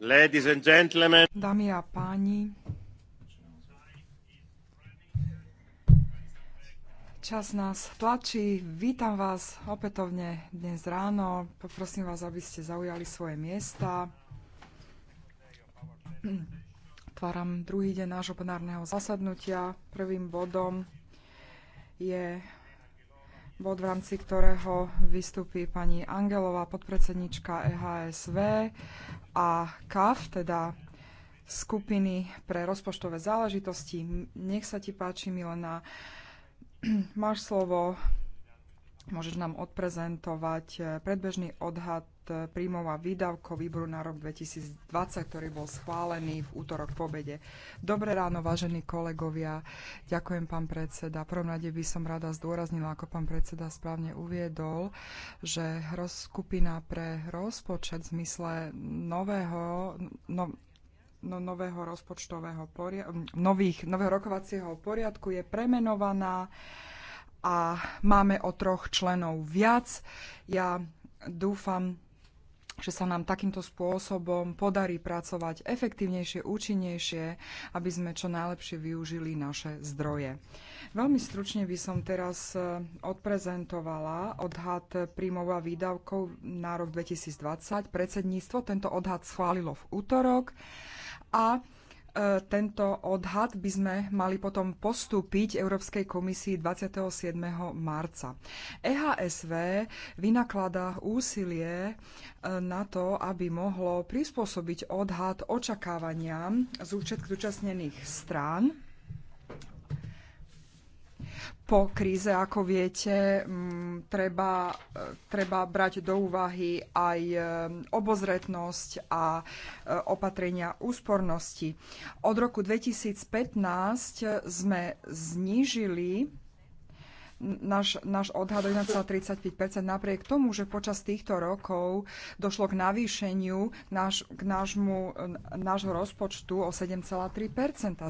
Ladies and gentlemen. Dámy a páni, čas nás tlačí. Vítam vás opätovne dnes ráno. Poprosím vás, aby ste zaujali svoje miesta. Otváram druhý deň nášho plenárneho zasadnutia. Prvým bodom je bod, v rámci ktorého vystúpi pani Angelová, podpredsednička EHSV a KAF, teda skupiny pre rozpočtové záležitosti. Nech sa ti páči, Milena. Máš slovo, Môžeš nám odprezentovať eh, predbežný odhad eh, príjmov a výdavkov výboru na rok 2020, ktorý bol schválený v útorok po obede. Dobré ráno, vážení kolegovia. Ďakujem, pán predseda. Prvom rade by som rada zdôraznila, ako pán predseda správne uviedol, že skupina pre rozpočet v zmysle nového, no, no, nového rozpočtového poriadku, nových, nového rokovacieho poriadku je premenovaná a máme o troch členov viac. Ja dúfam, že sa nám takýmto spôsobom podarí pracovať efektívnejšie, účinnejšie, aby sme čo najlepšie využili naše zdroje. Veľmi stručne by som teraz e, odprezentovala odhad príjmov a výdavkov na rok 2020. Predsedníctvo tento odhad schválilo v útorok a E, tento odhad by sme mali potom postúpiť Európskej komisii 27. marca. EHSV vynakladá úsilie e, na to, aby mohlo prispôsobiť odhad očakávaniam z účet zúčastnených strán po kríze, ako viete, mm, treba, e, treba brať do úvahy aj e, obozretnosť a e, opatrenia úspornosti. Od roku 2015 sme znížili náš, náš odhad o 1,35 napriek tomu, že počas týchto rokov došlo k navýšeniu náš, k nášmu, nášho rozpočtu o 7,3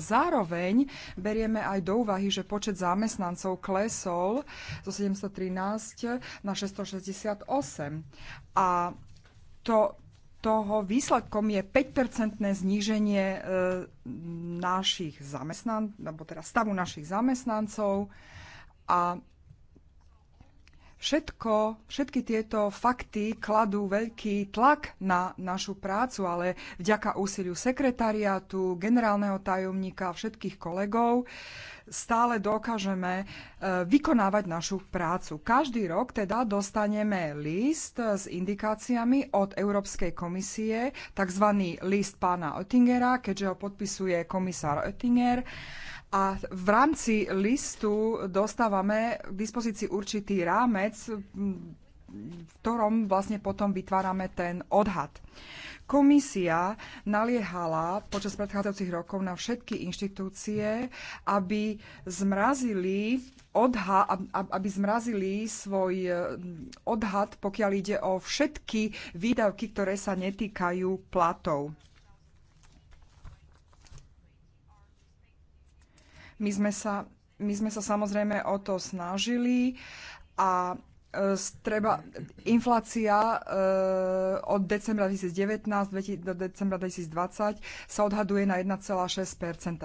Zároveň berieme aj do úvahy, že počet zamestnancov klesol zo 713 na 668. A to, toho výsledkom je 5-percentné zníženie e, našich zamestnancov alebo teda stavu našich zamestnancov. E, a všetko, všetky tieto fakty kladú veľký tlak na našu prácu, ale vďaka úsiliu sekretariátu, generálneho tajomníka a všetkých kolegov stále dokážeme e, vykonávať našu prácu. Každý rok teda dostaneme list s indikáciami od Európskej komisie, tzv. list pána Oettingera, keďže ho podpisuje komisár Oettinger. A v rámci listu dostávame k dispozícii určitý rámec, v ktorom vlastne potom vytvárame ten odhad. Komisia naliehala počas predchádzajúcich rokov na všetky inštitúcie, aby zmrazili odha, aby zmrazili svoj e, odhad, pokiaľ ide o všetky výdavky, ktoré sa netýkajú platov. My sme sa, my sme sa samozrejme o to snažili a e, treba, inflácia e, od decembra 2019 do decembra 2020 sa odhaduje na 1,6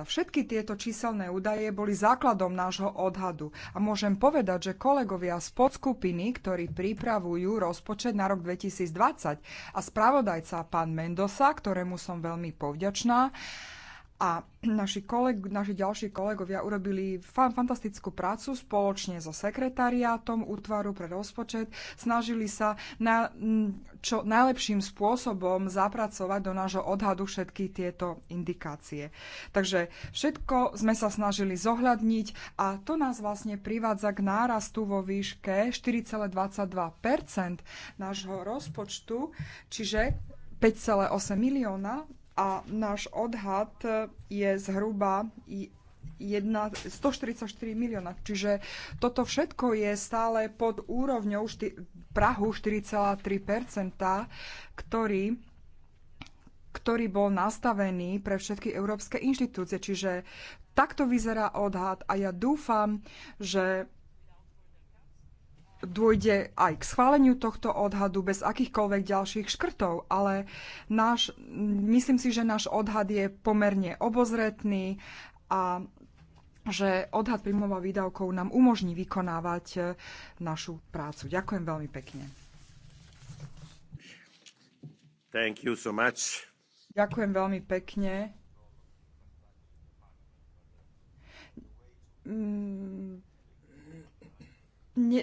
Všetky tieto číselné údaje boli základom nášho odhadu. A môžem povedať, že kolegovia z podskupiny, ktorí pripravujú rozpočet na rok 2020 a spravodajca pán Mendosa, ktorému som veľmi povďačná, a naši, koleg, naši ďalší kolegovia urobili fan, fantastickú prácu spoločne so sekretariátom útvaru pre rozpočet. Snažili sa na, čo najlepším spôsobom zapracovať do nášho odhadu všetky tieto indikácie. Takže všetko sme sa snažili zohľadniť a to nás vlastne privádza k nárastu vo výške 4,22 nášho rozpočtu, čiže 5,8 milióna a náš odhad e, je zhruba 1, 144 milióna. Čiže toto všetko je stále pod úrovňou šty, Prahu 4,3%, ktorý ktorý bol nastavený pre všetky európske inštitúcie. Čiže takto vyzerá odhad a ja dúfam, že dôjde aj k schváleniu tohto odhadu bez akýchkoľvek ďalších škrtov, ale náš, myslím si, že náš odhad je pomerne obozretný a že odhad príjmov a výdavkov nám umožní vykonávať e, našu prácu. Ďakujem veľmi pekne. Thank you so much. Ďakujem veľmi pekne. Mm, ne,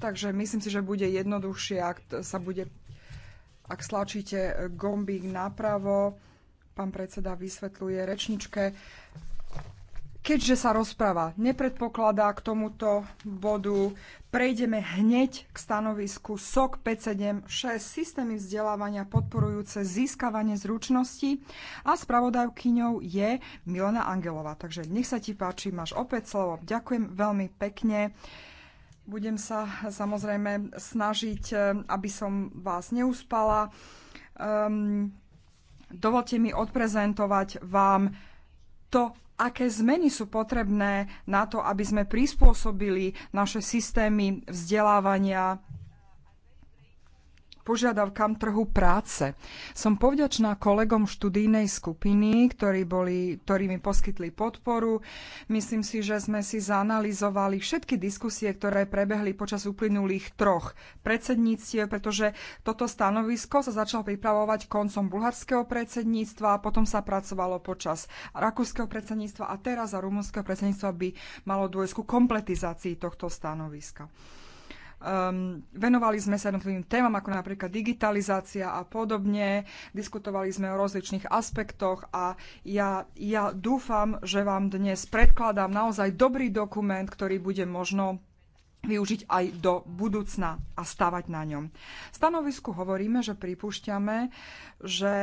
Takže myslím si, že bude jednoduchšie, ak sa bude, ak stlačíte e, gombík napravo. Pán predseda vysvetľuje rečničke. Keďže sa rozpráva nepredpokladá k tomuto bodu, prejdeme hneď k stanovisku SOK 576 systémy vzdelávania podporujúce získavanie zručností a spravodajkyňou je Milena Angelová. Takže nech sa ti páči, máš opäť slovo. Ďakujem veľmi pekne. Uh, budem sa samozrejme snažiť, e, aby som vás neuspala. Um, dovolte mi odprezentovať vám to, aké zmeny sú potrebné na to, aby sme prispôsobili naše systémy vzdelávania požiadavkám trhu práce. Som povďačná kolegom študijnej skupiny, ktorí, boli, ktorí mi poskytli podporu. Myslím si, že sme si zanalizovali všetky diskusie, ktoré prebehli počas uplynulých troch predsedníctiev, pretože toto stanovisko sa začalo pripravovať koncom bulharského predsedníctva, potom sa pracovalo počas rakúskeho predsedníctva a teraz za rumunského predsedníctva by malo dôjsť ku kompletizácii tohto stanoviska. Um, venovali sme sa jednotlivým témam, ako napríklad digitalizácia a podobne. Diskutovali sme o rozličných aspektoch a ja, ja dúfam, že vám dnes predkladám naozaj dobrý dokument, ktorý bude možno využiť aj do budúcna a stavať na ňom. V stanovisku hovoríme, že pripúšťame, že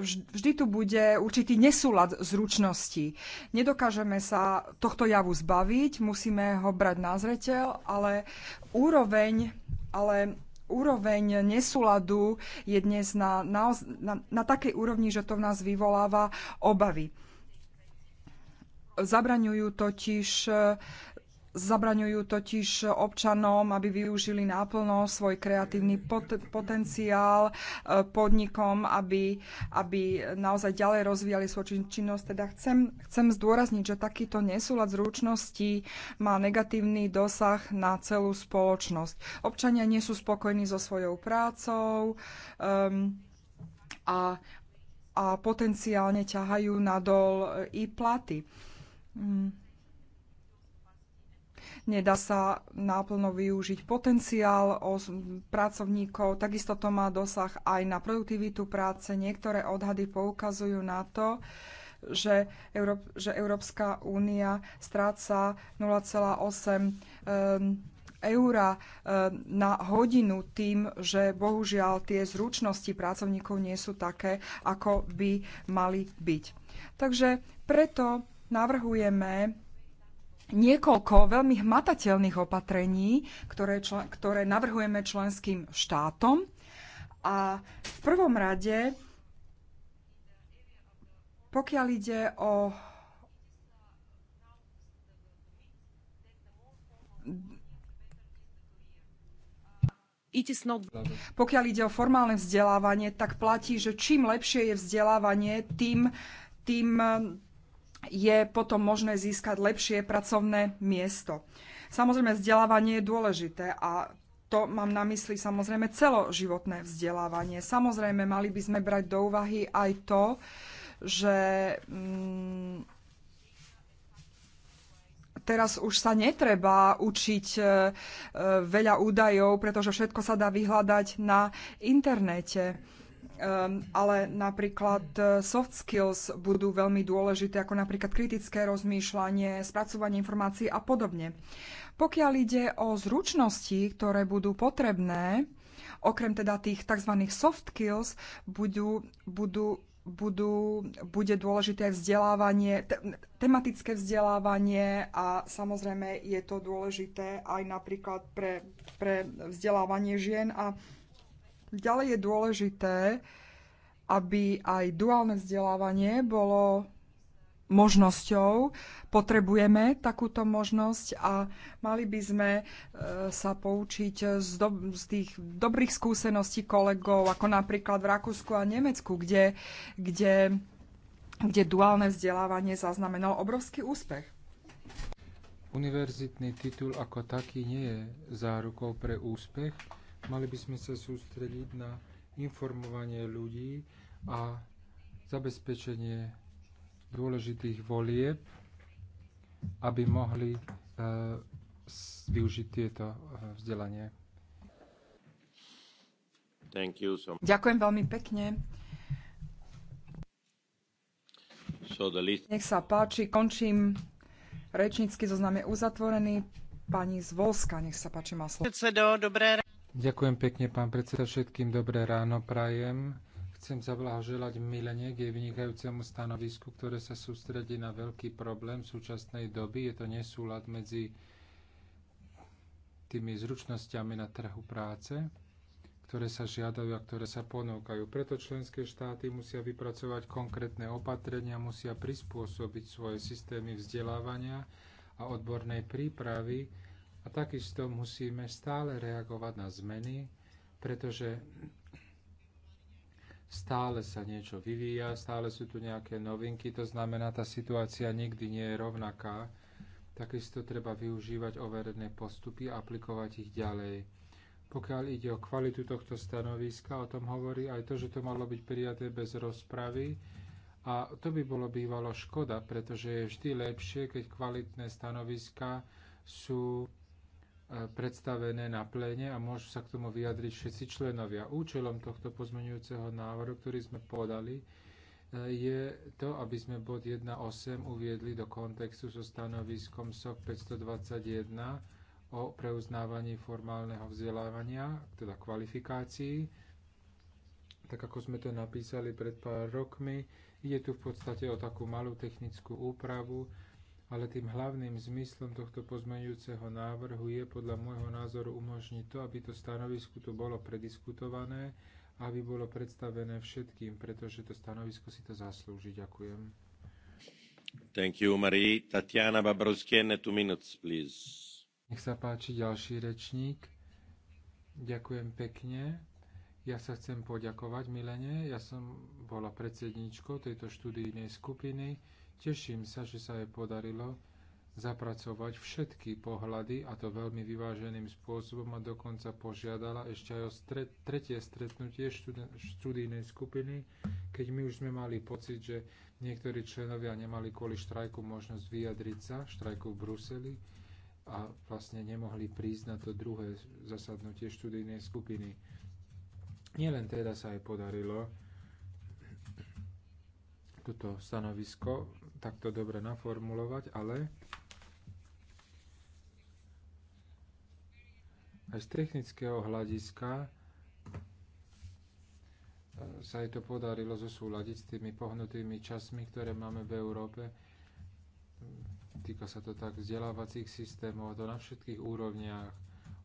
vždy tu bude určitý nesúlad zručnosti. Nedokážeme sa tohto javu zbaviť, musíme ho brať na zreteľ, ale úroveň, ale úroveň nesúladu je dnes na, na, na, na takej úrovni, že to v nás vyvoláva obavy. Zabraňujú totiž Zabraňujú totiž občanom, aby využili náplno svoj kreatívny pot- potenciál e, podnikom, aby, aby naozaj ďalej rozvíjali svoju činnosť. Teda chcem, chcem zdôrazniť, že takýto nesúlad zručností má negatívny dosah na celú spoločnosť. Občania nie sú spokojní so svojou prácou um, a, a potenciálne ťahajú nadol e, i platy. Mm nedá sa náplno využiť potenciál pracovníkov, takisto to má dosah aj na produktivitu práce. Niektoré odhady poukazujú na to, že, Euró- že Európska únia stráca 0,8 um, ehm, eura ehm, na hodinu tým, že bohužiaľ tie zručnosti pracovníkov nie sú také, ako by mali byť. Takže preto navrhujeme niekoľko veľmi hmatateľných opatrení, ktoré, čl- ktoré navrhujeme členským štátom. A v prvom rade, pokiaľ ide o Pokiaľ ide o formálne vzdelávanie, tak platí, že čím lepšie je vzdelávanie, tým, tým je potom možné získať lepšie pracovné miesto. Samozrejme, vzdelávanie je dôležité a to mám na mysli samozrejme celoživotné vzdelávanie. Samozrejme, mali by sme brať do úvahy aj to, že mm, teraz už sa netreba učiť e, e, veľa údajov, pretože všetko sa dá vyhľadať na internete. Ehm, ale napríklad e, soft skills budú veľmi dôležité, ako napríklad kritické rozmýšľanie, spracovanie informácií a podobne. Pokiaľ ide o zručnosti, ktoré budú potrebné, okrem teda tých tzv. soft skills, budú, budú budú, bude dôležité vzdelávanie, te, tematické vzdelávanie a samozrejme je to dôležité aj napríklad pre, pre vzdelávanie žien a Ďalej je dôležité, aby aj duálne vzdelávanie bolo možnosťou. Potrebujeme takúto možnosť a mali by sme e, sa poučiť z, do, z tých dobrých skúseností kolegov, ako napríklad v Rakúsku a Nemecku, kde, kde, kde duálne vzdelávanie zaznamenalo obrovský úspech. Univerzitný titul ako taký nie je zárukou pre úspech, Mali by sme sa sústrediť na informovanie ľudí a zabezpečenie dôležitých volieb, aby mohli e, využiť tieto e, vzdelanie. So Ďakujem veľmi pekne. So Nech sa páči, končím. Rečnícky zoznam je uzatvorený. Pani Zvolska, nech sa páči, má slovo. Dobré Ďakujem pekne, pán predseda. Všetkým dobré ráno prajem. Chcem zablahoželať Milene k jej vynikajúcemu stanovisku, ktoré sa sústredí na veľký problém súčasnej doby. Je to nesúlad medzi tými zručnosťami na trhu práce, ktoré sa žiadajú a ktoré sa ponúkajú. Preto členské štáty musia vypracovať konkrétne opatrenia, musia prispôsobiť svoje systémy vzdelávania a odbornej prípravy a takisto musíme stále reagovať na zmeny, pretože stále sa niečo vyvíja, stále sú tu nejaké novinky, to znamená, tá situácia nikdy nie je rovnaká. Takisto treba využívať overené postupy a aplikovať ich ďalej. Pokiaľ ide o kvalitu tohto stanoviska, o tom hovorí aj to, že to malo byť prijaté bez rozpravy, a to by bolo bývalo škoda, pretože je vždy lepšie, keď kvalitné stanoviska sú E, predstavené na plene a môžu sa k tomu vyjadriť všetci členovia. Účelom tohto pozmeňujúceho návrhu, ktorý sme podali, e, je to, aby sme bod 1.8 uviedli do kontextu so stanoviskom SOK 521 o preuznávaní formálneho vzdelávania, teda kvalifikácií. Tak ako sme to napísali pred pár rokmi, ide tu v podstate o takú malú technickú úpravu, ale tým hlavným zmyslom tohto pozmeňujúceho návrhu je podľa môjho názoru umožniť to, aby to stanovisko tu bolo prediskutované, aby bolo predstavené všetkým, pretože to stanovisko si to zaslúži. Ďakujem. Thank you, Marie. Tatiana Babrovskiene, two minutes, please. Nech sa páči ďalší rečník. Ďakujem pekne. Ja sa chcem poďakovať Milene, ja som bola predsedničkou tejto študijnej skupiny. Teším sa, že sa jej podarilo zapracovať všetky pohľady a to veľmi vyváženým spôsobom a dokonca požiadala ešte aj o stret, tretie stretnutie študijnej skupiny, keď my už sme mali pocit, že niektorí členovia nemali kvôli štrajku možnosť vyjadriť sa, štrajku v Bruseli a vlastne nemohli prísť na to druhé zasadnutie študijnej skupiny. Nielen teda sa aj podarilo toto stanovisko takto dobre naformulovať, ale aj z technického hľadiska e, sa jej to podarilo zosúľadiť s tými pohnutými časmi, ktoré máme v Európe. Týka sa to tak vzdelávacích systémov, a to na všetkých úrovniach,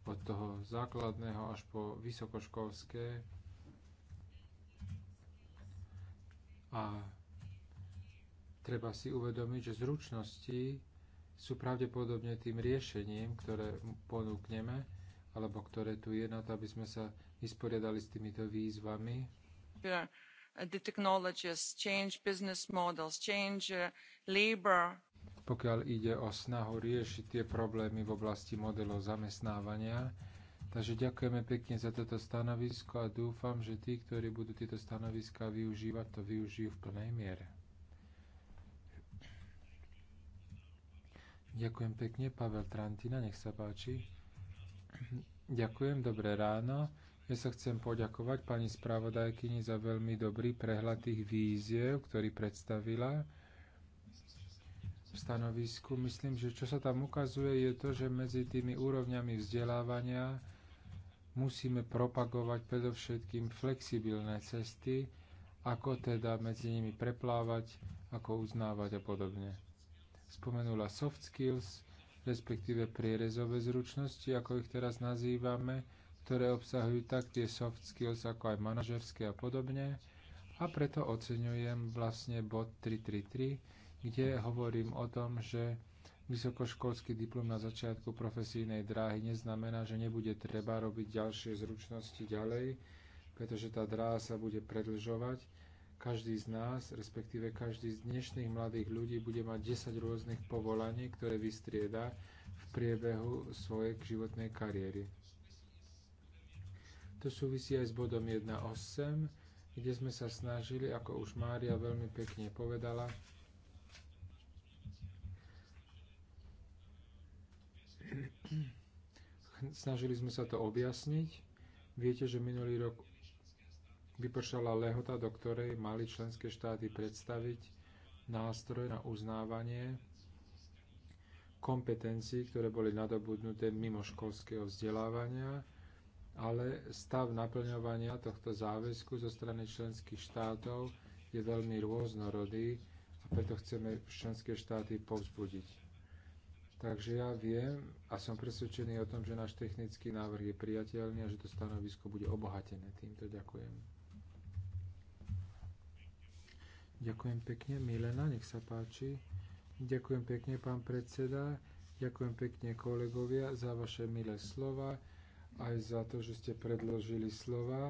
od toho základného až po vysokoškolské A treba si uvedomiť, že zručnosti sú pravdepodobne tým riešením, ktoré ponúkneme, alebo ktoré tu je na to, aby sme sa vysporiadali s týmito výzvami. Yeah. Uh, the technologies change, business models change, uh, labor. Pokiaľ ide o snahu riešiť tie problémy v oblasti modelov zamestnávania, Takže ďakujeme pekne za toto stanovisko a dúfam, že tí, ktorí budú tieto stanoviska využívať, to využijú v plnej miere. Ďakujem pekne, Pavel Trantina, nech sa páči. Ďakujem, dobré ráno. Ja sa chcem poďakovať pani spravodajkyni za veľmi dobrý prehľad tých víziev, ktorý predstavila v stanovisku. Myslím, že čo sa tam ukazuje, je to, že medzi tými úrovňami vzdelávania musíme propagovať predovšetkým flexibilné cesty, ako teda medzi nimi preplávať, ako uznávať a podobne. Spomenula soft skills, respektíve prierezové zručnosti, ako ich teraz nazývame, ktoré obsahujú tak tie soft skills, ako aj manažerské a podobne. A preto oceňujem vlastne bod 333, kde hovorím o tom, že Vysokoškolský diplom na začiatku profesijnej dráhy neznamená, že nebude treba robiť ďalšie zručnosti ďalej, pretože tá dráha sa bude predlžovať. Každý z nás, respektíve každý z dnešných mladých ľudí bude mať 10 rôznych povolaní, ktoré vystrieda v priebehu svojej životnej kariéry. To súvisí aj s bodom 1.8, kde sme sa snažili, ako už Mária veľmi pekne povedala, Snažili sme sa to objasniť. Viete, že minulý rok vypršala lehota, do ktorej mali členské štáty predstaviť nástroje na uznávanie kompetencií, ktoré boli nadobudnuté mimo školského vzdelávania, ale stav naplňovania tohto záväzku zo strany členských štátov je veľmi rôznorodý a preto chceme členské štáty povzbudiť. Takže ja viem a som presvedčený o tom, že náš technický návrh je priateľný a že to stanovisko bude obohatené. Týmto ďakujem. Ďakujem pekne. Milena, nech sa páči. Ďakujem pekne, pán predseda. Ďakujem pekne, kolegovia, za vaše milé slova, aj za to, že ste predložili slova,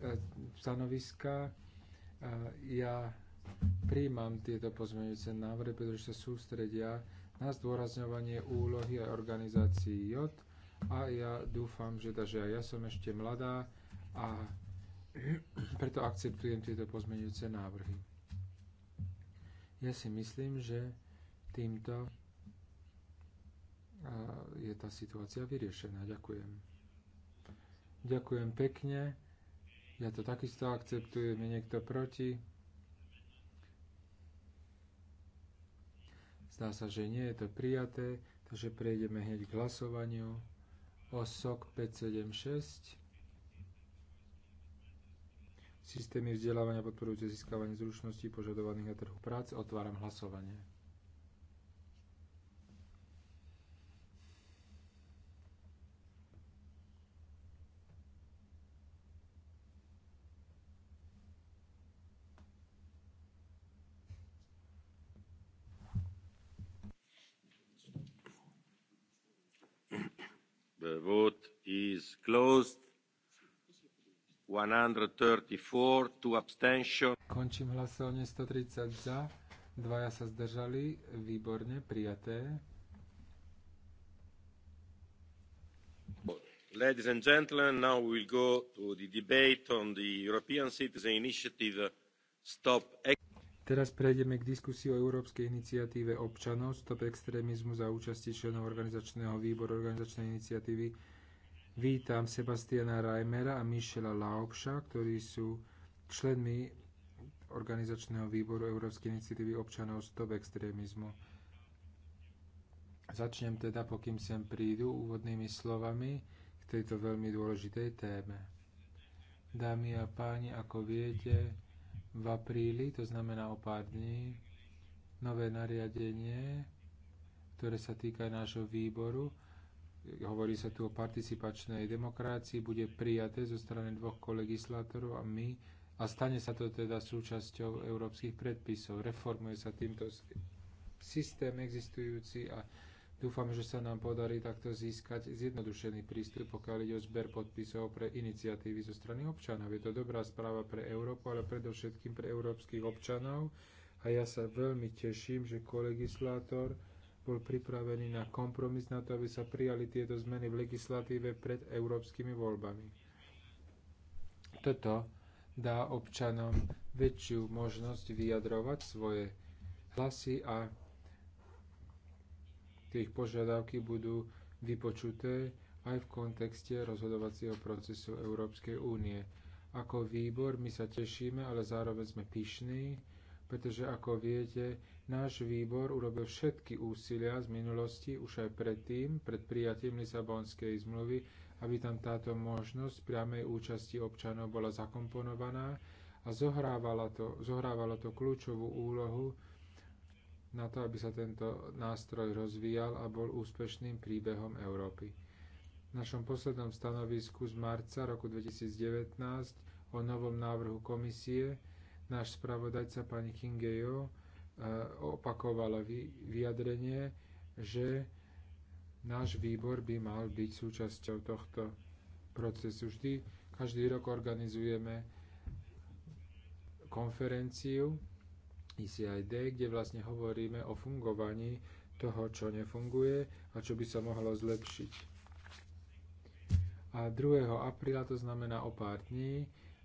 e, stanoviska. E, ja príjmam tieto pozmeňujúce návrhy, pretože sa sústredia na zdôrazňovanie úlohy aj organizácií j a ja dúfam, že aj ja som ešte mladá a preto akceptujem tieto pozmeňujúce návrhy. Ja si myslím, že týmto je tá situácia vyriešená. Ďakujem. Ďakujem pekne. Ja to takisto akceptujem. Je niekto proti? Zdá sa, že nie je to prijaté, takže prejdeme hneď k hlasovaniu. OSOK 576. Systémy vzdelávania podporujúce získavanie zručností požadovaných na trhu práce. Otváram hlasovanie. Končím hlasovanie 130 za, dvaja sa zdržali, výborne, prijaté. Ladies and gentlemen, now will go to the debate on the European Citizen Initiative Stop Teraz prejdeme k diskusii o Európskej iniciatíve občanov Stop extrémizmu za účasti členov organizačného výboru organizačnej iniciatívy Vítam Sebastiana Reimera a Michela Laubša, ktorí sú členmi organizačného výboru Európskej iniciatívy občanov stop extrémizmu. Začnem teda, pokým sem prídu, úvodnými slovami k tejto veľmi dôležitej téme. Dámy a páni, ako viete, v apríli, to znamená o pár dní, nové nariadenie, ktoré sa týka nášho výboru, hovorí sa tu o participačnej demokracii, bude prijaté zo strany dvoch kolegislátorov a my a stane sa to teda súčasťou európskych predpisov. Reformuje sa týmto systém existujúci a dúfam, že sa nám podarí takto získať zjednodušený prístup, pokiaľ ide o zber podpisov pre iniciatívy zo strany občanov. Je to dobrá správa pre Európu, ale predovšetkým pre európskych občanov a ja sa veľmi teším, že kolegislátor bol pripravený na kompromis na to, aby sa prijali tieto zmeny v legislatíve pred európskymi voľbami. Toto dá občanom väčšiu možnosť vyjadrovať svoje hlasy a tie ich požiadavky budú vypočuté aj v kontexte rozhodovacieho procesu Európskej únie. Ako výbor my sa tešíme, ale zároveň sme pyšní, pretože ako viete, náš výbor urobil všetky úsilia z minulosti, už aj predtým, pred prijatím Lisabonskej zmluvy, aby tam táto možnosť priamej účasti občanov bola zakomponovaná a zohrávalo to, zohrávalo to kľúčovú úlohu na to, aby sa tento nástroj rozvíjal a bol úspešným príbehom Európy. V našom poslednom stanovisku z marca roku 2019 o novom návrhu komisie náš spravodajca pani Kingejo e, opakovala vyjadrenie, že náš výbor by mal byť súčasťou tohto procesu. Vždy, každý rok organizujeme konferenciu e ICID, kde vlastne hovoríme o fungovaní toho, čo nefunguje a čo by sa mohlo zlepšiť. A 2. apríla, to znamená o pár dní,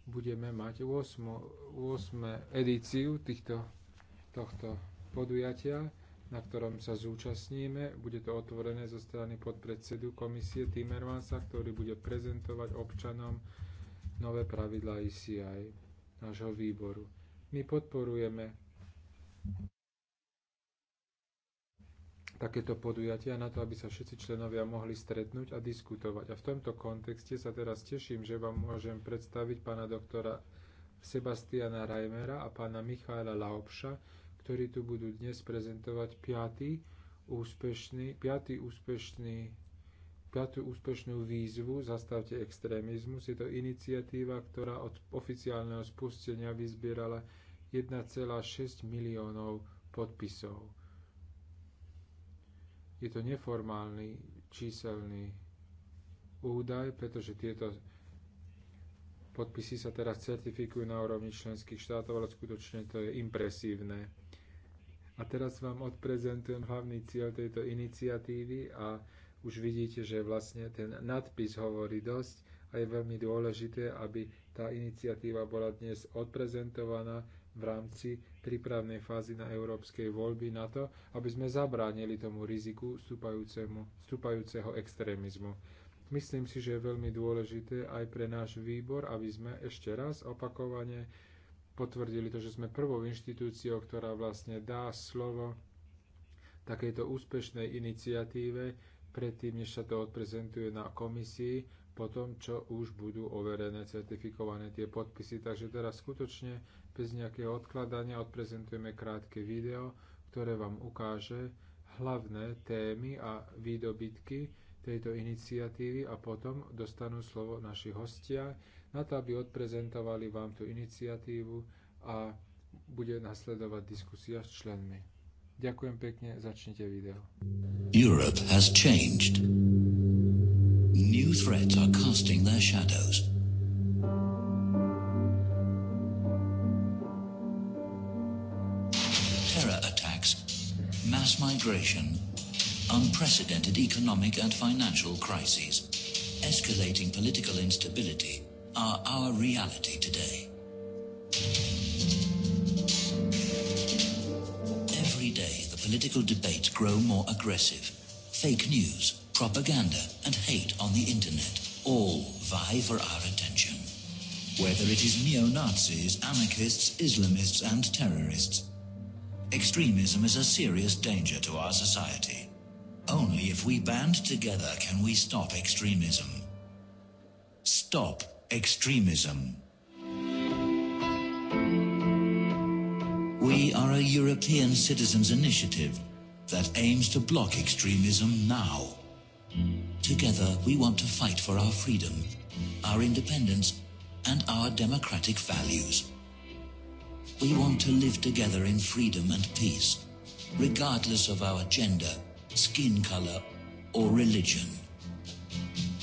budeme mať 8, 8 edíciu týchto, tohto podujatia, na ktorom sa zúčastníme. Bude to otvorené zo strany podpredsedu komisie Timmermansa, ktorý bude prezentovať občanom nové pravidlá ICI nášho výboru. My podporujeme takéto podujatia na to, aby sa všetci členovia mohli stretnúť a diskutovať. A v tomto kontexte sa teraz teším, že vám môžem predstaviť pána doktora Sebastiana Reimera a pána Michaela Laopša, ktorí tu budú dnes prezentovať piatý úspešný, piatý úspešný piatú úspešnú výzvu Zastavte extrémizmus. Je to iniciatíva, ktorá od oficiálneho spustenia vyzbierala 1,6 miliónov podpisov. Je to neformálny číselný údaj, pretože tieto podpisy sa teraz certifikujú na úrovni členských štátov, ale skutočne to je impresívne. A teraz vám odprezentujem hlavný cieľ tejto iniciatívy a už vidíte, že vlastne ten nadpis hovorí dosť a je veľmi dôležité, aby tá iniciatíva bola dnes odprezentovaná v rámci prípravnej fázy na európskej voľby na to, aby sme zabránili tomu riziku vstúpajúceho extrémizmu. Myslím si, že je veľmi dôležité aj pre náš výbor, aby sme ešte raz opakovane potvrdili to, že sme prvou inštitúciou, ktorá vlastne dá slovo takejto úspešnej iniciatíve predtým, než sa to odprezentuje na komisii po tom, čo už budú overené, certifikované tie podpisy. Takže teraz skutočne bez nejakého odkladania odprezentujeme krátke video, ktoré vám ukáže hlavné témy a výdobytky tejto iniciatívy a potom dostanú slovo naši hostia na to, aby odprezentovali vám tú iniciatívu a bude nasledovať diskusia s členmi. Ďakujem pekne, začnite video. Europe has changed new threats are casting their shadows. Terror attacks, mass migration, unprecedented economic and financial crises, escalating political instability are our reality today. Every day the political debates grow more aggressive. Fake news, Propaganda and hate on the internet all vie for our attention. Whether it is neo-Nazis, anarchists, Islamists and terrorists, extremism is a serious danger to our society. Only if we band together can we stop extremism. Stop extremism. We are a European Citizens Initiative that aims to block extremism now. Together, we want to fight for our freedom, our independence, and our democratic values. We want to live together in freedom and peace, regardless of our gender, skin color, or religion.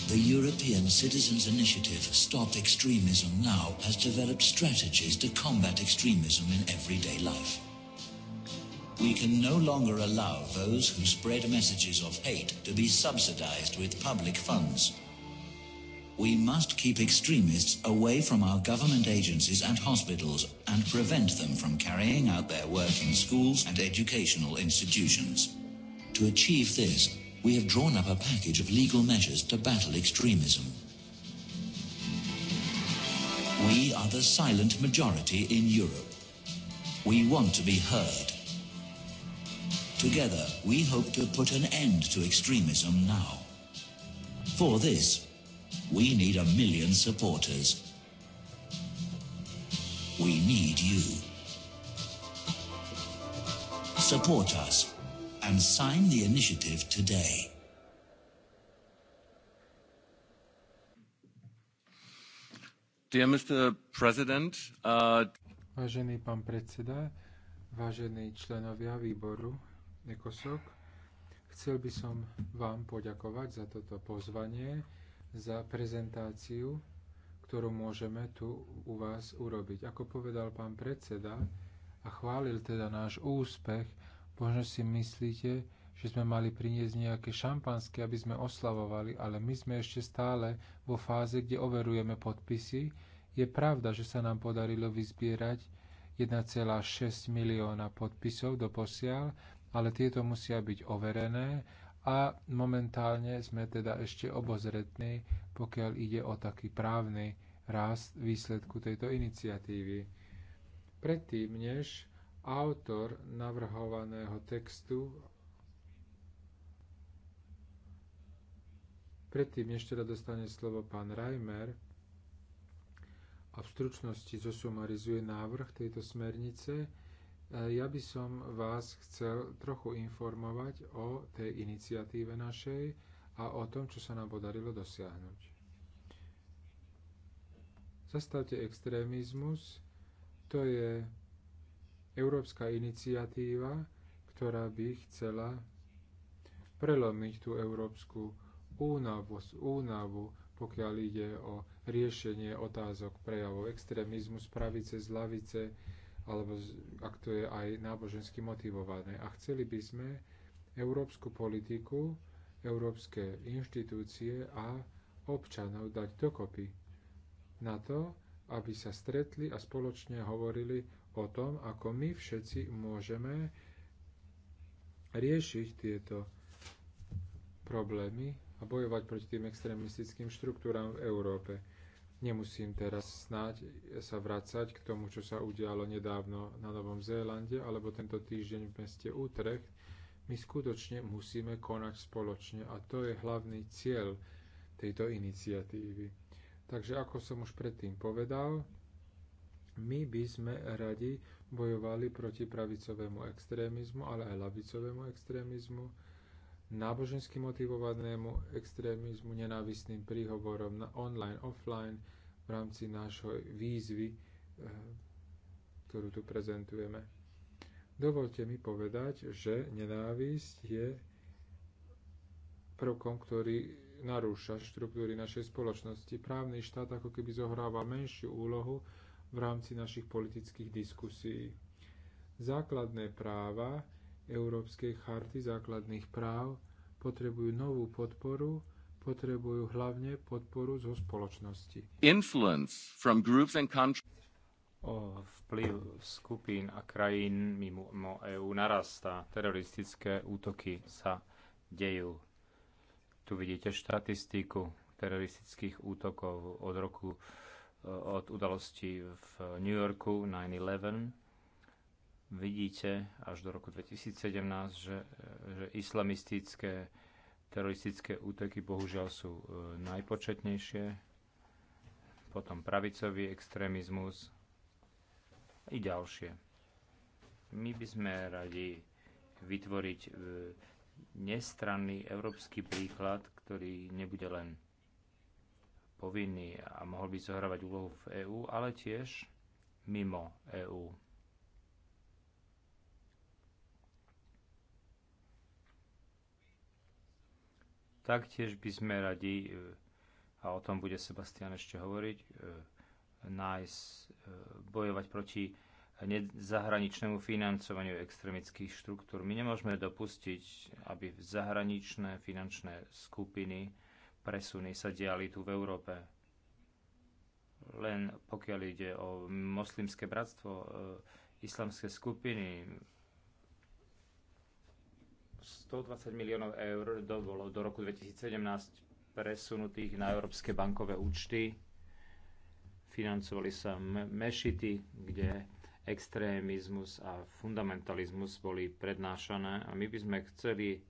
The European Citizens Initiative Stop Extremism Now has developed strategies to combat extremism in everyday life. We can no longer allow those who spread messages of hate to be subsidized with public funds. We must keep extremists away from our government agencies and hospitals and prevent them from carrying out their work in schools and educational institutions. To achieve this, we have drawn up a package of legal measures to battle extremism. We are the silent majority in Europe. We want to be heard. Together, we hope to put an end to extremism now. For this, we need a million supporters. We need you. Support us and sign the initiative today. Dear Mr. President, uh... Vážený pán predseda, vážení členovia výboru, Nekosok. Chcel by som vám poďakovať za toto pozvanie, za prezentáciu, ktorú môžeme tu u vás urobiť. Ako povedal pán predseda a chválil teda náš úspech, možno si myslíte, že sme mali priniesť nejaké šampanské, aby sme oslavovali, ale my sme ešte stále vo fáze, kde overujeme podpisy. Je pravda, že sa nám podarilo vyzbierať 1,6 milióna podpisov do posiaľ, ale tieto musia byť overené a momentálne sme teda ešte obozretní, pokiaľ ide o taký právny rast výsledku tejto iniciatívy. Predtým, než autor navrhovaného textu predtým, ešte teda dostane slovo pán Reimer a v stručnosti zosumarizuje návrh tejto smernice, Eh, ja by som vás chcel trochu informovať o tej iniciatíve našej a o tom, čo sa nám podarilo dosiahnuť. Zastavte extrémizmus, to je európska iniciatíva, ktorá by chcela prelomiť tú európsku únavu, únavu pokiaľ ide o riešenie otázok prejavov extrémizmu z pravice, z lavice, alebo ak to je aj nábožensky motivované. A chceli by sme európsku politiku, európske inštitúcie a občanov dať dokopy na to, aby sa stretli a spoločne hovorili o tom, ako my všetci môžeme riešiť tieto problémy a bojovať proti tým extrémistickým štruktúram v Európe. Nemusím teraz snáď sa vrácať k tomu, čo sa udialo nedávno na Novom Zélande alebo tento týždeň v meste Utrecht. My skutočne musíme konať spoločne a to je hlavný cieľ tejto iniciatívy. Takže ako som už predtým povedal, my by sme radi bojovali proti pravicovému extrémizmu, ale aj lavicovému extrémizmu, nábožensky motivovanému extrémizmu, nenávistným príhovorom na online, offline, v rámci nášho výzvy, eh, ktorú tu prezentujeme. Dovolte mi povedať, že nenávisť je prvkom, ktorý narúša štruktúry našej spoločnosti. Právny štát ako keby zohráva menšiu úlohu v rámci našich politických diskusí. Základné práva Európskej charty základných práv potrebujú novú podporu potrebujú hlavne podporu zo spoločnosti. Influence from groups and countries o vplyv skupín a krajín mimo EÚ narastá. Teroristické útoky sa dejú. Tu vidíte štatistiku teroristických útokov od roku e, od udalosti v New Yorku 9-11. Vidíte až do roku 2017, že, e, že islamistické Teroristické útoky bohužiaľ sú e, najpočetnejšie, potom pravicový extrémizmus i ďalšie. My by sme radi vytvoriť e, nestranný európsky príklad, ktorý nebude len povinný a mohol by zohrávať úlohu v EÚ, ale tiež mimo EÚ Taktiež by sme radi, e, a o tom bude Sebastian ešte hovoriť, e, nájsť, e, bojovať proti zahraničnému financovaniu extremických štruktúr. My nemôžeme dopustiť, aby zahraničné finančné skupiny presuny sa diali tu v Európe. Len pokiaľ ide o moslimské bratstvo, islamské skupiny, 120 miliónov eur do, bolo do roku 2017 presunutých na európske bankové účty. Financovali sa mešity, kde extrémizmus a fundamentalizmus boli prednášané a my by sme chceli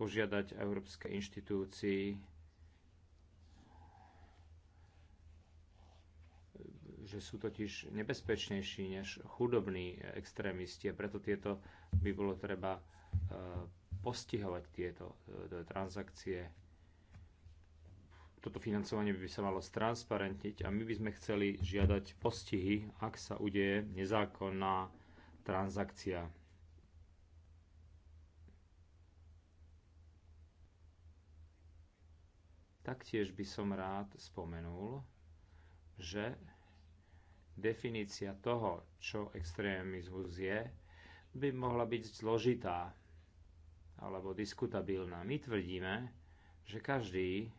požiadať európske inštitúcii, že sú totiž nebezpečnejší než chudobní extrémisti a preto tieto by bolo treba Eh, postihovať tieto eh, teda transakcie. Toto financovanie by sa malo stransparentniť a my by sme chceli žiadať postihy, ak sa udeje nezákonná transakcia. Taktiež by som rád spomenul, že definícia toho, čo extrémizmus je, by mohla byť zložitá alebo diskutabilná. My tvrdíme, že každý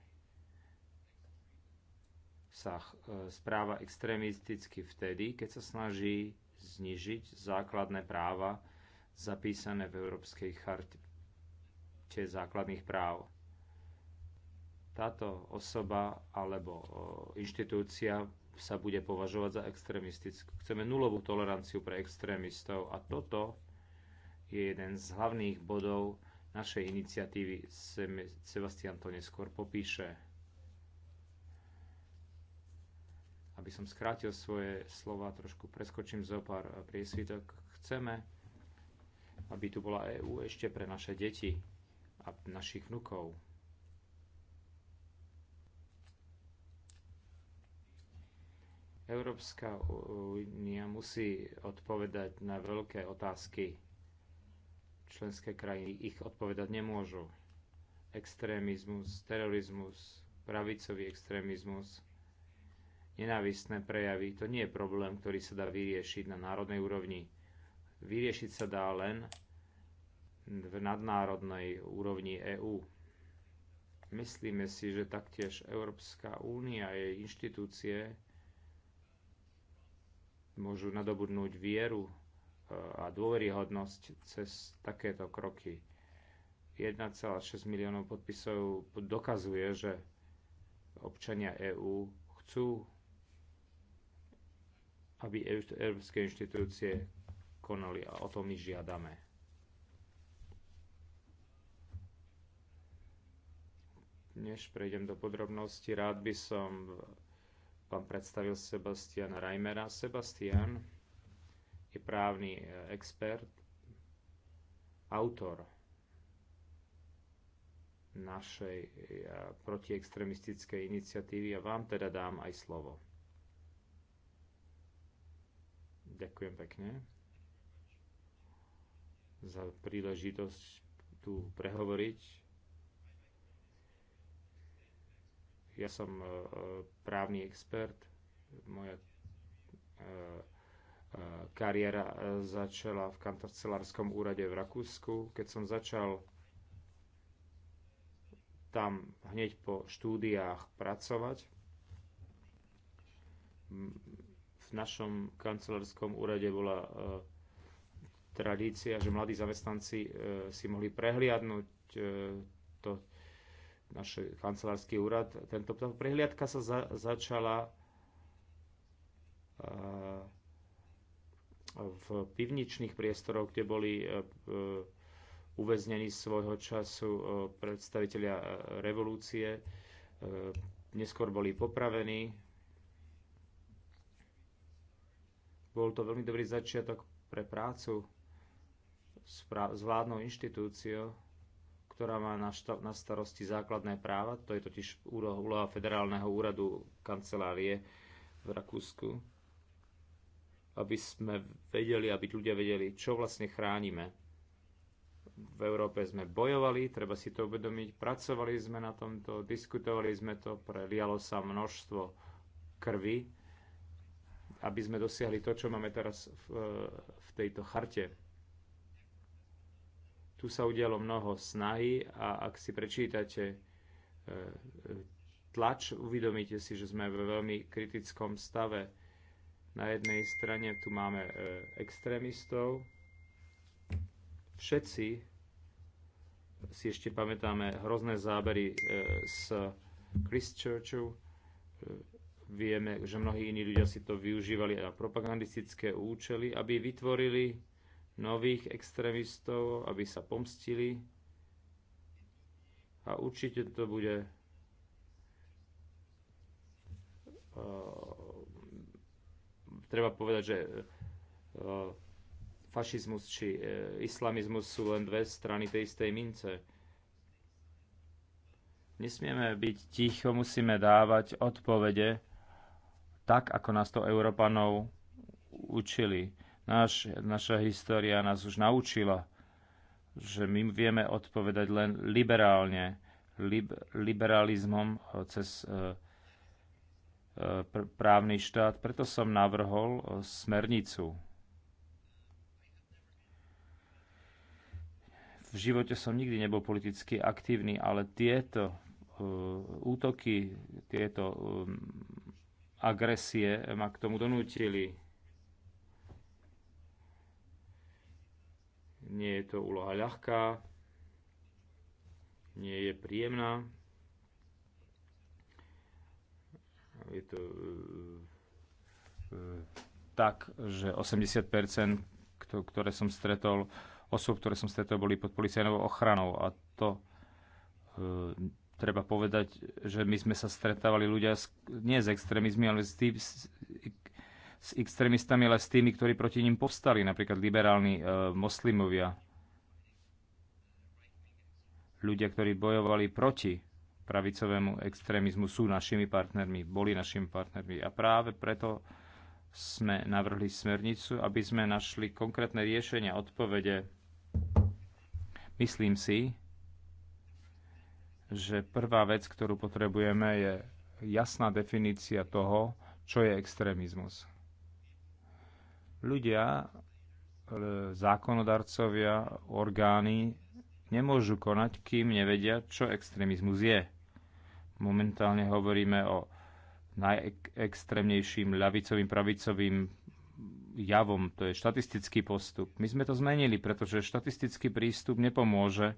sa e, správa extrémisticky vtedy, keď sa snaží znižiť základné práva zapísané v Európskej charte základných práv. Táto osoba alebo e, inštitúcia sa bude považovať za extrémistickú. Chceme nulovú toleranciu pre extrémistov a toto je jeden z hlavných bodov našej iniciatívy Sebastian to neskôr popíše. Aby som skrátil svoje slova, trošku preskočím zo pár priesvitok. Chceme, aby tu bola EÚ ešte pre naše deti a našich vnukov. Európska únia musí odpovedať na veľké otázky členské krajiny ich odpovedať nemôžu. Extrémizmus, terorizmus, pravicový extrémizmus, nenávistné prejavy, to nie je problém, ktorý sa dá vyriešiť na národnej úrovni. Vyriešiť sa dá len v nadnárodnej úrovni EÚ. Myslíme si, že taktiež Európska únia a jej inštitúcie môžu nadobudnúť vieru a dôveryhodnosť cez takéto kroky. 1,6 miliónov podpisov dokazuje, že občania EÚ chcú, aby európske inštitúcie konali a o to my žiadame. Než prejdem do podrobností, rád by som vám predstavil Sebastiana Reimera. Sebastian, je právny e, expert, autor našej e, protiextremistickej iniciatívy a vám teda dám aj slovo. Ďakujem pekne za príležitosť tu prehovoriť. Ja som e, právny expert. Moja kariéra e, začala v kancelárskom úrade v Rakúsku. Keď som začal tam hneď po štúdiách pracovať, v našom kancelárskom úrade bola e, tradícia, že mladí zamestnanci e, si mohli prehliadnúť to náš kancelársky úrad. Tento prehliadka sa za, začala v pivničných priestoroch, kde boli e, e, uväznení svojho času e, predstavitelia revolúcie. Neskôr boli popravení. Bol to veľmi dobrý začiatok pre prácu s, vládnou inštitúciou, ktorá má na, na starosti základné práva. To je totiž úloha federálneho úradu kancelárie v Rakúsku aby sme vedeli, aby ľudia vedeli, čo vlastne chránime. V Európe sme bojovali, treba si to uvedomiť, pracovali sme na tomto, diskutovali sme to, prelialo sa množstvo krvi, aby sme dosiahli to, čo máme teraz v, v tejto charte. Tu sa udialo mnoho snahy a ak si prečítate e, e, tlač, uvedomíte si, že sme v veľmi kritickom stave na jednej strane tu máme e, extrémistov. Všetci si ešte pamätáme hrozné zábery e, z Christchurchu. E, vieme, že mnohí iní ľudia si to využívali na propagandistické účely, aby vytvorili nových extrémistov, aby sa pomstili. A určite to bude treba povedať, že e, e, fašizmus či e, islamizmus sú len dve strany tej istej mince. Nesmieme byť ticho, musíme dávať odpovede tak, ako nás to Európanov učili. Náš, naša história nás už naučila, že my vieme odpovedať len liberálne, lib, liberalizmom cez e, Eh, právny štát, preto som navrhol eh, smernicu. V živote som nikdy nebol politicky aktívny, ale tieto eh, útoky, tieto agresie ma k tomu donútili. Nie je to úloha ľahká, nie je príjemná. je to e, e, tak, že 80 ktoré som stretol, osôb, ktoré som stretol, boli pod policajnou ochranou a to e, treba povedať, že my sme sa stretávali ľudia s, nie s extrémizmi, ale s, tým, s, s extrémistami, ale s tými, ktorí proti ním povstali, napríklad liberálni moslimovia, ľudia, ktorí bojovali proti pravicovému extrémizmu sú našimi partnermi, boli našimi partnermi. A práve preto sme navrhli smernicu, aby sme našli konkrétne riešenia, odpovede. Myslím si, že prvá vec, ktorú potrebujeme, je jasná definícia toho, čo je extrémizmus. Ľudia, zákonodarcovia, orgány nemôžu konať, kým nevedia, čo extrémizmus je. Momentálne hovoríme o najextrémnejším ľavicovým pravicovým javom, to je štatistický postup. My sme to zmenili, pretože štatistický prístup nepomôže,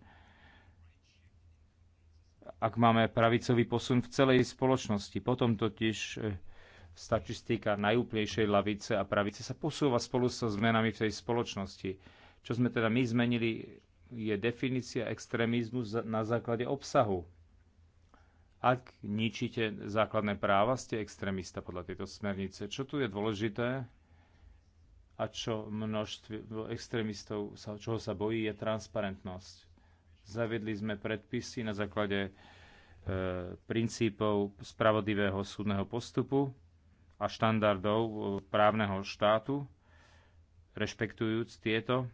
ak máme pravicový posun v celej spoločnosti. Potom totiž e, statistika najúplnejšej lavice a pravice sa posúva spolu so zmenami v tej spoločnosti. Čo sme teda my zmenili, je definícia extrémizmu na základe obsahu. Ak ničíte základné práva, ste extrémista podľa tejto smernice. Čo tu je dôležité a čo množstvo extrémistov, sa, čoho sa bojí, je transparentnosť. Zaviedli sme predpisy na základe e, princípov spravodlivého súdneho postupu a štandardov e, právneho štátu, rešpektujúc tieto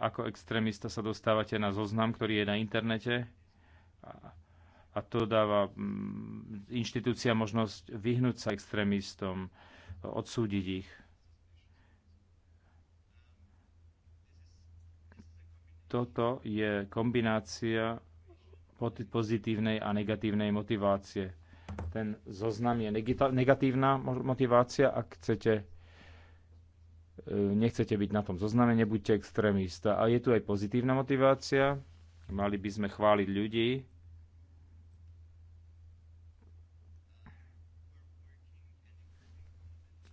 ako extrémista sa dostávate na zoznam, ktorý je na internete a to dáva mm, inštitúcia možnosť vyhnúť sa extrémistom, odsúdiť ich. Toto je kombinácia pozitívnej a negatívnej motivácie. Ten zoznam je negatívna motivácia, ak chcete E, nechcete byť na tom zozname, nebuďte extrémista. A je tu aj pozitívna motivácia. Mali by sme chváliť ľudí,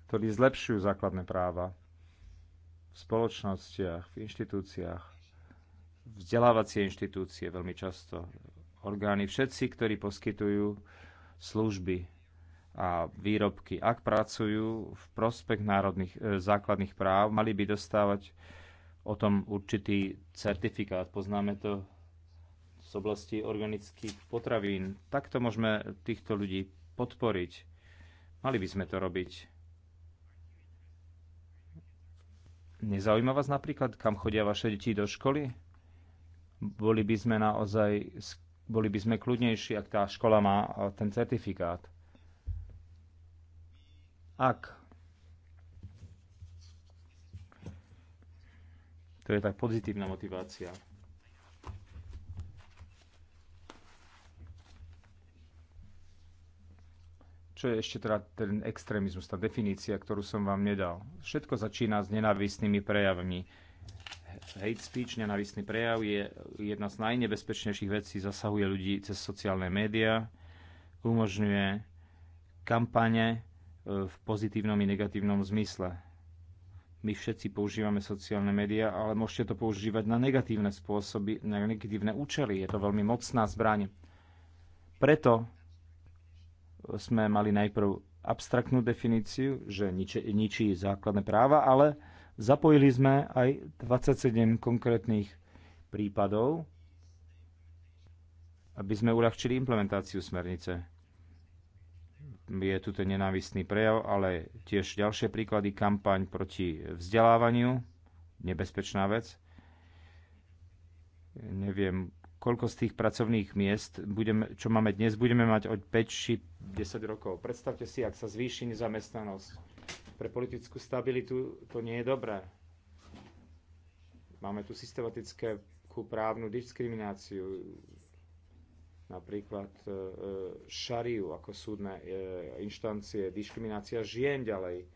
ktorí zlepšujú základné práva v spoločnostiach, v inštitúciách, vzdelávacie inštitúcie veľmi často, orgány, všetci, ktorí poskytujú služby a výrobky, ak pracujú v prospech národných e, základných práv, mali by dostávať o tom určitý certifikát. Poznáme to z oblasti organických potravín. Takto môžeme týchto ľudí podporiť. Mali by sme to robiť. Nezaujíma vás napríklad, kam chodia vaše deti do školy? Boli by sme naozaj, boli by sme kľudnejší, ak tá škola má ten certifikát. Ak to je tak pozitívna motivácia. Čo je ešte teda ten extrémizmus, tá definícia, ktorú som vám nedal. Všetko začína s nenávistnými prejavmi. Hate speech, nenávistný prejav, je jedna z najnebezpečnejších vecí, zasahuje ľudí cez sociálne médiá, umožňuje kampane, v pozitívnom i negatívnom zmysle. My všetci používame sociálne médiá, ale môžete to používať na negatívne spôsoby, na negatívne účely. Je to veľmi mocná zbraň. Preto sme mali najprv abstraktnú definíciu, že ničí, ničí základné práva, ale zapojili sme aj 27 konkrétnych prípadov, aby sme uľahčili implementáciu smernice je tu ten nenávistný prejav, ale tiež ďalšie príklady, kampaň proti vzdelávaniu, nebezpečná vec. Neviem, koľko z tých pracovných miest, budeme, čo máme dnes, budeme mať od 5 či 10 rokov. Predstavte si, ak sa zvýši nezamestnanosť. Pre politickú stabilitu to nie je dobré. Máme tu systematické právnu diskrimináciu, napríklad e, e, šariu ako súdne e, inštancie, diskriminácia žien ďalej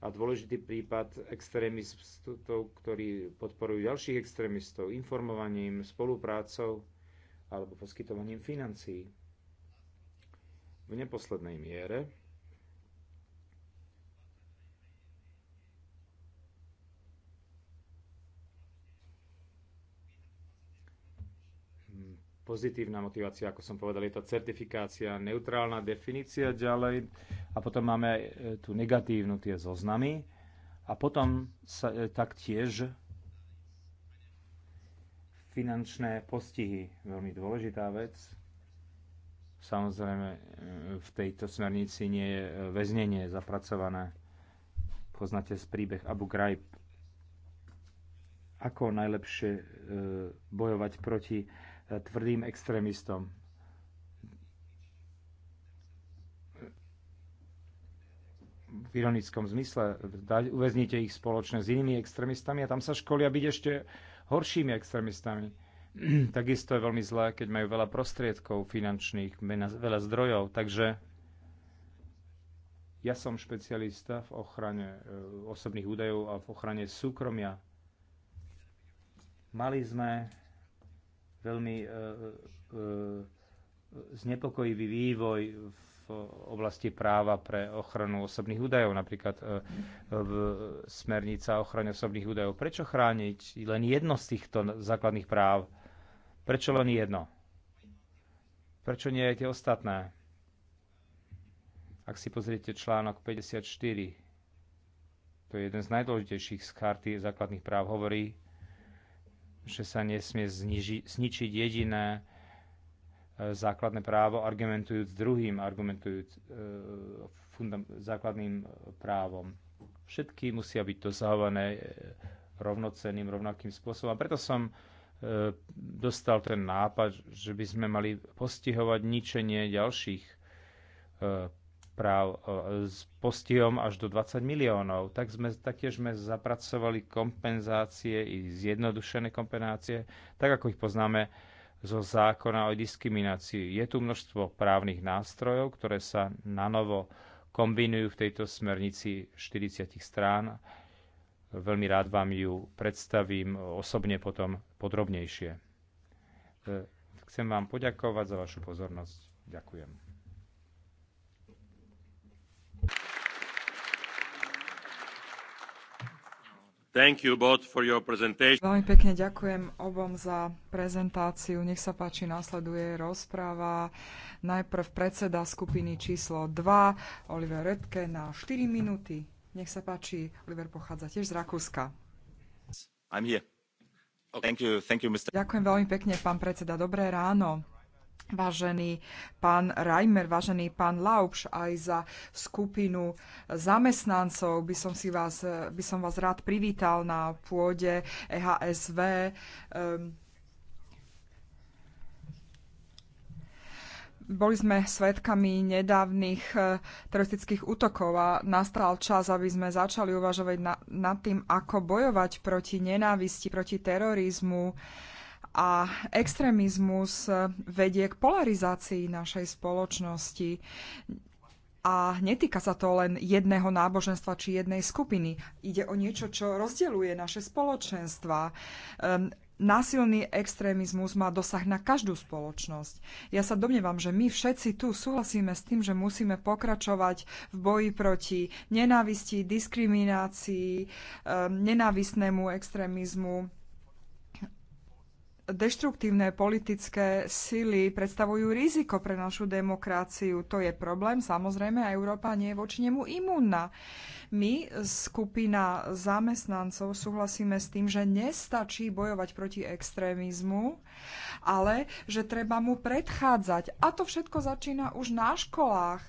a dôležitý prípad extrémistov, ktorí podporujú ďalších extrémistov informovaním, spoluprácou alebo poskytovaním financií. V neposlednej miere pozitívna motivácia, ako som povedal, je tá certifikácia, neutrálna definícia ďalej a potom máme aj e, tú negatívnu, tie zoznamy a potom sa e, taktiež finančné postihy, veľmi dôležitá vec. Samozrejme, e, v tejto smernici nie je e, väznenie zapracované. Poznáte z príbeh Abu Ghraib. Ako najlepšie e, bojovať proti tvrdým extrémistom. v ironickom zmysle, uväznite ich spoločne s inými extrémistami a tam sa školia byť ešte horšími extrémistami. Takisto je veľmi zlé, keď majú veľa prostriedkov finančných, veľa zdrojov, takže ja som špecialista v ochrane e, osobných údajov a v ochrane súkromia. Mali sme veľmi e, e, e, znepokojivý vývoj v oblasti práva pre ochranu osobných údajov, napríklad v smernica ochrany osobných údajov. Prečo chrániť len jedno z týchto základných práv? Prečo len jedno? Prečo nie aj tie ostatné? Ak si pozriete článok 54, to je jeden z najdôležitejších z karty základných práv, hovorí, že sa nesmie zniži, zničiť jediné e, základné právo, argumentujúc druhým, argumentujúc e, fundam, základným e, právom. Všetky musia byť dosahované e, rovnoceným rovnakým spôsobom. A preto som e, dostal ten nápad, že by sme mali postihovať ničenie ďalších e, práv e, s postihom až do 20 miliónov. Tak sme, taktiež sme zapracovali kompenzácie i zjednodušené kompenzácie, tak ako ich poznáme zo zákona o diskriminácii. Je tu množstvo právnych nástrojov, ktoré sa na novo kombinujú v tejto smernici 40 strán. Veľmi rád vám ju predstavím osobne potom podrobnejšie. E, chcem vám poďakovať za vašu pozornosť. Ďakujem. Thank you both for your presentation. Veľmi pekne ďakujem obom za prezentáciu. Nech sa páči, následuje rozpráva. Najprv predseda skupiny číslo 2, Oliver Redke, na 4 minúty. Nech sa páči, Oliver pochádza tiež z Rakúska. I'm here. Okay. Thank you, thank you, Ďakujem veľmi pekne, pán predseda. Dobré ráno vážený pán Reimer, vážený pán Laubš, aj za skupinu zamestnancov by som, si vás, by som vás rád privítal na pôde e EHSV. Um, boli sme svedkami nedávnych e, teroristických útokov a nastal čas, aby sme začali uvažovať na, nad tým, ako bojovať proti nenávisti, proti terorizmu a extrémizmus vedie k polarizácii našej spoločnosti. A netýka sa to len jedného náboženstva či jednej skupiny. Ide o niečo, čo rozdeľuje naše spoločenstva. Um, násilný extrémizmus má dosah na každú spoločnosť. Ja sa domnievam, že my všetci tu súhlasíme s tým, že musíme pokračovať v boji proti nenávisti, diskriminácii, um, nenávistnému extrémizmu, deštruktívne politické sily predstavujú riziko pre našu demokraciu. To je problém, samozrejme, a Európa nie je voči nemu imúnna. My, skupina zamestnancov, súhlasíme s tým, že nestačí bojovať proti extrémizmu, ale že treba mu predchádzať. A to všetko začína už na školách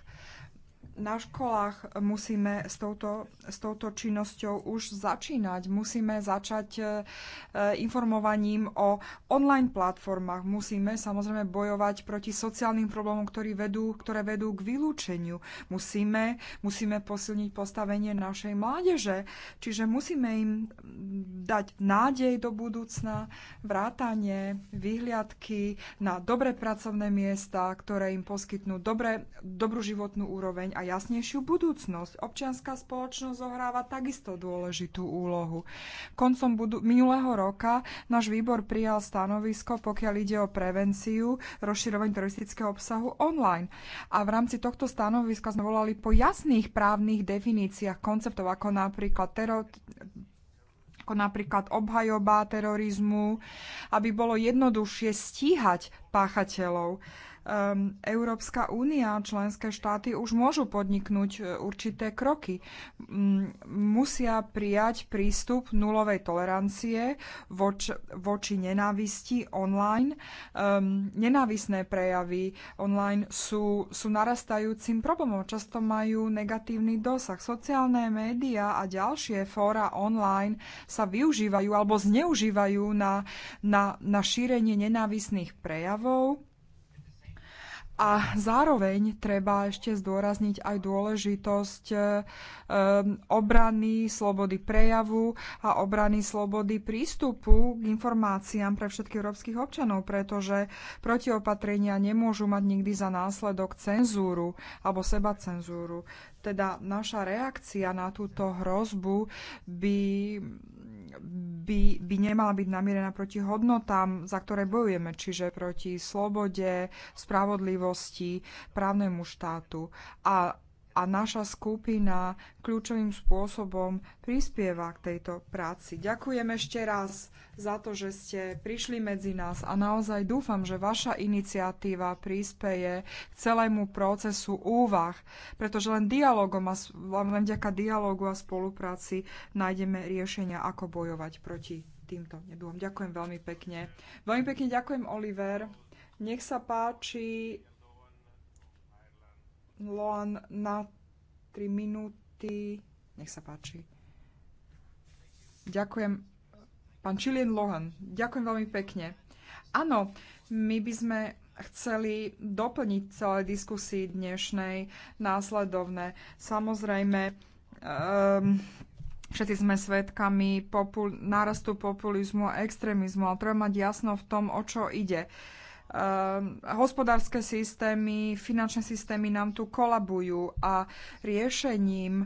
na školách musíme s touto, s touto činnosťou už začínať. Musíme začať e, informovaním o online platformách. Musíme samozrejme bojovať proti sociálnym problémom, ktoré vedú, ktoré vedú k vylúčeniu. Musíme, musíme posilniť postavenie našej mládeže. Čiže musíme im dať nádej do budúcna, vrátanie, vyhliadky na dobré pracovné miesta, ktoré im poskytnú dobré, dobrú životnú úroveň a jasnejšiu budúcnosť. Občianská spoločnosť zohráva takisto dôležitú úlohu. Koncom budu- minulého roka náš výbor prijal stanovisko, pokiaľ ide o prevenciu rozširovania teroristického obsahu online. A v rámci tohto stanoviska sme volali po jasných právnych definíciách konceptov ako napríklad teror, ako napríklad obhajoba terorizmu, aby bolo jednoduchšie stíhať páchateľov um, Európska únia členské štáty už môžu podniknúť e, určité kroky. Um, musia prijať prístup nulovej tolerancie voč, voči nenávisti online. Um, nenávisné prejavy online sú, sú narastajúcim problémom. Často majú negatívny dosah. Sociálne médiá a ďalšie fóra online sa využívajú alebo zneužívajú na, na, na šírenie nenávisných prejavov a zároveň treba ešte zdôrazniť aj dôležitosť e, e, obrany slobody prejavu a obrany slobody prístupu k informáciám pre všetkých európskych občanov, pretože protiopatrenia nemôžu mať nikdy za následok cenzúru alebo seba cenzúru. Teda naša reakcia na túto hrozbu by by, by nemala byť namierená proti hodnotám, za ktoré bojujeme, čiže proti slobode, spravodlivosti, právnemu štátu. A a naša skupina kľúčovým spôsobom prispieva k tejto práci. Ďakujem ešte raz za to, že ste prišli medzi nás a naozaj dúfam, že vaša iniciatíva prispieje k celému procesu úvah, pretože len, dialogom a, len vďaka dialogu a spolupráci nájdeme riešenia, ako bojovať proti týmto nedúhom. Ďakujem veľmi pekne. Veľmi pekne ďakujem, Oliver. Nech sa páči, Loan na 3 minúty. Nech sa páči. Ďakujem. Pán Čilien Lohan, ďakujem veľmi pekne. Áno, my by sme chceli doplniť celé diskusii dnešnej následovné. Samozrejme, um, všetci sme svedkami popul- nárastu populizmu a extrémizmu, ale treba mať jasno v tom, o čo ide. Uh, Ehm, hospodárske systémy, finančné systémy nám tu kolabujú a riešením e,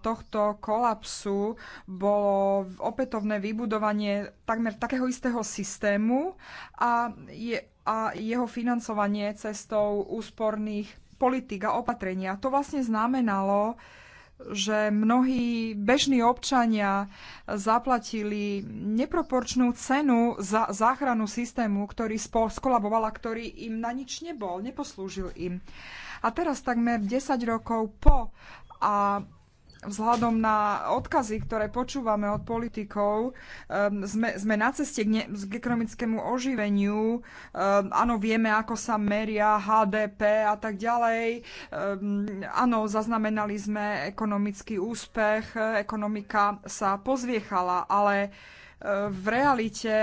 tohto kolapsu bolo opätovné vybudovanie takmer takého istého systému a, je, a jeho financovanie cestou úsporných politik a opatrenia. To vlastne znamenalo, že mnohí bežní občania zaplatili neproporčnú cenu za záchranu systému, ktorý skolaboval a ktorý im na nič nebol, neposlúžil im. A teraz takmer 10 rokov po a vzhľadom na odkazy, ktoré počúvame od politikov, um, sme, sme na ceste k, ne, k ekonomickému oživeniu. Um, áno, vieme, ako sa meria HDP a tak ďalej. Um, áno, zaznamenali sme ekonomický úspech, ekonomika sa pozviechala, ale uh, v realite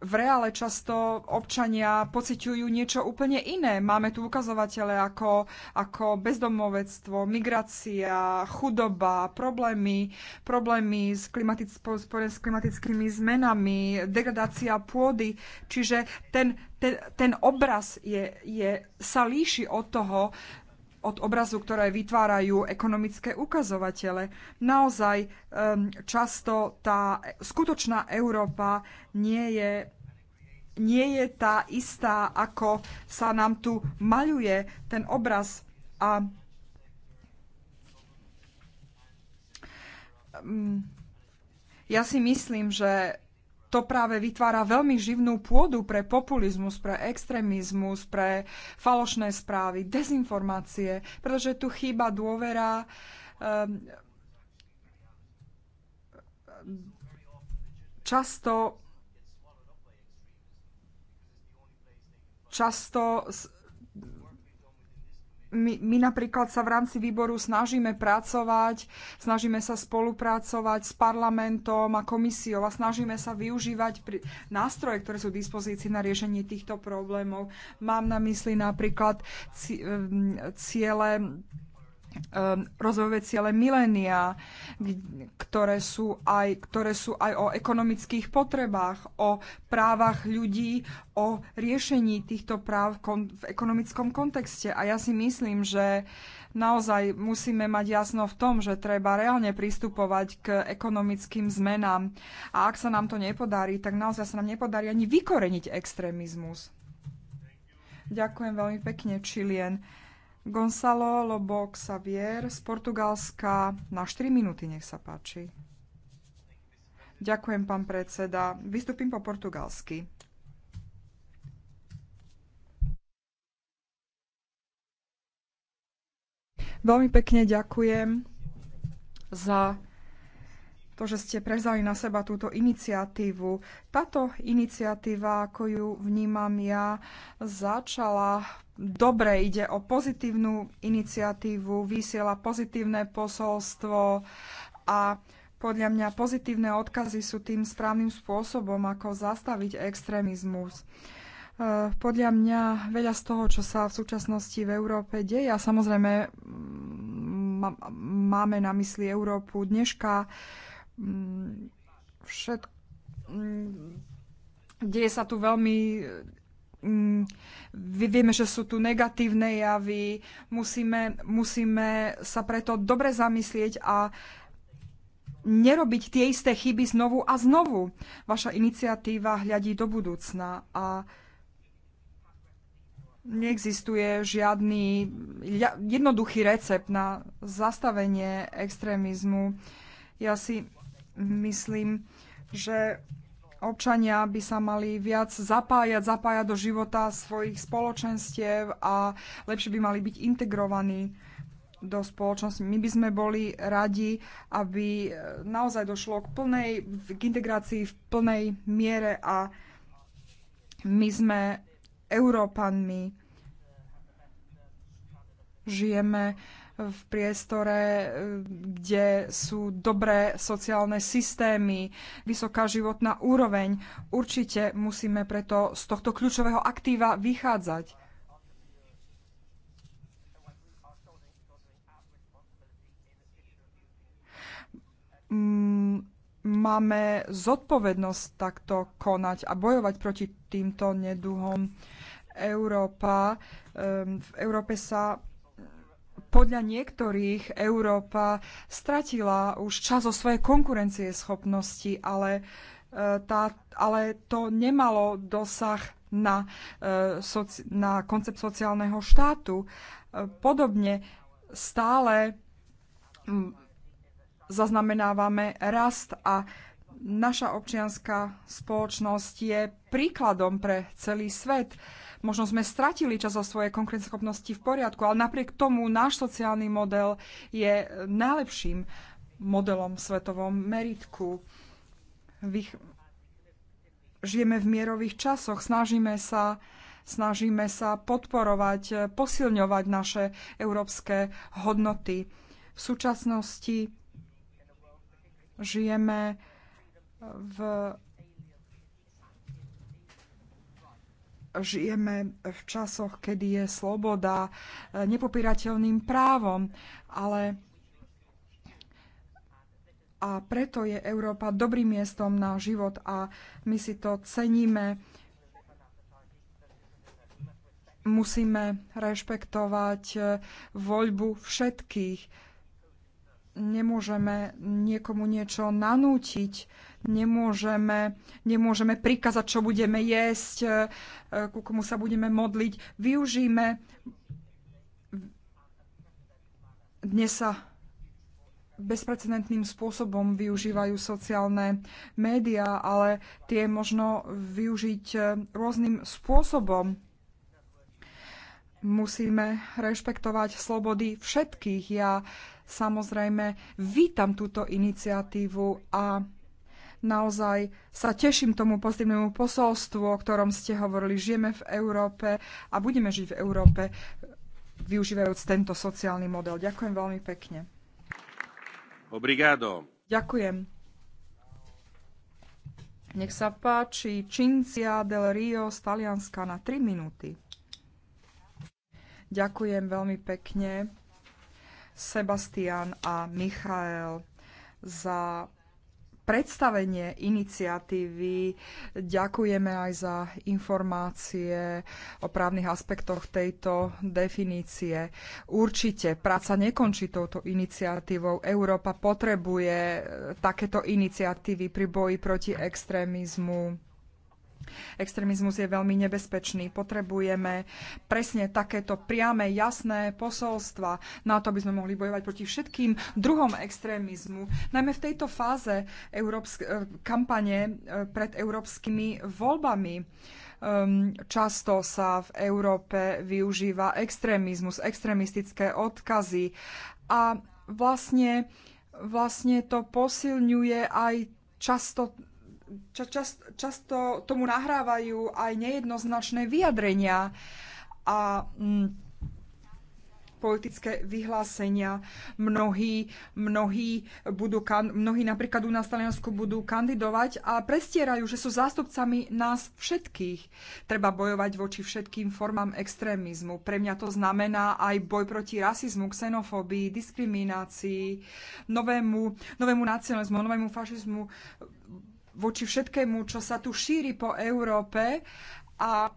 v reále často občania pociťujú niečo úplne iné. Máme tu ukazovatele ako, ako bezdomovectvo, migrácia, chudoba, problémy, problémy s, klimatic, s klimatickými zmenami, degradácia pôdy. Čiže ten, ten, ten obraz je, je, sa líši od toho, od obrazu, ktoré vytvárajú ekonomické ukazovatele. Naozaj um, často tá skutočná Európa nie je nie je tá istá, ako sa nám tu maľuje ten obraz. A ja si myslím, že to práve vytvára veľmi živnú pôdu pre populizmus, pre extrémizmus, pre falošné správy, dezinformácie, pretože tu chýba dôvera. Ehm, často často my, my napríklad sa v rámci výboru snažíme pracovať, snažíme sa spolupracovať s parlamentom a komisiou a snažíme sa využívať pri, nástroje, ktoré sú v dispozícii na riešenie týchto problémov. Mám na mysli napríklad ci, ciele Ehm, rozvojové ciele milénia, ktoré sú, aj, ktoré sú aj o ekonomických potrebách, o právach ľudí, o riešení týchto práv v ekonomickom kontexte. A ja si myslím, že naozaj musíme mať jasno v tom, že treba reálne pristupovať k ekonomickým zmenám. A ak sa nám to nepodarí, tak naozaj sa nám nepodarí ani vykoreniť extrémizmus. Ďakujem veľmi pekne, Čilien. Gonzalo Lobo Xavier z Portugalska na 4 minúty, nech sa páči. Ďakujem, pán predseda. Vystúpim po portugalsky. Veľmi pekne ďakujem za to, že ste prevzali na seba túto iniciatívu. Táto iniciatíva, ako ju vnímam ja, začala dobre, ide o pozitívnu iniciatívu, vysiela pozitívne posolstvo a podľa mňa pozitívne odkazy sú tým správnym spôsobom, ako zastaviť extrémizmus. E, podľa mňa veľa z toho, čo sa v súčasnosti v Európe deje, a samozrejme máme na mysli Európu dneška, Mm, všetko mm, deje sa tu veľmi mm, vieme, že sú tu negatívne javy, musíme, musíme sa preto dobre zamyslieť a nerobiť tie isté chyby znovu a znovu. Vaša iniciatíva hľadí do budúcna a neexistuje žiadny jednoduchý recept na zastavenie extrémizmu. Ja si myslím, že občania by sa mali viac zapájať, zapájať do života svojich spoločenstiev a lepšie by mali byť integrovaní do spoločnosti. My by sme boli radi, aby e, naozaj došlo k plnej, k integrácii v plnej miere a my sme Európanmi, žijeme v priestore, e, kde sú dobré sociálne systémy, vysoká životná úroveň. Určite musíme preto z tohto kľúčového aktíva vychádzať. Mm, máme zodpovednosť takto konať a bojovať proti týmto neduhom. Európa, e, v Európe sa podľa niektorých Európa stratila už čas o svojej konkurencieschopnosti, ale, e, tá, ale to nemalo dosah na, e, na koncept sociálneho štátu. E, podobne stále zaznamenávame rast a naša občianská spoločnosť je príkladom pre celý svet. Možno sme stratili čas o svojej konkurenceschopnosti v poriadku, ale napriek tomu náš sociálny model je najlepším modelom v svetovom meritku. Vych... Žijeme v mierových časoch, snažíme sa snažíme sa podporovať, posilňovať naše európske hodnoty. V súčasnosti žijeme v žijeme v časoch, kedy je sloboda e, nepopirateľným právom, ale a preto je Európa dobrým miestom na život a my si to ceníme. Musíme rešpektovať e, voľbu všetkých nemôžeme niekomu niečo nanútiť, nemôžeme, nemôžeme prikázať, čo budeme jesť, e, ku komu sa budeme modliť. Využíme dnes sa bezprecedentným spôsobom využívajú sociálne médiá, ale tie možno využiť e, rôznym spôsobom. Musíme rešpektovať slobody všetkých. Ja Samozrejme, vítam túto iniciatívu a naozaj sa teším tomu pozitívnemu posolstvu, o ktorom ste hovorili. Žijeme v Európe a budeme žiť v Európe, využívajúc tento sociálny model. Ďakujem veľmi pekne. Obrigado. Ďakujem. Nech sa páči Cinzia del Rio z Talianska na 3 minúty. Ďakujem veľmi pekne. Sebastian a Michael za predstavenie iniciatívy. Ďakujeme aj za informácie o právnych aspektoch tejto definície. Určite práca nekončí touto iniciatívou. Európa potrebuje takéto iniciatívy pri boji proti extrémizmu Extrémizmus je veľmi nebezpečný. Potrebujeme presne takéto priame, jasné posolstva na to, aby sme mohli bojovať proti všetkým druhom extrémizmu. Najmä v tejto fáze európsk- eh, kampane eh, pred európskymi voľbami. Ehm, často sa v Európe využíva extrémizmus, extrémistické odkazy a vlastne, vlastne to posilňuje aj často ča, čas, často tomu nahrávajú aj nejednoznačné vyjadrenia a m, mm, politické vyhlásenia. Mnohí, mnohí, budú, mnohí napríklad u nás v Taliansku budú kandidovať a prestierajú, že sú zástupcami nás všetkých. Treba bojovať voči všetkým formám extrémizmu. Pre mňa to znamená aj boj proti rasizmu, xenofóbii, diskriminácii, novému, novému nacionalizmu, novému fašizmu, voči všetkému, čo sa tu šíri po Európe a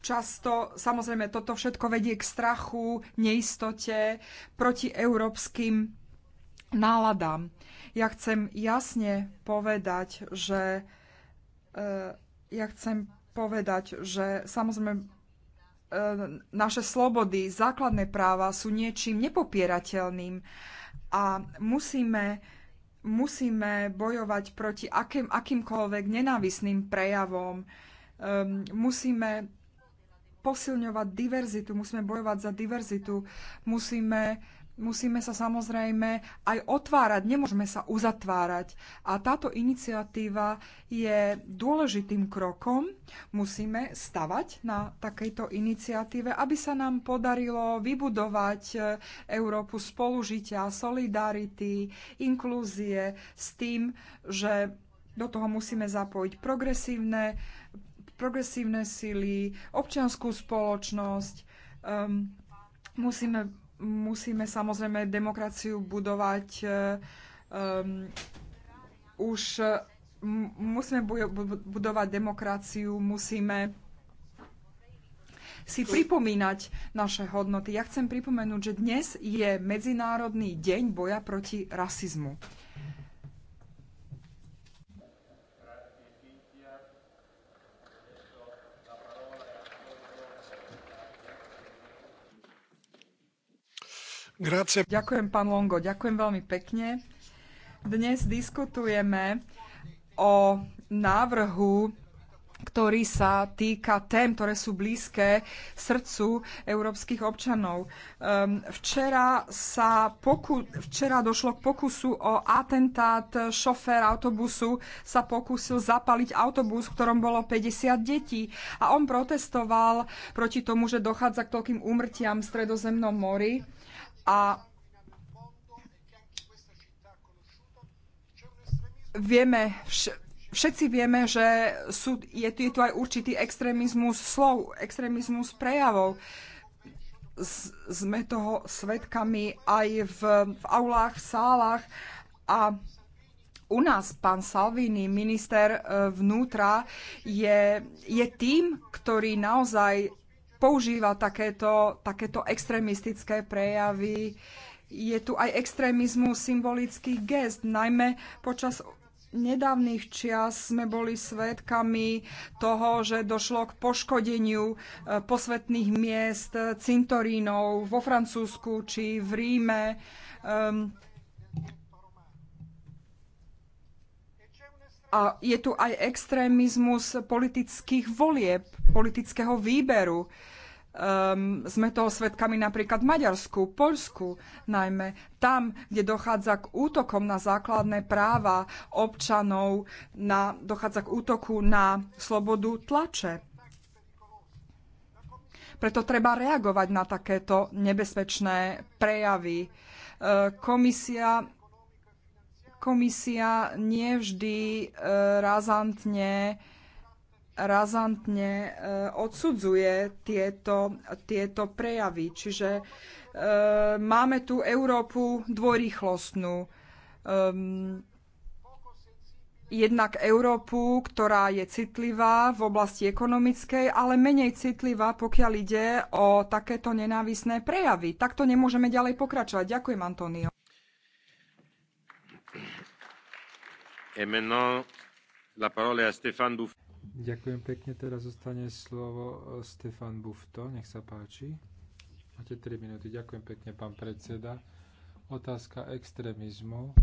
často, samozrejme, toto všetko vedie k strachu, neistote, proti európskym náladám. Ja chcem jasne povedať, že e, ja chcem povedať, že samozrejme e, naše slobody, základné práva sú niečím nepopierateľným a musíme musíme bojovať proti akým, akýmkoľvek nenávisným prejavom. Um, musíme posilňovať diverzitu, musíme bojovať za diverzitu, musíme musíme sa samozrejme aj otvárať, nemôžeme sa uzatvárať. A táto iniciatíva je dôležitým krokom. Musíme stavať na takejto iniciatíve, aby sa nám podarilo vybudovať e, Európu spolužitia, solidarity, inklúzie s tým, že do toho musíme zapojiť progresívne, progresívne sily, občianskú spoločnosť. Um, musíme musíme samozrejme demokraciu budovať um, už musíme budovať demokraciu, musíme si pripomínať naše hodnoty. Ja chcem pripomenúť, že dnes je Medzinárodný deň boja proti rasizmu. Grazie. Ďakujem, pán Longo, ďakujem veľmi pekne. Dnes diskutujeme o návrhu ktorý sa týka tém, ktoré sú blízke srdcu európskych občanov. Ehm, včera, sa poku- včera došlo k pokusu o atentát. Šofér autobusu sa pokusil zapaliť autobus, v ktorom bolo 50 detí. A on protestoval proti tomu, že dochádza k toľkým úmrtiam v Stredozemnom mori a vieme, všetci vieme, že sú, je, tu, je tu aj určitý extrémizmus slov, extrémizmus prejavov. Z, sme toho svetkami aj v, v aulách, v sálach a u nás pán Salvini, minister e, vnútra, je, je tým, ktorý naozaj používa takéto, takéto extrémistické prejavy. Je tu aj extrémizmus symbolických gest, najmä počas nedávnych čias sme boli svedkami toho, že došlo k poškodeniu e, posvetných miest, cintorínov vo Francúzsku či v Ríme. Um, A je tu aj extrémizmus politických volieb, politického výberu. Um, sme toho svedkami napríklad v Maďarsku, Poľsku najmä. Tam, kde dochádza k útokom na základné práva občanov, na, dochádza k útoku na slobodu tlače. Preto treba reagovať na takéto nebezpečné prejavy. Ehm, komisia komisia nevždy e, razantne razantne e, odsudzuje tieto, tieto prejavy. Čiže e, máme tu Európu dvojrýchlostnú. Ehm, jednak Európu, ktorá je citlivá v oblasti ekonomickej, ale menej citlivá, pokiaľ ide o takéto nenávisné prejavy. Takto nemôžeme ďalej pokračovať. Ďakujem, Antonio. Ďakujem pekne, teraz zostane slovo e, Stefan Bufto, nech sa páči. Máte 3 minúty, ďakujem pekne, pán predseda. Otázka extrémizmu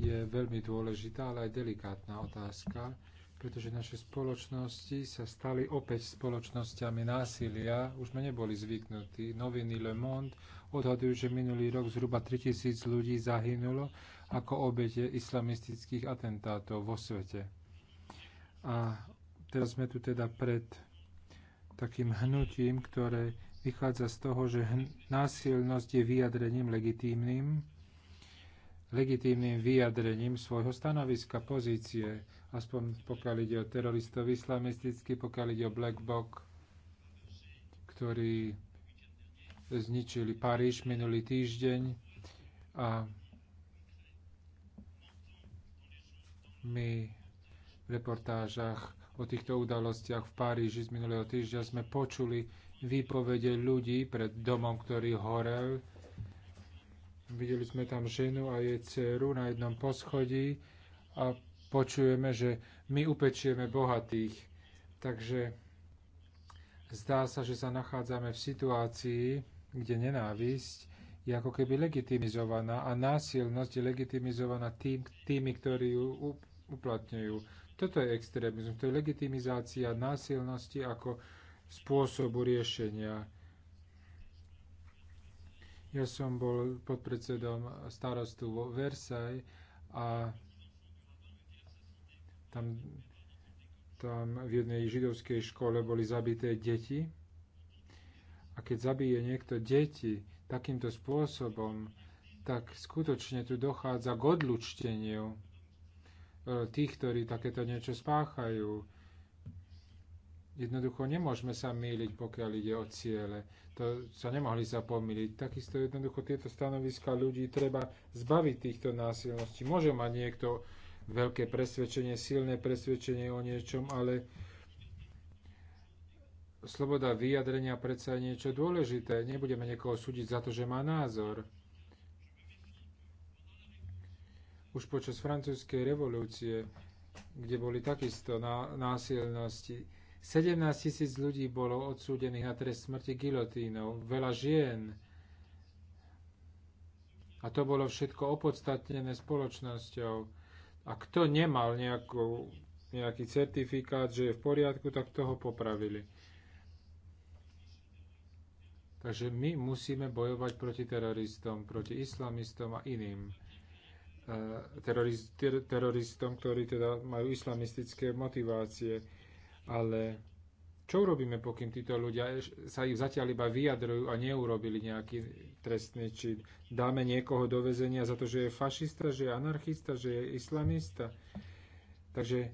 je veľmi dôležitá, ale aj delikátna otázka, pretože naše spoločnosti sa stali opäť spoločnosťami násilia. Už sme neboli zvyknutí. Noviny Le Monde odhadujú, že minulý rok zhruba 3000 ľudí zahynulo ako obete islamistických atentátov vo svete. A teraz sme tu teda pred takým hnutím, ktoré vychádza z toho, že násilnosť je vyjadrením legitímnym, legitímnym vyjadrením svojho stanoviska, pozície, aspoň pokiaľ ide o teroristov islamistický, pokiaľ ide o Black Box, ktorí zničili Paríž minulý týždeň a My v reportážach o týchto udalostiach v Paríži z minulého týždňa sme počuli výpovede ľudí pred domom, ktorý horel. Videli sme tam ženu a jej dceru na jednom poschodí a počujeme, že my upečieme bohatých. Takže zdá sa, že sa nachádzame v situácii, kde nenávisť je ako keby legitimizovaná a násilnosť je legitimizovaná tým, tými, ktorí ju uplatňujú. Toto je extrémizmus, to je legitimizácia násilnosti ako spôsobu riešenia. Ja som bol podpredsedom starostu vo Versailles a tam, tam v jednej židovskej škole boli zabité deti. A keď zabije niekto deti takýmto spôsobom, tak skutočne tu dochádza k odlučteniu E, tých, ktorí takéto niečo spáchajú. Jednoducho nemôžeme sa míliť, pokiaľ ide o ciele. To sa nemohli sa pomýliť. Takisto jednoducho tieto stanoviska ľudí treba zbaviť týchto násilností. Môže mať niekto veľké presvedčenie, silné presvedčenie o niečom, ale sloboda vyjadrenia predsa je niečo dôležité. Nebudeme niekoho súdiť za to, že má názor. už počas francúzskej revolúcie, kde boli takisto násilnosti. 17 tisíc ľudí bolo odsúdených na trest smrti gilotínou, veľa žien. A to bolo všetko opodstatnené spoločnosťou. A kto nemal nejakú, nejaký certifikát, že je v poriadku, tak toho popravili. Takže my musíme bojovať proti teroristom, proti islamistom a iným terorist, ter, teroristom, ktorí teda majú islamistické motivácie. Ale čo urobíme, pokým títo ľudia sa ich zatiaľ iba vyjadrujú a neurobili nejaký trestný čin? Dáme niekoho do väzenia za to, že je fašista, že je anarchista, že je islamista? Takže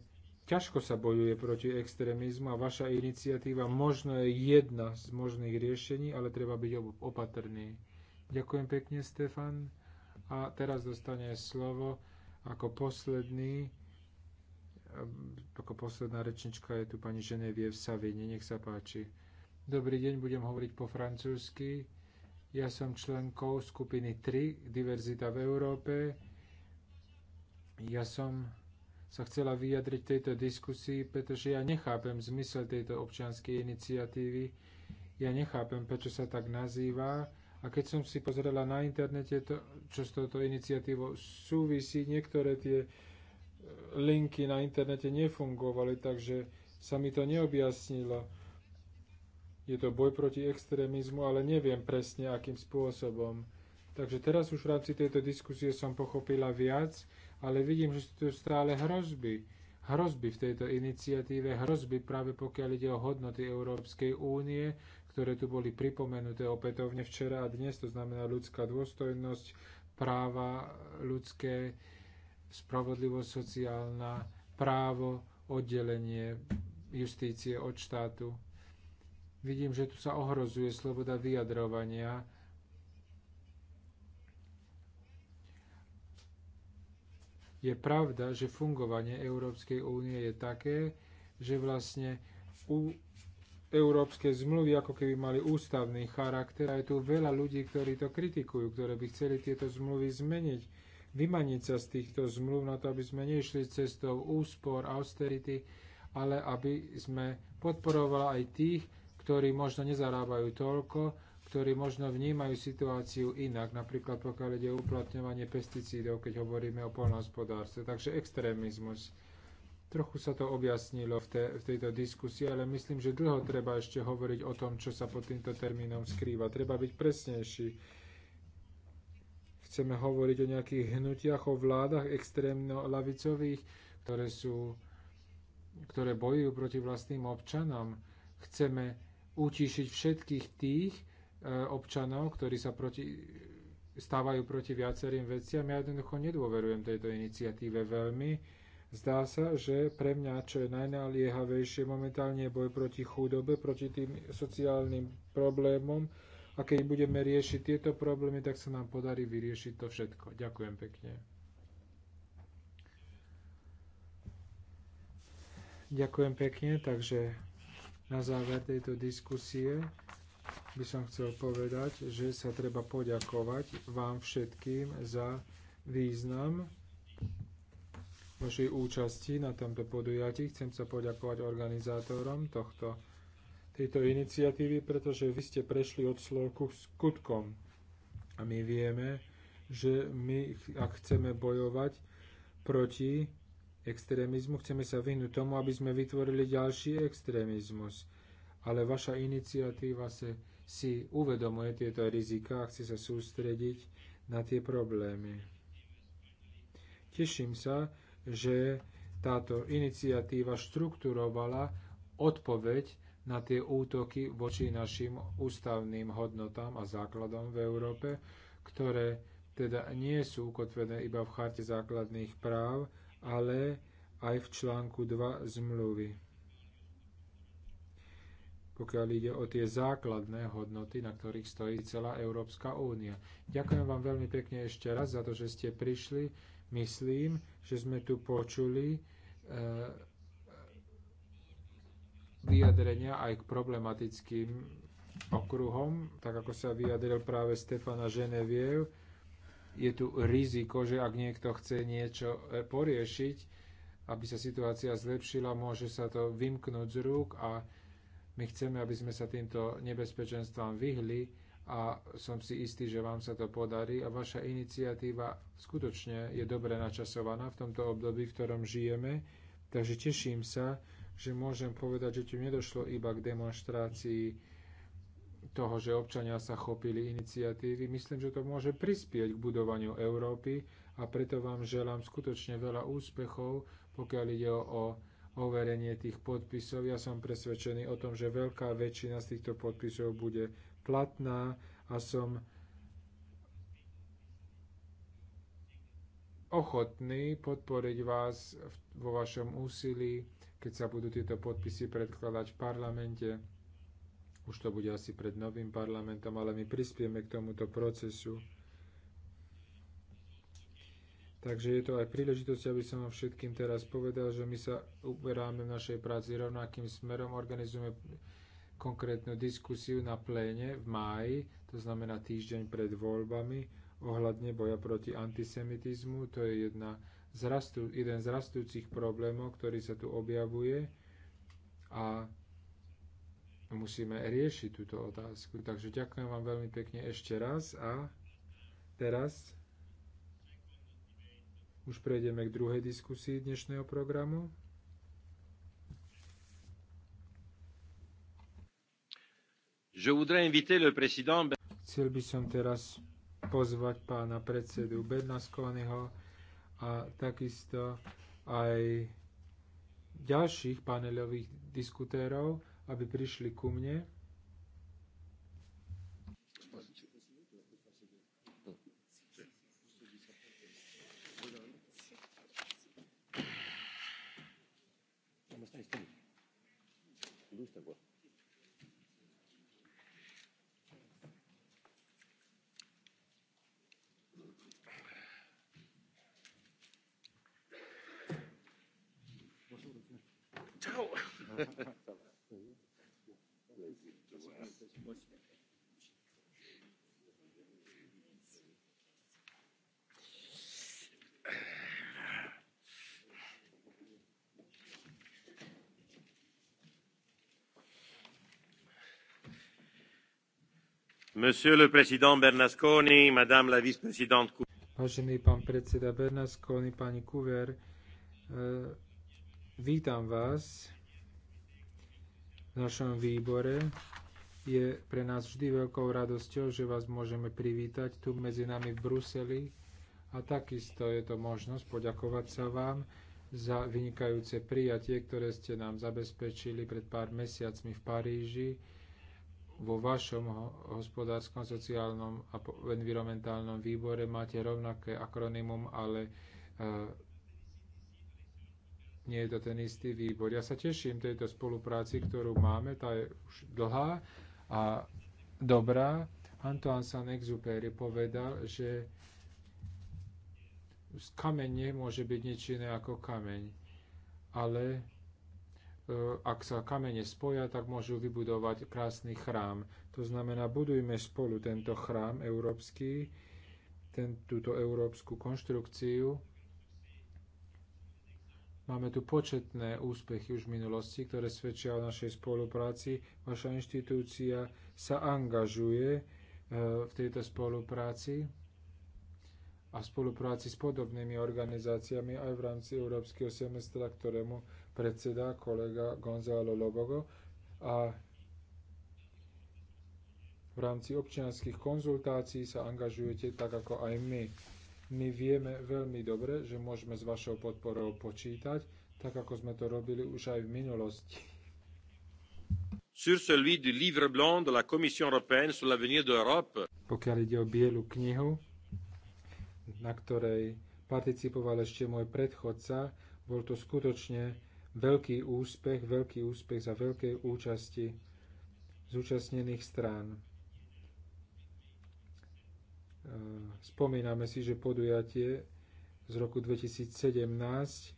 ťažko sa bojuje proti extrémizmu a vaša iniciatíva možno je jedna z možných riešení, ale treba byť opatrný. Ďakujem pekne, Stefan. A teraz dostane slovo ako posledný eh, ako posledná rečnička je tu pani Ženeviev Savini. Nech sa páči. Dobrý deň, budem hovoriť po francúzsky. Ja som členkou skupiny 3 Diverzita v Európe. Ja som sa chcela vyjadriť tejto diskusii, pretože ja nechápem zmysel tejto občianskej iniciatívy. Ja nechápem, prečo sa tak nazýva a keď som si pozrela na internete, to, čo s touto iniciatívou súvisí, niektoré tie e, linky na internete nefungovali, takže sa mi to neobjasnilo. Je to boj proti extrémizmu, ale neviem presne, akým spôsobom. Takže teraz už v rámci tejto diskusie som pochopila viac, ale vidím, že sú tu stále hrozby. Hrozby v tejto iniciatíve, hrozby práve pokiaľ ide o hodnoty Európskej únie, ktoré tu boli pripomenuté opätovne včera a dnes, to znamená ľudská dôstojnosť, práva ľudské, spravodlivosť sociálna, právo, oddelenie justície od štátu. Vidím, že tu sa ohrozuje sloboda vyjadrovania, Je pravda, že fungovanie Európskej únie je také, že vlastne u, európske zmluvy ako keby mali ústavný charakter a je tu veľa ľudí, ktorí to kritikujú, ktoré by chceli tieto zmluvy zmeniť, vymaniť sa z týchto zmluv na to, aby sme nešli cestou úspor, austerity, ale aby sme podporovali aj tých, ktorí možno nezarábajú toľko, ktorí možno vnímajú situáciu inak, napríklad pokiaľ ide o uplatňovanie pesticídov, keď hovoríme o poľnohospodárstve. Takže extrémizmus. Trochu sa to objasnilo v, te, v tejto diskusii, ale myslím, že dlho treba ešte hovoriť o tom, čo sa pod týmto termínom skrýva. Treba byť presnejší. Chceme hovoriť o nejakých hnutiach, o vládach extrémno-lavicových, ktoré, sú, ktoré bojujú proti vlastným občanom. Chceme utíšiť všetkých tých e, občanov, ktorí sa proti, stávajú proti viacerým veciam. Ja jednoducho nedôverujem tejto iniciatíve veľmi Zdá sa, že pre mňa, čo je najnaliehavejšie momentálne je boj proti chudobe, proti tým sociálnym problémom a keď budeme riešiť tieto problémy, tak sa nám podarí vyriešiť to všetko. Ďakujem pekne. Ďakujem pekne, takže na záver tejto diskusie by som chcel povedať, že sa treba poďakovať vám všetkým za význam vašej účasti na tomto podujatí. Chcem sa poďakovať organizátorom tohto, tejto iniciatívy, pretože vy ste prešli od slovku skutkom. A my vieme, že my, ak chceme bojovať proti extrémizmu, chceme sa vyhnúť tomu, aby sme vytvorili ďalší extrémizmus. Ale vaša iniciatíva se, si uvedomuje tieto rizika a chce sa sústrediť na tie problémy. Teším sa, že táto iniciatíva štrukturovala odpoveď na tie útoky voči našim ústavným hodnotám a základom v Európe, ktoré teda nie sú ukotvené iba v charte základných práv, ale aj v článku 2 zmluvy. Pokiaľ ide o tie základné hodnoty, na ktorých stojí celá Európska únia. Ďakujem vám veľmi pekne ešte raz za to, že ste prišli. Myslím, že sme tu počuli e, vyjadrenia aj k problematickým okruhom, tak ako sa vyjadril práve Stefana Ženeviev. Je tu riziko, že ak niekto chce niečo e, poriešiť, aby sa situácia zlepšila, môže sa to vymknúť z rúk a my chceme, aby sme sa týmto nebezpečenstvám vyhli a som si istý, že vám sa to podarí a vaša iniciatíva skutočne je dobre načasovaná v tomto období, v ktorom žijeme. Takže teším sa, že môžem povedať, že tu nedošlo iba k demonstrácii toho, že občania sa chopili iniciatívy. Myslím, že to môže prispieť k budovaniu Európy a preto vám želám skutočne veľa úspechov, pokiaľ ide o overenie tých podpisov. Ja som presvedčený o tom, že veľká väčšina z týchto podpisov bude platná a som ochotný podporiť vás vo vašom úsilí, keď sa budú tieto podpisy predkladať v parlamente. Už to bude asi pred novým parlamentom, ale my prispieme k tomuto procesu. Takže je to aj príležitosť, aby som vám všetkým teraz povedal, že my sa uberáme v našej práci rovnakým smerom, organizujeme konkrétnu diskusiu na pléne v máji, to znamená týždeň pred voľbami, ohľadne boja proti antisemitizmu. To je jedna z rastu, jeden z rastúcich problémov, ktorý sa tu objavuje a musíme riešiť túto otázku. Takže ďakujem vám veľmi pekne ešte raz a teraz už prejdeme k druhej diskusii dnešného programu. Chcel by som teraz pozvať pána predsedu Bednaskonyho a takisto aj ďalších panelových diskutérov, aby prišli ku mne. Vážený pán predseda Bernasconi, pani Kuver, eh, vítam vás v našom výbore. Je pre nás vždy veľkou radosťou, že vás môžeme privítať tu medzi nami v Bruseli a takisto je to možnosť poďakovať sa vám za vynikajúce prijatie, ktoré ste nám zabezpečili pred pár mesiacmi v Paríži vo vašom hospodárskom, sociálnom a environmentálnom výbore máte rovnaké akronymum, ale uh, nie je to ten istý výbor. Ja sa teším tejto spolupráci, ktorú máme, tá je už dlhá a dobrá. Antoine Saint-Exupéry povedal, že kameň nemôže byť nič iné ako kameň, ale E, ak sa kamene spoja, tak môžu vybudovať krásny chrám. To znamená, budujme spolu tento chrám európsky, ten, túto európsku konštrukciu. Máme tu početné úspechy už v minulosti, ktoré svedčia o našej spolupráci. Vaša inštitúcia sa angažuje e, v tejto spolupráci a v spolupráci s podobnými organizáciami aj v rámci Európskeho semestra, ktorému predseda, kolega Gonzalo Lobogo. A v rámci občianských konzultácií sa angažujete tak ako aj my. My vieme veľmi dobre, že môžeme s vašou podporou počítať, tak ako sme to robili už aj v minulosti. Sur celui du livre blanc de la Commission européenne sur l'avenir de l'Europe. Pokiaľ ide o bielu knihu, na ktorej participoval ešte môj predchodca, bol to skutočne veľký úspech, veľký úspech za veľkej účasti zúčastnených strán. Eh, spomíname si, že podujatie z roku 2017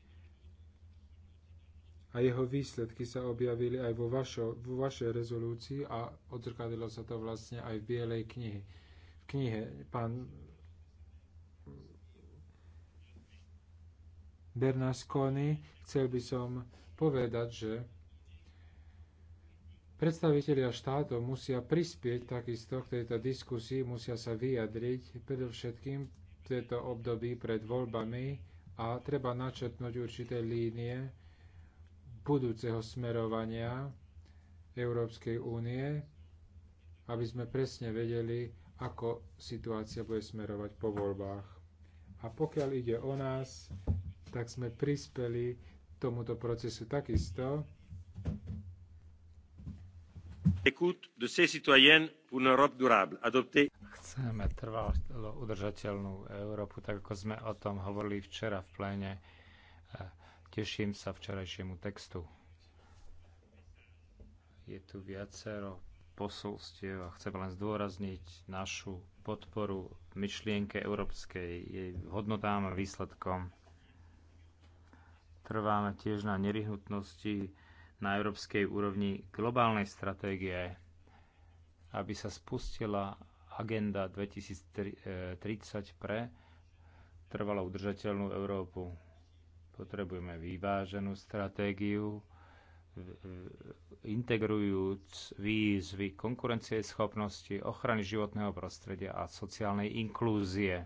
a jeho výsledky sa objavili aj vo, vašo, vo vašej rezolúcii a odzrkadilo sa to vlastne aj v Bielej knihe. V knihe pán Bernasconi, chcel by som povedať, že Predstavitelia štátov musia prispieť takisto k tejto diskusii, musia sa vyjadriť predovšetkým v tejto období pred voľbami a treba načetnúť určité línie budúceho smerovania Európskej únie, aby sme presne vedeli, ako situácia bude smerovať po voľbách. A pokiaľ ide o nás, tak sme prispeli tomuto procesu takisto. Chceme trvalo udržateľnú Európu, tak ako sme o tom hovorili včera v pléne. E, teším sa včerajšiemu textu. Je tu viacero posolstiev a chcem len zdôrazniť našu podporu myšlienke európskej, jej hodnotám a výsledkom Trváme tiež na neryhnutnosti na európskej úrovni globálnej stratégie, aby sa spustila agenda 2030 eh, pre trvalo udržateľnú Európu. Potrebujeme vyváženú stratégiu, integrujúc výzvy konkurencie schopnosti, ochrany životného prostredia a sociálnej inklúzie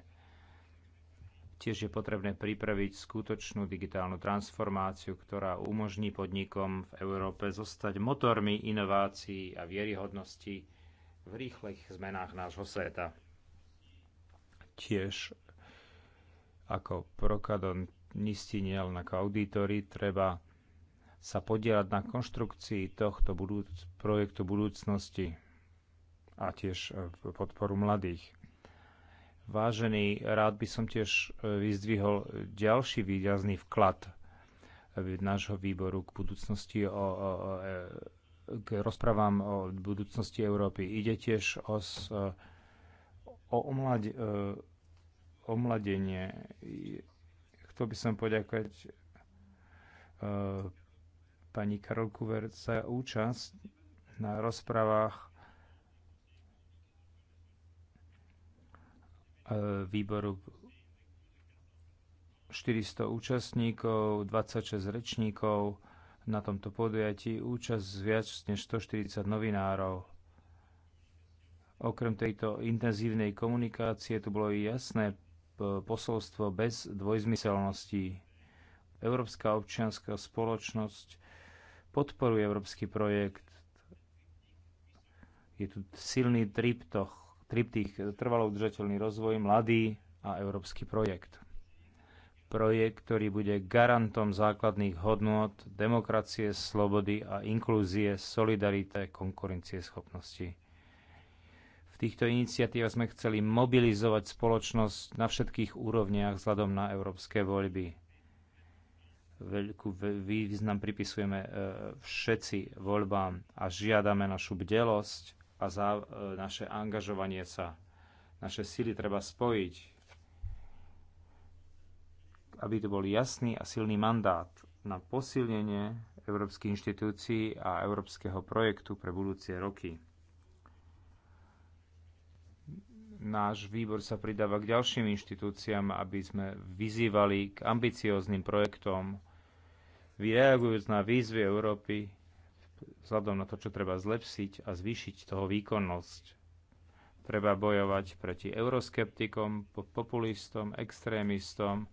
Tiež je potrebné pripraviť skutočnú digitálnu transformáciu, ktorá umožní podnikom v Európe zostať motormi inovácií a vieryhodnosti v rýchlych zmenách nášho sveta. Tiež ako prokadonisti, nielen ako auditori, treba sa podielať na konštrukcii tohto budúc- projektu budúcnosti a tiež podporu mladých. Vážený, rád by som tiež e, vyzdvihol ďalší výrazný vklad e, nášho výboru k budúcnosti o, o, e, k rozprávam o budúcnosti Európy. Ide tiež o, o, omlade, o mladenie. Chcel by som poďakovať pani Karolku za účasť na rozprávach E, výboru 400 účastníkov, 26 rečníkov na tomto podujatí, účasť viac než 140 novinárov. Okrem tejto intenzívnej komunikácie tu bolo i jasné posolstvo bez dvojzmyselností. Európska občianská spoločnosť podporuje európsky projekt. Je tu silný triptoch triptych trvalo udržateľný rozvoj, mladý a európsky projekt. Projekt, ktorý bude garantom základných hodnôt demokracie, slobody a inklúzie, solidarité, schopnosti. V týchto iniciatívach sme chceli mobilizovať spoločnosť na všetkých úrovniach vzhľadom na európske voľby. Veľkú význam pripisujeme e, e, všetci voľbám a žiadame našu bdelosť, a za e, naše angažovanie sa. Naše sily treba spojiť, aby to bol jasný a silný mandát na posilnenie európskych inštitúcií a európskeho projektu pre budúcie roky. Náš výbor sa pridáva k ďalším inštitúciám, aby sme vyzývali k ambicióznym projektom, vyreagujúc na výzvy Európy vzhľadom na to, čo treba zlepšiť a zvýšiť toho výkonnosť. Treba bojovať proti euroskeptikom, populistom, extrémistom,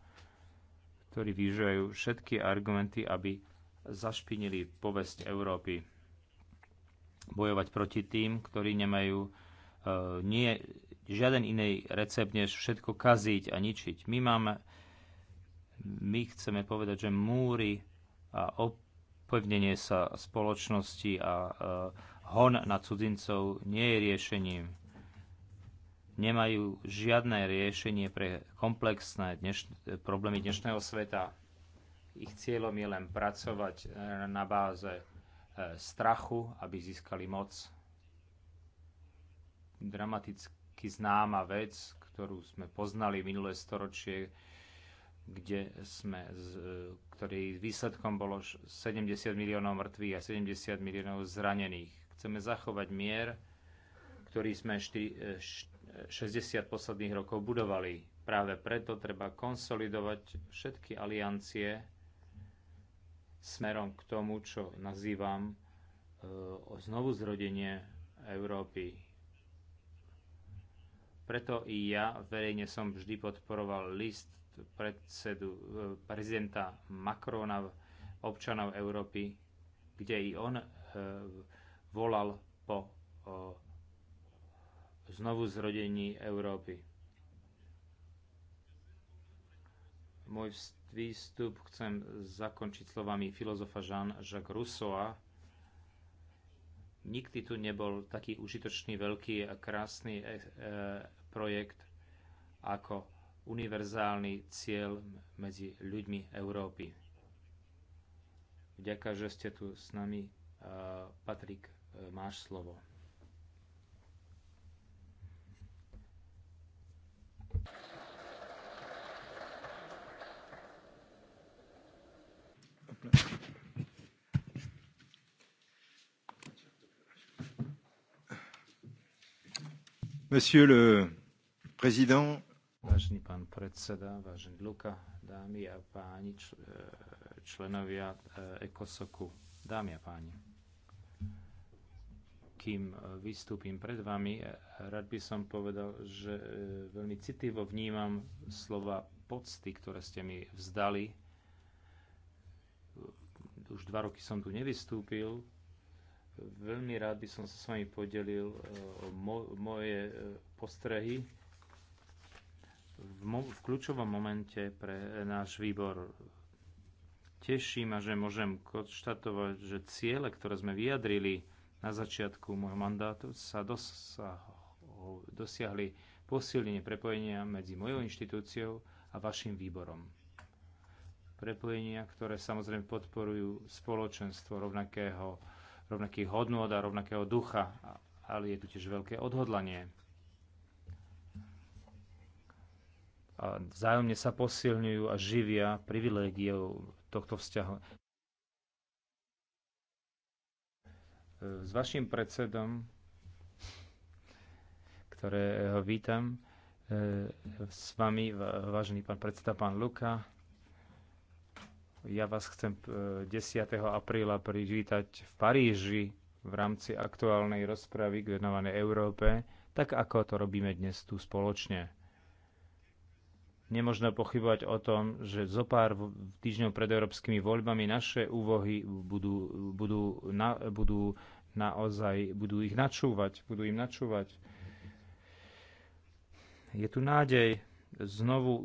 ktorí vyžujú všetky argumenty, aby zašpinili povesť Európy. Bojovať proti tým, ktorí nemajú uh, nie, žiaden iný recept, než všetko kaziť a ničiť. My máme, my chceme povedať, že múry a op- upevnenie sa spoločnosti a e, hon na cudzincov nie je riešením. Nemajú žiadne riešenie pre komplexné dneš- problémy dnešného sveta. Ich cieľom je len pracovať e, na báze e, strachu, aby získali moc. Dramaticky známa vec, ktorú sme poznali minulé storočie, kde sme, e, ktorý výsledkom bolo 70 miliónov mŕtvych a 70 miliónov zranených. Chceme zachovať mier, ktorý sme 60 e, e, posledných rokov budovali. Práve preto treba konsolidovať všetky aliancie smerom k tomu, čo nazývam znovu znovuzrodenie Európy. Preto i ja verejne som vždy podporoval list predsedu, eh, prezidenta Macrona občanov Európy, kde i on eh, volal po eh, znovu zrodení Európy. Môj výstup chcem zakončiť slovami filozofa Jean-Jacques Rousseau. Nikdy tu nebol taký užitočný, veľký a krásny projekt ako univerzálny cieľ medzi ľuďmi Európy. Vďaka, že ste tu s nami. Patrik, e, máš slovo. Monsieur le Président, Vážený pán predseda, vážený Luka, dámy a páni, e, členovia e, Ekosoku, dámy a páni. Kým e, vystúpim pred vami, rád by som povedal, že veľmi citlivo vnímam slova pocty, ktoré ste mi vzdali. Už dva roky som tu nevystúpil, veľmi rád by som sa s vami podelil o moje postrehy v, v kľúčovom momente pre náš výbor. Teší ma, že môžem konštatovať, že ciele, ktoré sme vyjadrili na začiatku môjho mandátu, sa dosahu, dosiahli posilnenie prepojenia medzi mojou inštitúciou a vašim výborom. Prepojenia, ktoré samozrejme podporujú spoločenstvo rovnakého, rovnakých hodnôt a rovnakého ducha, ale je tu tiež veľké odhodlanie a vzájomne sa posilňujú a živia privilégiou tohto vzťahu. S vašim predsedom, ktorého vítam, e, s vami, vážený pán predseda, pán Luka, ja vás chcem 10. E, apríla privítať v Paríži v rámci aktuálnej rozpravy k venovanej Európe, tak ako to robíme dnes tu spoločne. Nemožno pochybovať o tom, že zo pár týždňov pred európskymi voľbami naše úvohy budú, budú, na, budú naozaj, budú ich načúvať, budú im načúvať. Je tu nádej, znovu uh,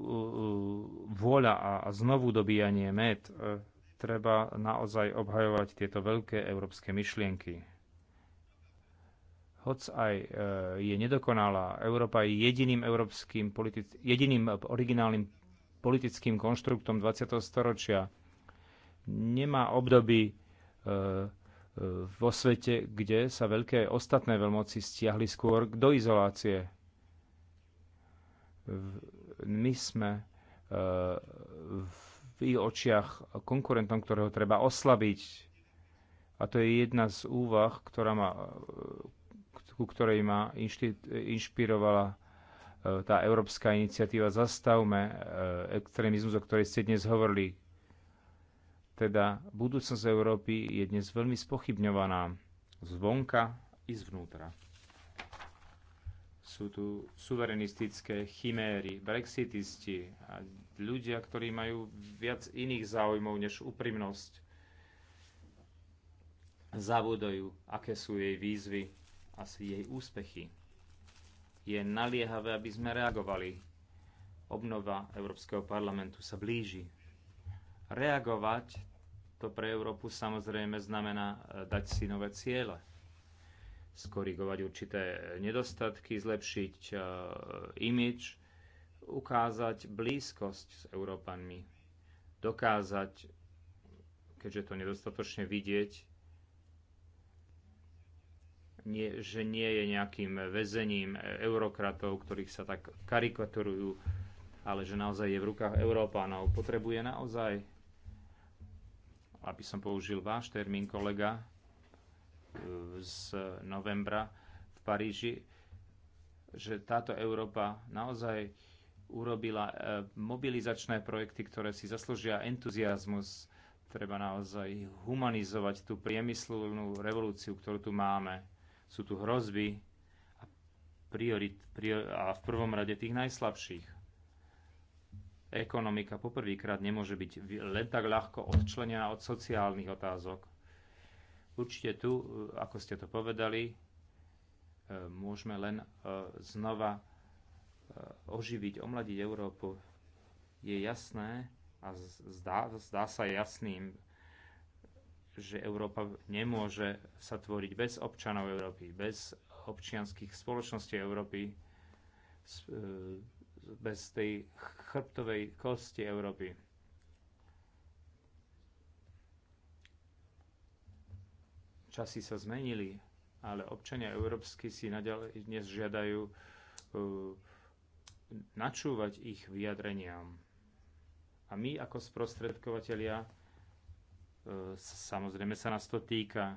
vôľa a, a znovu dobíjanie med. Uh, treba naozaj obhajovať tieto veľké európske myšlienky hoc aj e, je nedokonalá, Európa je jediným, európskym jediným originálnym politickým konštruktom 20. storočia. Nemá obdoby e, e, vo svete, kde sa veľké ostatné veľmoci stiahli skôr do izolácie. My sme v ich očiach konkurentom, ktorého treba oslabiť. A to je jedna z úvah, ktorá ma ku ktorej ma inšpirovala e, tá európska iniciatíva Zastavme e, extrémizmus, o ktorej ste dnes hovorili. Teda budúcnosť Európy je dnes veľmi spochybňovaná zvonka i zvnútra. Sú tu suverenistické chiméry, brexitisti a ľudia, ktorí majú viac iných záujmov než úprimnosť. Zabudajú, aké sú jej výzvy, asi jej úspechy. Je naliehavé, aby sme reagovali. Obnova Európskeho parlamentu sa blíži. Reagovať to pre Európu samozrejme znamená e, dať si nové ciele skorigovať určité nedostatky, zlepšiť uh, e, imič, ukázať blízkosť s Európanmi, dokázať, keďže to nedostatočne vidieť, nie, že nie je nejakým väzením eurokratov, ktorých sa tak karikaturujú, ale že naozaj je v rukách Európanov. Potrebuje naozaj, aby som použil váš termín, kolega, z novembra v Paríži, že táto Európa naozaj urobila e, mobilizačné projekty, ktoré si zaslúžia entuziasmus. Treba naozaj humanizovať tú priemyslnú revolúciu, ktorú tu máme sú tu hrozby a, priorit, prior, a v prvom rade tých najslabších. Ekonomika poprvýkrát nemôže byť len tak ľahko odčlenená od sociálnych otázok. Určite tu, e, ako ste to povedali, e, môžeme len e, znova oživiť, omladiť Európu. Je jasné a zdá, zdá sa jasným, že Európa nemôže sa tvoriť bez občanov Európy, bez občianských spoločností Európy, e, bez tej chrbtovej kosti Európy. Časy sa zmenili, ale občania európsky si naďalej dnes žiadajú e, načúvať ich vyjadreniam. A my ako sprostredkovateľia E, samozrejme sa nás to týka.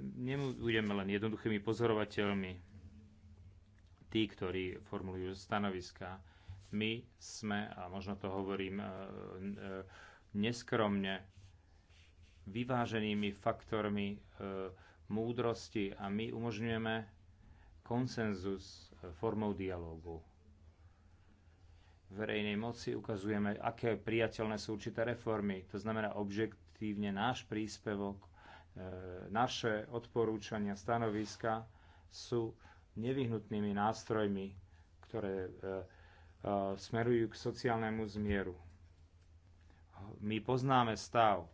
Nebudeme len jednoduchými pozorovateľmi, tí, ktorí formulujú stanoviska. My sme, a možno to hovorím e, e, neskromne, vyváženými faktormi múdrosti a my umožňujeme konsenzus formou dialógu verejnej moci, ukazujeme, aké priateľné sú určité reformy. To znamená objektívne náš príspevok, e, naše odporúčania, stanoviska sú nevyhnutnými nástrojmi, ktoré e, e, smerujú k sociálnemu zmieru. My poznáme stav.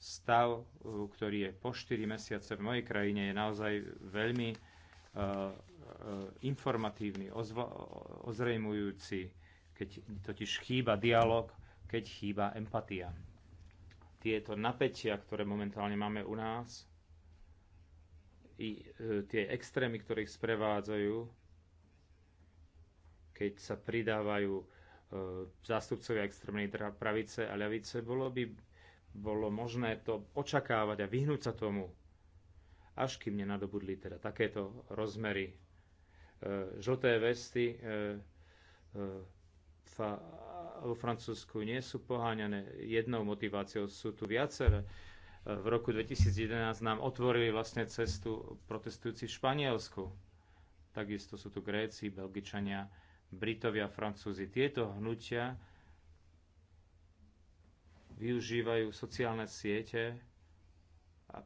Stav, ktorý je po 4 mesiace v mojej krajine, je naozaj veľmi E, informatívny, ozrejmujúci, keď totiž chýba dialog, keď chýba empatia. Tieto napätia, ktoré momentálne máme u nás, i e, tie extrémy, ktoré ich sprevádzajú, keď sa pridávajú e, zástupcovia extrémnej pravice a ľavice, bolo by bolo možné to očakávať a vyhnúť sa tomu, až kým nenadobudli teda takéto rozmery E, žlté vesty e, e, vo Francúzsku nie sú poháňané jednou motiváciou, sú tu viaceré. V roku 2011 nám otvorili vlastne cestu protestujúci v Španielsku. Takisto sú tu Gréci, Belgičania, Britovia, Francúzi. Tieto hnutia využívajú sociálne siete a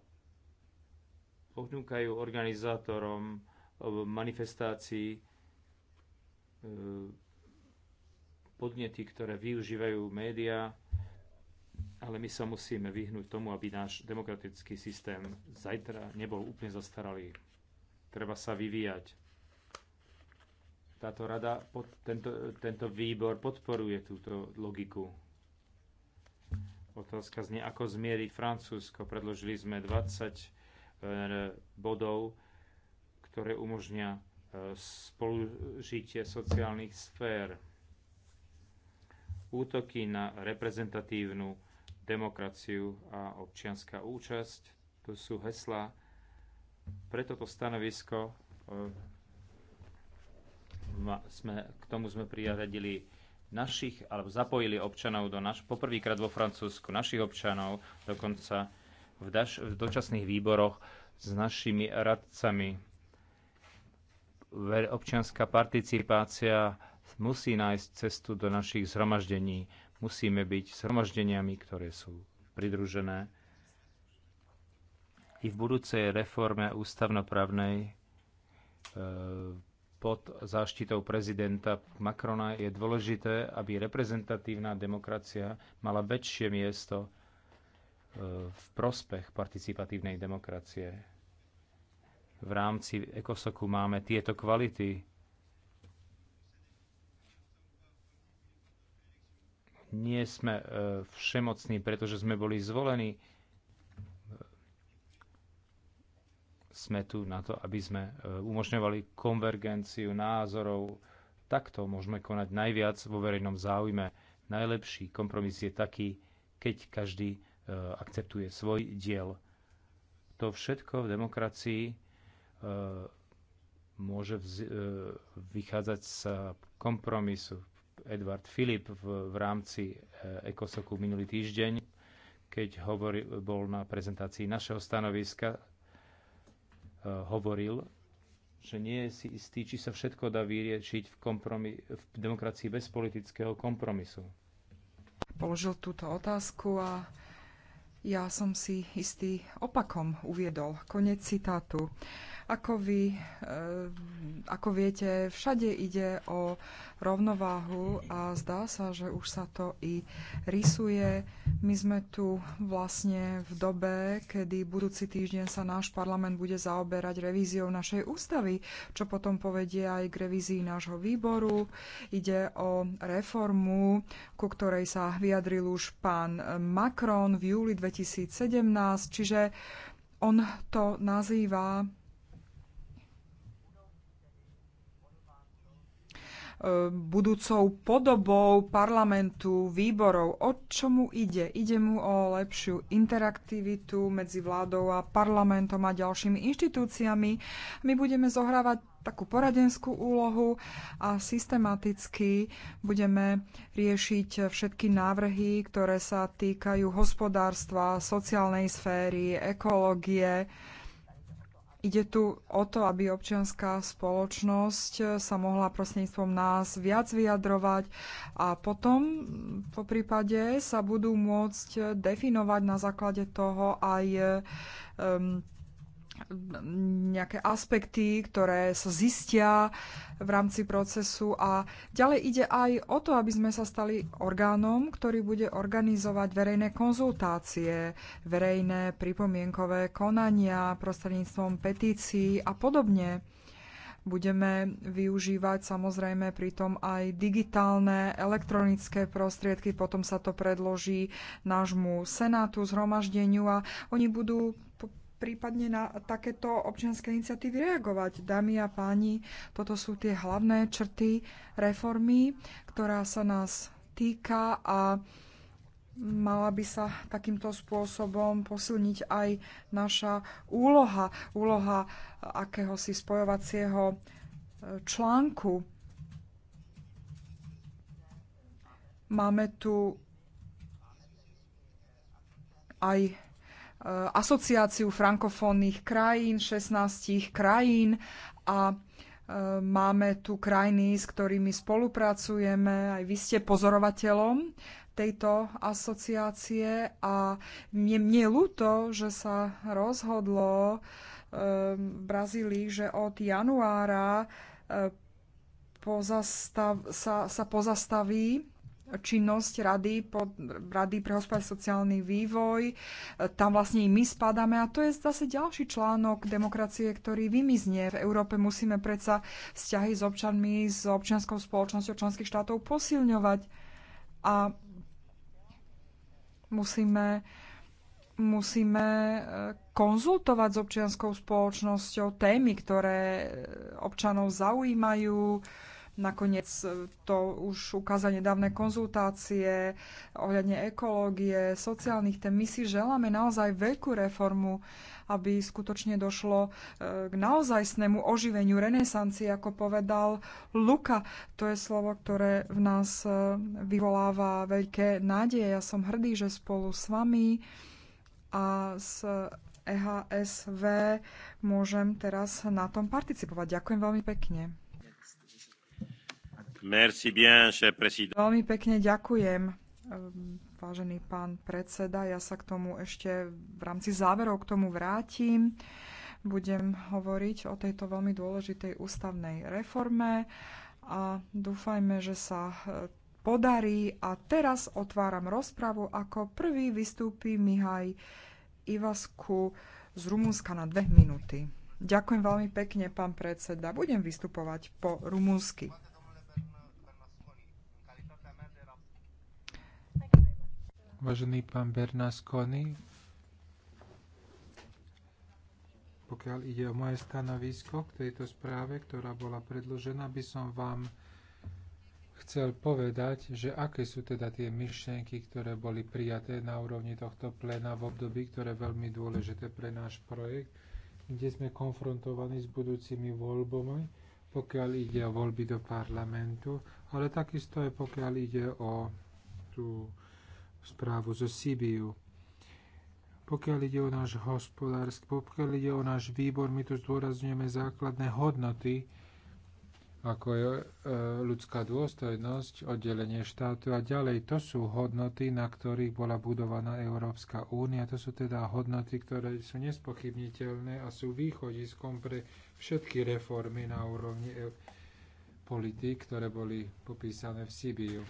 ponúkajú organizátorom manifestácií e, podnety, ktoré využívajú médiá, ale my sa musíme vyhnúť tomu, aby náš demokratický systém zajtra nebol úplne zastaralý. Treba sa vyvíjať. Táto rada, pod, tento, tento výbor podporuje túto logiku. Otázka znie, ako zmieriť Francúzsko. Predložili sme 20 e, bodov, ktoré umožňa e, spolužitie sociálnych sfér. Útoky na reprezentatívnu demokraciu a občianská účasť, to sú heslá. Preto toto stanovisko e, sme, k tomu sme priradili našich, alebo zapojili občanov do naš, poprvýkrát vo Francúzsku, našich občanov, dokonca v, daž, v dočasných výboroch s našimi radcami občianská participácia musí nájsť cestu do našich zhromaždení. Musíme byť zhromaždeniami, ktoré sú pridružené. I v budúcej reforme ústavnoprávnej e, pod záštitou prezidenta Macrona je dôležité, aby reprezentatívna demokracia mala väčšie miesto e, v prospech participatívnej demokracie v rámci ekosoku máme tieto kvality. Nie sme e, všemocní, pretože sme boli zvolení. Sme tu na to, aby sme e, umožňovali konvergenciu názorov. Takto môžeme konať najviac vo verejnom záujme. Najlepší kompromis je taký, keď každý e, akceptuje svoj diel. To všetko v demokracii Eh, môže eh, vychádzať z kompromisu. Edward Filip v, v rámci Ekosoku eh, minulý týždeň, keď hovoril, bol na prezentácii našeho stanoviska, hovoril, že nie je si istý, či sa všetko dá vyriešiť v, kompromi- v demokracii bez politického kompromisu. Položil túto otázku a ja som si istý opakom uviedol. Konec citátu. Uh, ako vy, eh, ako viete, všade ide o rovnováhu a zdá sa, že už sa to i rysuje. My sme tu vlastne v dobe, kedy budúci týždeň sa náš parlament bude zaoberať revíziou našej ústavy, čo potom povedie aj k revízii nášho výboru. Ide o reformu, ku ktorej sa vyjadril už pán Macron v júli 2017, čiže on to nazýva budúcou podobou parlamentu, výborov. O čo mu ide? Ide mu o lepšiu interaktivitu medzi vládou a parlamentom a ďalšími inštitúciami. My budeme zohrávať takú poradenskú úlohu a systematicky budeme riešiť všetky návrhy, ktoré sa týkajú hospodárstva, sociálnej sféry, ekológie, Ide tu o to, aby občianská spoločnosť eh, sa mohla prostredníctvom nás viac vyjadrovať a potom po prípade sa budú môcť eh, definovať na základe toho aj um, nejaké aspekty, ktoré sa zistia v rámci procesu a ďalej ide aj o to, aby sme sa stali orgánom, ktorý bude organizovať verejné konzultácie, verejné pripomienkové konania prostredníctvom petícií a podobne. Budeme využívať samozrejme pritom aj digitálne, elektronické prostriedky, potom sa to predloží nášmu senátu, zhromaždeniu a oni budú prípadne na takéto občianské iniciatívy reagovať. Dámy a páni, toto sú tie hlavné črty reformy, ktorá sa nás týka a mala by sa takýmto spôsobom posilniť aj naša úloha, úloha akéhosi spojovacieho e, článku. Máme tu aj Eh, asociáciu frankofónnych krajín, 16 krajín a eh, máme tu krajiny, s ktorými spolupracujeme. Aj vy ste pozorovateľom tejto asociácie a mne, mne je ľúto, že sa rozhodlo eh, v Brazílii, že od januára pozastav, sa, sa pozastaví činnosť Rady, pod, Rady pre hospodárstvo sociálny vývoj. E, tam vlastne i my spadáme a to je zase ďalší článok demokracie, ktorý vymizne. V Európe musíme predsa vzťahy s občanmi, s občianskou spoločnosťou členských štátov posilňovať a musíme musíme e, konzultovať s občianskou spoločnosťou témy, ktoré e, občanov zaujímajú, Nakoniec e, to už ukázali nedávne konzultácie ohľadne ekológie, sociálnych tém. My si želáme naozaj veľkú reformu, aby skutočne došlo e, k naozajstnému oživeniu renesancie, ako povedal Luka. To je slovo, ktoré v nás e, vyvoláva veľké nádeje. Ja som hrdý, že spolu s vami a s EHSV môžem teraz na tom participovať. Ďakujem veľmi pekne. Merci bien, Veľmi pekne ďakujem, um, vážený pán predseda. Ja sa k tomu ešte v rámci záverov k tomu vrátim. Budem hovoriť o tejto veľmi dôležitej ústavnej reforme a dúfajme, že sa e, podarí. A teraz otváram rozpravu. Ako prvý vystúpi Mihaj Ivasku z Rumúnska na dve minúty. Ďakujem veľmi pekne, pán predseda. Budem vystupovať po rumúnsky. Vážený pán Bernasconi, pokiaľ ide o moje stanovisko k tejto správe, ktorá bola predložená, by som vám chcel povedať, že aké sú teda tie myšlienky, ktoré boli prijaté na úrovni tohto plena v období, ktoré je veľmi dôležité pre náš projekt, kde sme konfrontovaní s budúcimi voľbami, pokiaľ ide o voľby do parlamentu, ale takisto aj pokiaľ ide o tú správu zo Sibiu. Pokiaľ ide o náš hospodársk, pokiaľ ide o náš výbor, my tu zdôrazňujeme základné hodnoty, ako je e, ľudská dôstojnosť, oddelenie štátu a ďalej. To sú hodnoty, na ktorých bola budovaná Európska únia. To sú teda hodnoty, ktoré sú nespochybniteľné a sú východiskom pre všetky reformy na úrovni e, politik, ktoré boli popísané v Sibiu.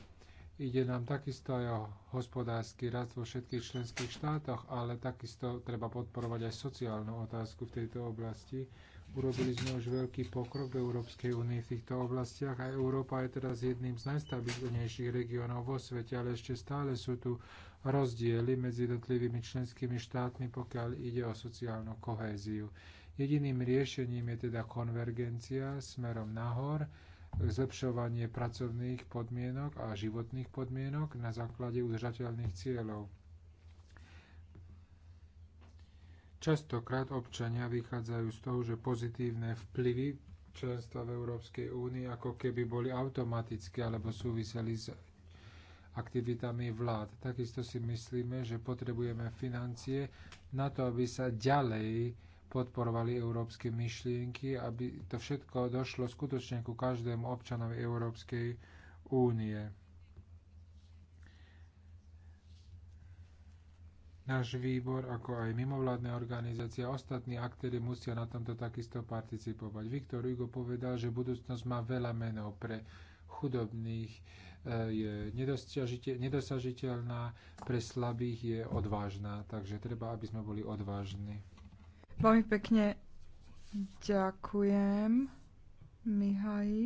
Ide nám takisto aj o hospodársky rast vo všetkých členských štátoch, ale takisto treba podporovať aj sociálnu otázku v tejto oblasti. Urobili sme už veľký pokrok v Európskej únii v týchto oblastiach a Európa je teraz jedným z najstabilnejších regiónov vo svete, ale ešte stále sú tu rozdiely medzi jednotlivými členskými štátmi, pokiaľ ide o sociálnu kohéziu. Jediným riešením je teda konvergencia smerom nahor, zlepšovanie pracovných podmienok a životných podmienok na základe udržateľných cieľov. Častokrát občania vychádzajú z toho, že pozitívne vplyvy členstva v Európskej únii ako keby boli automatické alebo súviseli s aktivitami vlád. Takisto si myslíme, že potrebujeme financie na to, aby sa ďalej podporovali európske myšlienky, aby to všetko došlo skutočne ku každému občanovi Európskej únie. Náš výbor, ako aj mimovládne organizácie a ostatní aktéry musia na tomto takisto participovať. Viktor Hugo povedal, že budúcnosť má veľa menov pre chudobných, e, je nedosažiteľná, pre slabých je odvážna, takže treba, aby sme boli odvážni. Veľmi pekne ďakujem, Mihaji.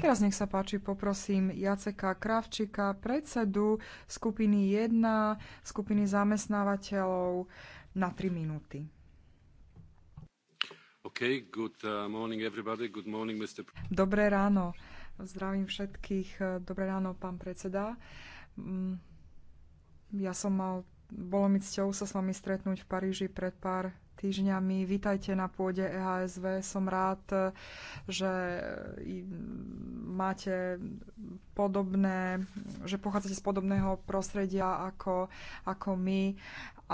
Teraz nech sa páči, poprosím Jaceka Kravčika, predsedu skupiny 1, skupiny zamestnávateľov na 3 minúty. Okay, uh, morning, morning, Dobré ráno. Zdravím všetkých. Dobré ráno, pán predseda. Mm, ja som mal bolo mi cťou sa s vami stretnúť v Paríži pred pár týždňami. Vítajte na pôde EHSV. Som rád, že máte podobné, že pochádzate z podobného prostredia ako, ako my.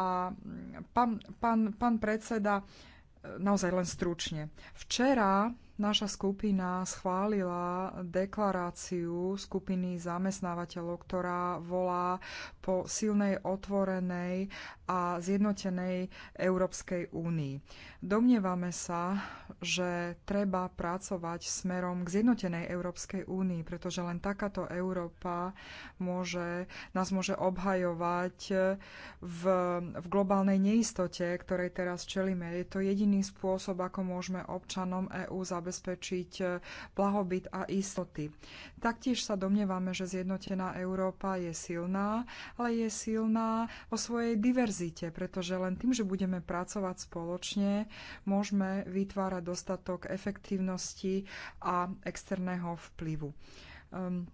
A pán, pán, pán predseda, naozaj len stručne. Včera Naša skupina schválila deklaráciu skupiny zamestnávateľov, ktorá volá po silnej, otvorenej a zjednotenej Európskej únii. Domnievame sa, že treba pracovať smerom k zjednotenej Európskej únii, pretože len takáto Európa môže, nás môže obhajovať v, v globálnej neistote, ktorej teraz čelíme. Je to jediný spôsob, ako môžeme občanom EÚ zabezpečiť zabezpečiť e, blahobyt a istoty. Taktiež sa domnievame, že zjednotená Európa je silná, ale je silná o svojej diverzite, pretože len tým, že budeme pracovať spoločne, môžeme vytvárať dostatok efektívnosti a externého vplyvu. Um,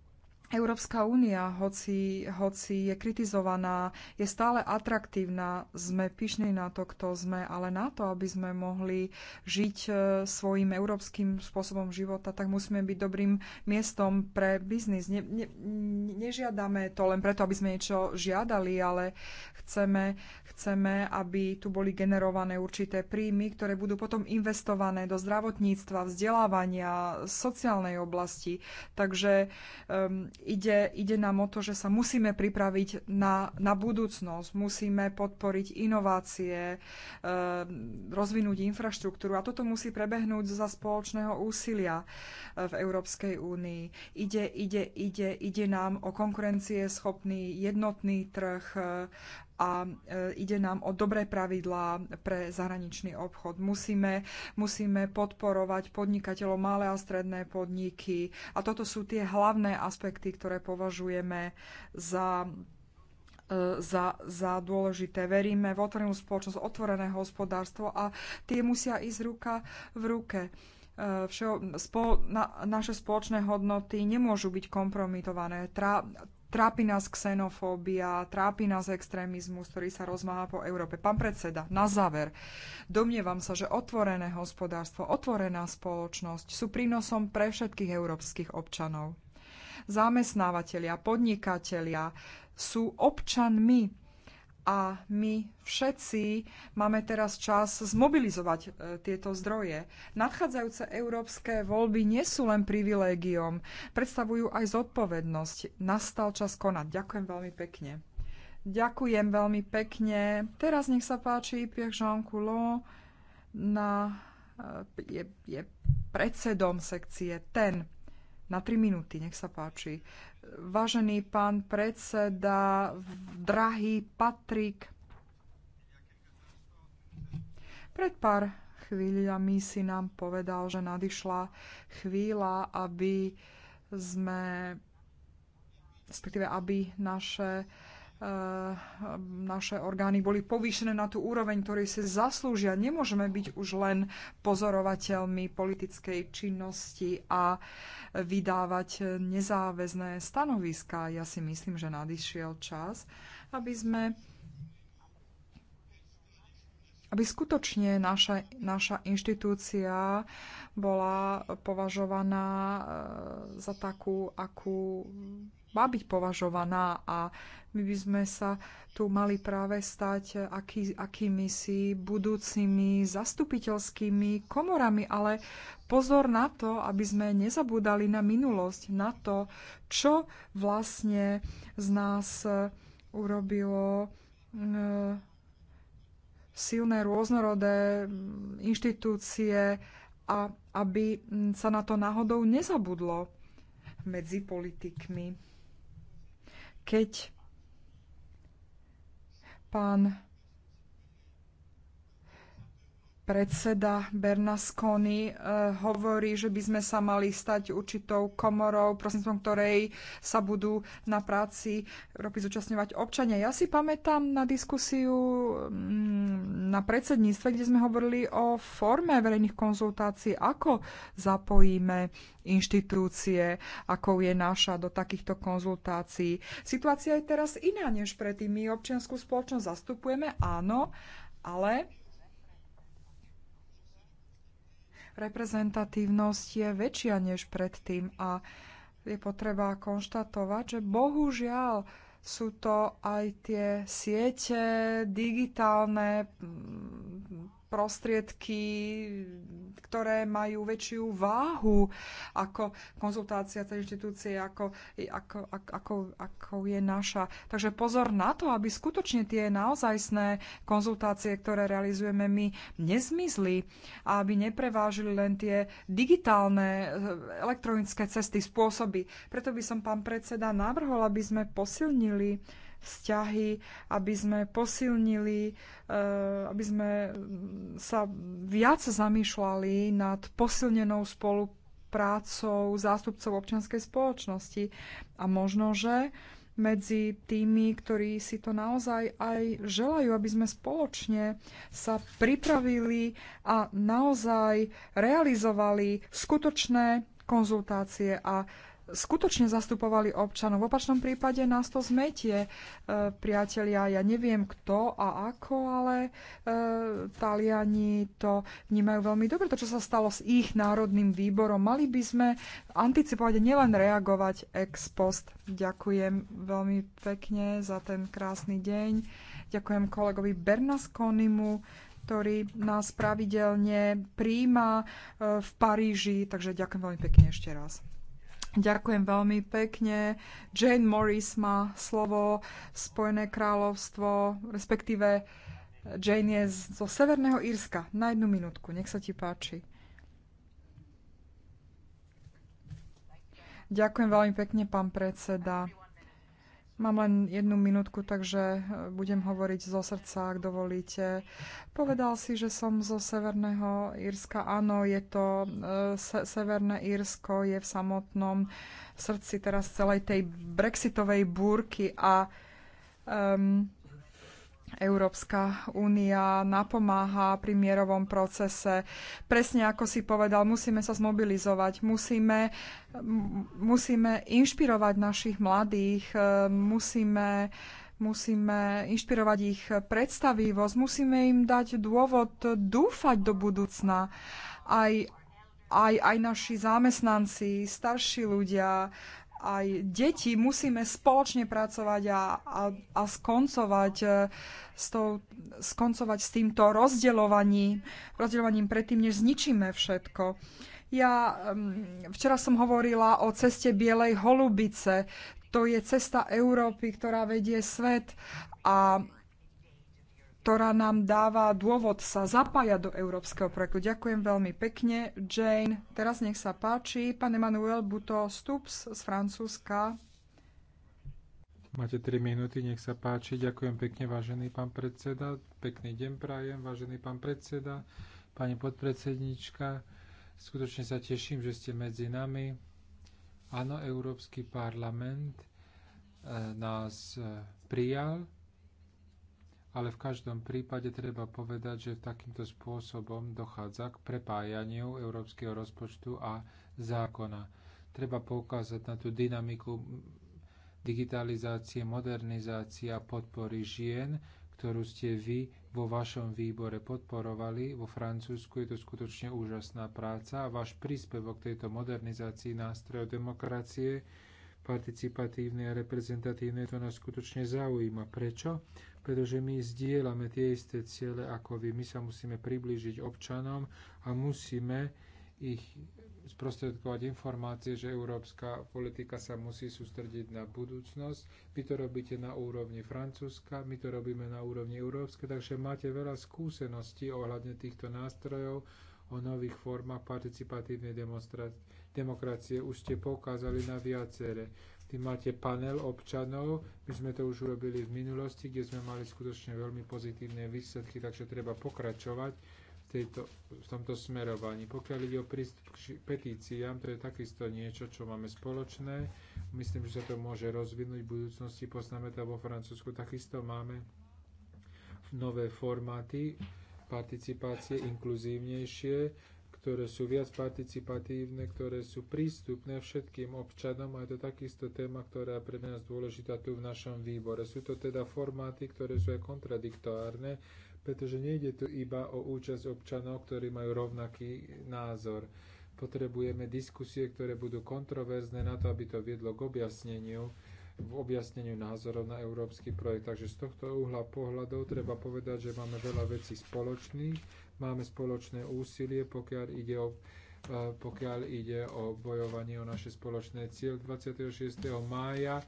Európska únia, hoci, hoci je kritizovaná, je stále atraktívna. Sme pyšní na to, kto sme, ale na to, aby sme mohli žiť e, svojim európskym spôsobom života, tak musíme byť dobrým miestom pre biznis. Ne, ne, nežiadame to len preto, aby sme niečo žiadali, ale chceme, chceme, aby tu boli generované určité príjmy, ktoré budú potom investované do zdravotníctva, vzdelávania, sociálnej oblasti. Takže um, ide, ide nám o to, že sa musíme pripraviť na, na budúcnosť, musíme podporiť inovácie, e, rozvinúť infraštruktúru a toto musí prebehnúť za spoločného úsilia eh, v Európskej únii. Ide, ide, ide, ide nám o konkurencie schopný jednotný trh, eh, a e, ide nám o dobré pravidlá pre zahraničný obchod. Musíme, musíme podporovať podnikateľov malé a stredné podniky a toto sú tie hlavné aspekty, ktoré považujeme za e, za, za dôležité. Veríme v otvorenú spoločnosť, otvorené hospodárstvo a tie musia ísť ruka v ruke. E, všeo, spo, na, naše spoločné hodnoty nemôžu byť kompromitované. Tra, Trápi nás xenofóbia, trápi nás extrémizmus, ktorý sa rozmáha po Európe. Pán predseda, na záver, domnievam sa, že otvorené hospodárstvo, otvorená spoločnosť sú prínosom pre všetkých európskych občanov. Zamestnávateľia, podnikatelia sú občanmi a my všetci máme teraz čas zmobilizovať e, tieto zdroje. Nadchádzajúce európske voľby nie sú len privilégiom, predstavujú aj zodpovednosť. Nastal čas konať. Ďakujem veľmi pekne. Ďakujem veľmi pekne. Teraz nech sa páči Pierre Jean Coulon na, e, je, je predsedom sekcie TEN. Na 3 minúty, nech sa páči. Vážený pán predseda, drahý Patrik, pred pár chvíľami si nám povedal, že nadišla chvíľa, aby sme respektíve aby naše Eh, naše orgány boli povýšené na tú úroveň, ktorý si zaslúžia. Nemôžeme byť už len pozorovateľmi politickej činnosti a vydávať nezáväzné stanoviská. Ja si myslím, že nadišiel čas, aby sme aby skutočne naša, naša inštitúcia bola považovaná eh, za takú, akú má byť považovaná a my by sme sa tu mali práve stať aký, akými si budúcimi zastupiteľskými komorami, ale pozor na to, aby sme nezabúdali na minulosť, na to, čo vlastne z nás e, urobilo e, silné rôznorodé inštitúcie a aby sa na to náhodou nezabudlo medzi politikmi. Keď pán predseda Bernasconi e, hovorí, že by sme sa mali stať určitou komorou, prostredníctvom ktorej sa budú na práci Európy zúčastňovať občania. Ja si pamätám na diskusiu mm, na predsedníctve, kde sme hovorili o forme verejných konzultácií, ako zapojíme inštitúcie, ako je naša do takýchto konzultácií. Situácia je teraz iná než predtým. My občianskú spoločnosť zastupujeme, áno, ale reprezentatívnosť je väčšia než predtým a je potreba konštatovať, že bohužiaľ sú to aj tie siete digitálne prostriedky, ktoré majú väčšiu váhu ako konzultácia tej inštitúcie, ako, ako, ako, ako je naša. Takže pozor na to, aby skutočne tie naozajstné konzultácie, ktoré realizujeme my, nezmizli a aby neprevážili len tie digitálne eh, elektronické cesty, spôsoby. Preto by som, pán predseda, navrhol, aby sme posilnili vzťahy, aby sme posilnili, eh, aby sme sa viac zamýšľali nad posilnenou spoluprácou zástupcov občianskej spoločnosti. A možno, že medzi tými, ktorí si to naozaj aj želajú, aby sme spoločne sa pripravili a naozaj realizovali skutočné konzultácie a skutočne zastupovali občanov. V opačnom prípade nás to zmetie, e, priatelia. Ja neviem kto a ako, ale e, Taliani to vnímajú veľmi dobre. To, čo sa stalo s ich národným výborom, mali by sme anticipovať, nielen reagovať ex post. Ďakujem veľmi pekne za ten krásny deň. Ďakujem kolegovi Bernasconimu, ktorý nás pravidelne príjma e, v Paríži. Takže ďakujem veľmi pekne ešte raz. Ďakujem veľmi pekne. Jane Morris má slovo, Spojené kráľovstvo, respektíve Jane je zo Severného Írska. Na jednu minútku, nech sa ti páči. Ďakujem veľmi pekne, pán predseda. Mám len jednu minútku, takže e, budem hovoriť zo srdca, ak dovolíte. Povedal si, že som zo Severného Írska. Áno, je to e, se, Severné Írsko, je v samotnom srdci teraz celej tej brexitovej búrky a um, Európska únia napomáha pri mierovom procese. Presne ako si povedal, musíme sa zmobilizovať, musíme, musíme inšpirovať našich mladých, e, musíme musíme inšpirovať ich predstavivosť, musíme im dať dôvod dúfať do budúcna. Aj, aj, aj naši zamestnanci, starší ľudia, aj deti musíme spoločne pracovať a, a, a skoncovať, e, s tou, skoncovať s týmto rozdeľovaním, rozdeľovaním predtým, než zničíme všetko. Ja včera som hovorila o ceste Bielej holubice. To je cesta Európy, ktorá vedie svet a ktorá nám dáva dôvod sa zapájať do európskeho projektu. Ďakujem veľmi pekne, Jane. Teraz nech sa páči, pán Emanuel Buto Stups z Francúzska. Máte 3 minúty, nech sa páči. Ďakujem pekne, vážený pán predseda. Pekný deň prajem, vážený pán predseda, pani podpredsednička. Skutočne sa teším, že ste medzi nami. Áno, Európsky parlament eh, nás eh, prijal ale v každom prípade treba povedať, že takýmto spôsobom dochádza k prepájaniu európskeho rozpočtu a zákona. Treba poukázať na tú dynamiku digitalizácie, modernizácie a podpory žien, ktorú ste vy vo vašom výbore podporovali. Vo Francúzsku je to skutočne úžasná práca a váš príspevok tejto modernizácii nástrojov demokracie participatívne a reprezentatívne to nás skutočne zaujíma. Prečo? Pretože my zdieľame tie isté ciele ako vy. My sa musíme priblížiť občanom a musíme ich sprostredkovať informácie, že európska politika sa musí sústrediť na budúcnosť. Vy to robíte na úrovni Francúzska, my to robíme na úrovni Európskej, takže máte veľa skúseností ohľadne týchto nástrojov o nových formách participatívnej demonstrácie demokracie. Už ste poukázali na viacere. Vy máte panel občanov, my sme to už urobili v minulosti, kde sme mali skutočne veľmi pozitívne výsledky, takže treba pokračovať v, tejto, v tomto smerovaní. Pokiaľ ide o prístup k petíciám, to je takisto niečo, čo máme spoločné. Myslím, že sa to môže rozvinúť v budúcnosti. Poznáme to vo Francúzsku. Takisto máme nové formáty participácie inkluzívnejšie ktoré sú viac participatívne, ktoré sú prístupné všetkým občanom a je to takisto téma, ktorá je pre nás dôležitá tu v našom výbore. Sú to teda formáty, ktoré sú aj kontradiktórne, pretože nejde tu iba o účasť občanov, ktorí majú rovnaký názor. Potrebujeme diskusie, ktoré budú kontroverzné na to, aby to viedlo k objasneniu v objasneniu názorov na európsky projekt. Takže z tohto uhla pohľadov treba povedať, že máme veľa vecí spoločných, Máme spoločné úsilie, pokiaľ ide o e, pokiaľ ide o bojovanie o naše spoločné cieľ 26. mája.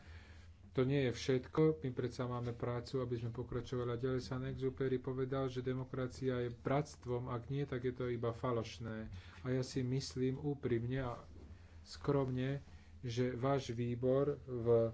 To nie je všetko, my predsa máme prácu, aby sme pokračovali. A ďalej sa Nexupery povedal, že demokracia je bratstvom, ak nie, tak je to iba falošné. A ja si myslím úprimne a skromne, že váš výbor v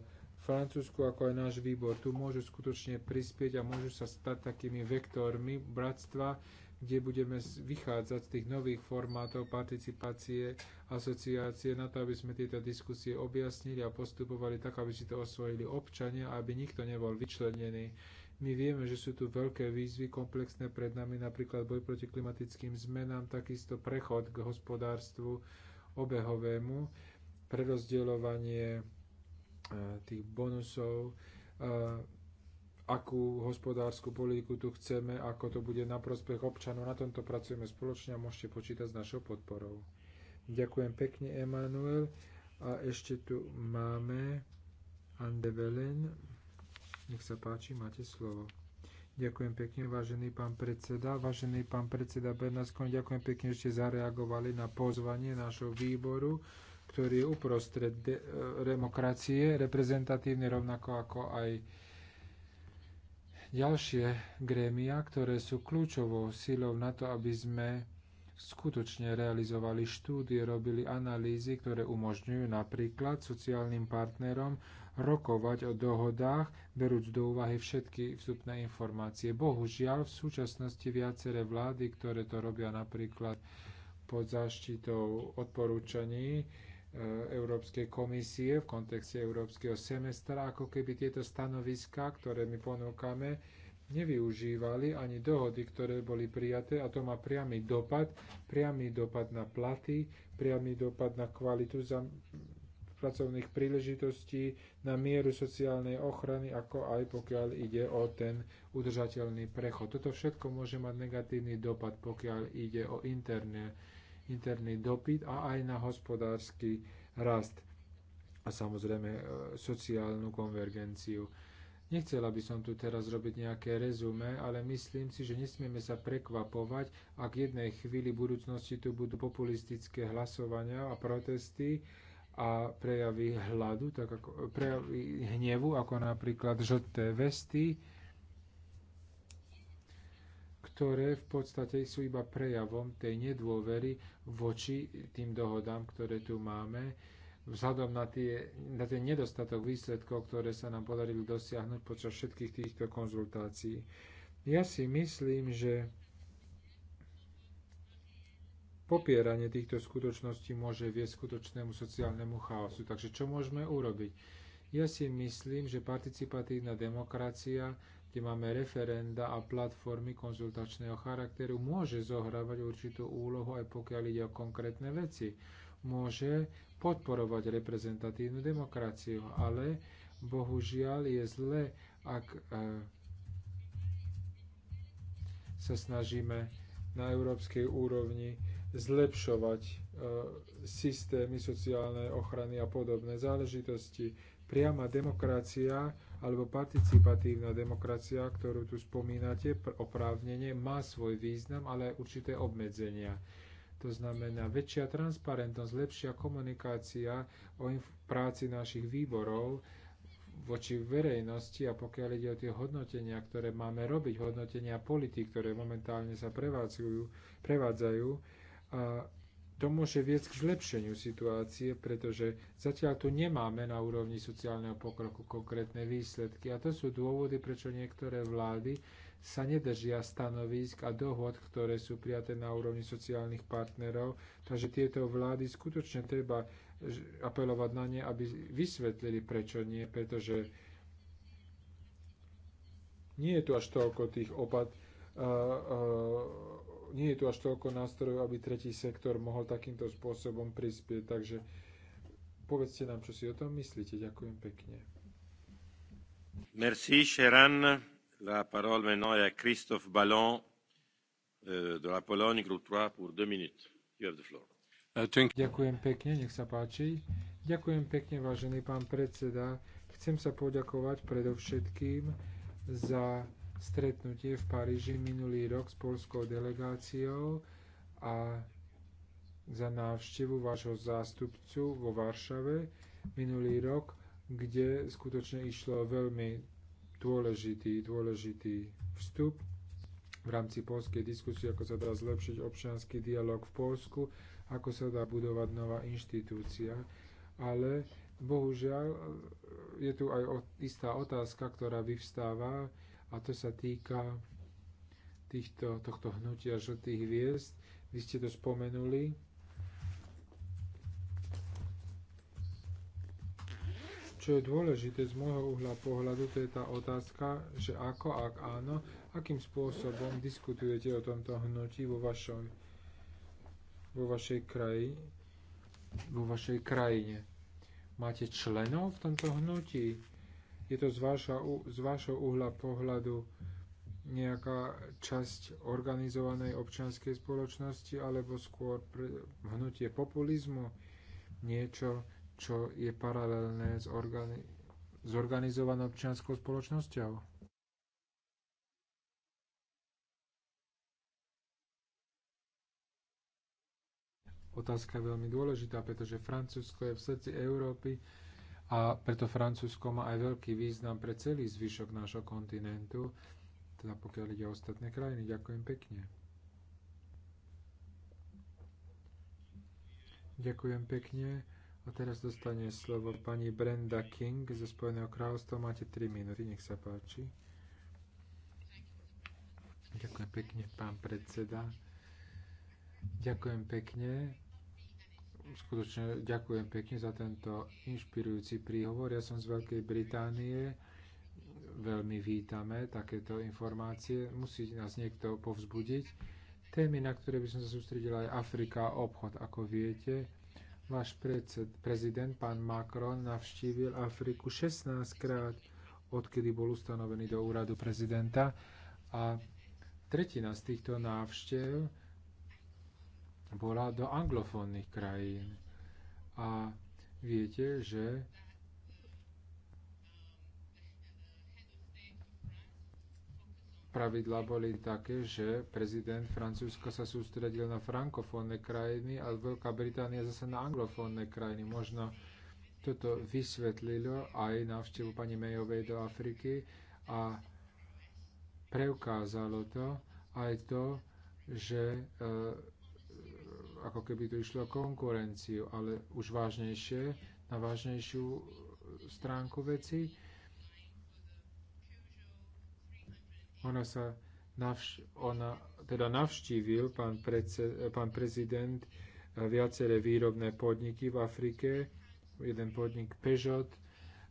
Francúzsku, ako aj náš výbor, tu môžu skutočne prispieť a môžu sa stať takými vektormi bratstva, kde budeme vychádzať z tých nových formátov participácie asociácie na to, aby sme tieto diskusie objasnili a postupovali tak, aby si to osvojili občania a aby nikto nebol vyčlenený. My vieme, že sú tu veľké výzvy komplexné pred nami, napríklad boj proti klimatickým zmenám, takisto prechod k hospodárstvu obehovému, prerozdeľovanie eh, tých bonusov, eh, akú hospodárskú politiku tu chceme, ako to bude na prospech občanov. Na tomto pracujeme spoločne a môžete počítať s našou podporou. Ďakujem pekne, Emanuel. A ešte tu máme Andevelen. Nech sa páči, máte slovo. Ďakujem pekne, vážený pán predseda. Vážený pán predseda Bernaskon, ďakujem pekne, že ste zareagovali na pozvanie nášho výboru, ktorý je uprostred eh, demokracie, reprezentatívne, rovnako ako aj ďalšie grémia, ktoré sú kľúčovou silou na to, aby sme skutočne realizovali štúdie, robili analýzy, ktoré umožňujú napríklad sociálnym partnerom rokovať o dohodách, berúc do úvahy všetky vstupné informácie. Bohužiaľ, v súčasnosti viaceré vlády, ktoré to robia napríklad pod záštitou odporúčaní, E, Európskej komisie v kontexte Európskeho semestra, ako keby tieto stanoviská, ktoré my ponúkame, nevyužívali ani dohody, ktoré boli prijaté a to má priamy dopad, priamy dopad na platy, priamy dopad na kvalitu za pracovných príležitostí, na mieru sociálnej ochrany, ako aj pokiaľ ide o ten udržateľný prechod. Toto všetko môže mať negatívny dopad, pokiaľ ide o interné interný dopyt a aj na hospodársky rast a samozrejme e, sociálnu konvergenciu. Nechcela by som tu teraz robiť nejaké rezume, ale myslím si, že nesmieme sa prekvapovať, ak jednej chvíli budúcnosti tu budú populistické hlasovania a protesty a prejavy hladu, tak ako, prejavy hnevu, ako napríklad žlté vesty, ktoré v podstate sú iba prejavom tej nedôvery voči tým dohodám, ktoré tu máme, vzhľadom na, tie, na ten nedostatok výsledkov, ktoré sa nám podarilo dosiahnuť počas všetkých týchto konzultácií. Ja si myslím, že popieranie týchto skutočností môže viesť skutočnému sociálnemu chaosu. Takže čo môžeme urobiť? Ja si myslím, že participatívna demokracia kde máme referenda a platformy konzultačného charakteru, môže zohrávať určitú úlohu aj pokiaľ ide o konkrétne veci. Môže podporovať reprezentatívnu demokraciu, ale bohužiaľ je zle, ak e, sa snažíme na európskej úrovni zlepšovať e, systémy sociálnej ochrany a podobné záležitosti. Priama demokracia alebo participatívna demokracia, ktorú tu spomínate, oprávnenie, má svoj význam, ale aj určité obmedzenia. To znamená väčšia transparentnosť, lepšia komunikácia o práci našich výborov voči verejnosti a pokiaľ ide o tie hodnotenia, ktoré máme robiť, hodnotenia politik, ktoré momentálne sa prevádzajú, prevádzajú a to môže viesť k zlepšeniu situácie, pretože zatiaľ tu nemáme na úrovni sociálneho pokroku konkrétne výsledky. A to sú dôvody, prečo niektoré vlády sa nedržia stanovisk a dohod, ktoré sú prijaté na úrovni sociálnych partnerov. Takže tieto vlády skutočne treba apelovať na ne, aby vysvetlili, prečo nie, pretože nie je tu až toľko tých opad. uh, uh, nie je tu až toľko nástrojov, aby tretí sektor mohol takýmto spôsobom prispieť. Takže povedzte nám, čo si o tom myslíte. Ďakujem pekne. Merci, Sheran. La parole maintenant est à Christophe Ballon euh, de la Pologne, groupe 3, pour deux minutes. You have the floor. Uh, Ďakujem pekne, nech sa páči. Ďakujem pekne, vážený pán predseda. Chcem sa poďakovať predovšetkým za stretnutie v Paríži minulý rok s polskou delegáciou a za návštevu vášho zástupcu vo Varšave minulý rok, kde skutočne išlo veľmi dôležitý, dôležitý vstup v rámci polskej diskusie, ako sa dá zlepšiť občiansky dialog v Polsku, ako sa dá budovať nová inštitúcia. Ale bohužiaľ je tu aj istá otázka, ktorá vyvstáva, a to sa týka týchto, tohto hnutia žltých hviezd. Vy ste to spomenuli. Čo je dôležité z môjho uhla pohľadu, to je tá otázka, že ako, ak áno, akým spôsobom diskutujete o tomto hnutí vo vašej, vo vašej krajine, vo vašej krajine. Máte členov v tomto hnutí? je to z, váša, z vášho uhla pohľadu nejaká časť organizovanej občianskej spoločnosti alebo skôr hnutie populizmu, niečo, čo je paralelné s, organi- s organizovanou občianskou spoločnosťou? Otázka je veľmi dôležitá, pretože Francúzsko je v srdci Európy a preto Francúzsko má aj veľký význam pre celý zvyšok nášho kontinentu, teda pokiaľ ide o ostatné krajiny. Ďakujem pekne. Ďakujem pekne. A teraz dostane slovo pani Brenda King zo Spojeného kráľovstva. Máte 3 minúty, nech sa páči. Ďakujem pekne, pán predseda. Ďakujem pekne skutočne ďakujem pekne za tento inšpirujúci príhovor. Ja som z Veľkej Británie, veľmi vítame takéto informácie. Musí nás niekto povzbudiť. Témy, na ktoré by som sa sústredila, je Afrika a obchod. Ako viete, váš predsed, prezident, pán Macron, navštívil Afriku 16 krát, odkedy bol ustanovený do úradu prezidenta. A tretina z týchto návštev bola do anglofónnych krajín. A viete, že pravidla boli také, že prezident Francúzska sa sústredil na frankofónne krajiny a Veľká Británia zase na anglofónne krajiny. Možno toto vysvetlilo aj návštevu pani Mayovej do Afriky a preukázalo to aj to, že e, ako keby tu išlo konkurenciu, ale už vážnejšie, na vážnejšiu stránku veci. Ona sa navš- ona, teda navštívil pán, predse- pán prezident eh, viaceré výrobné podniky v Afrike, jeden podnik Peugeot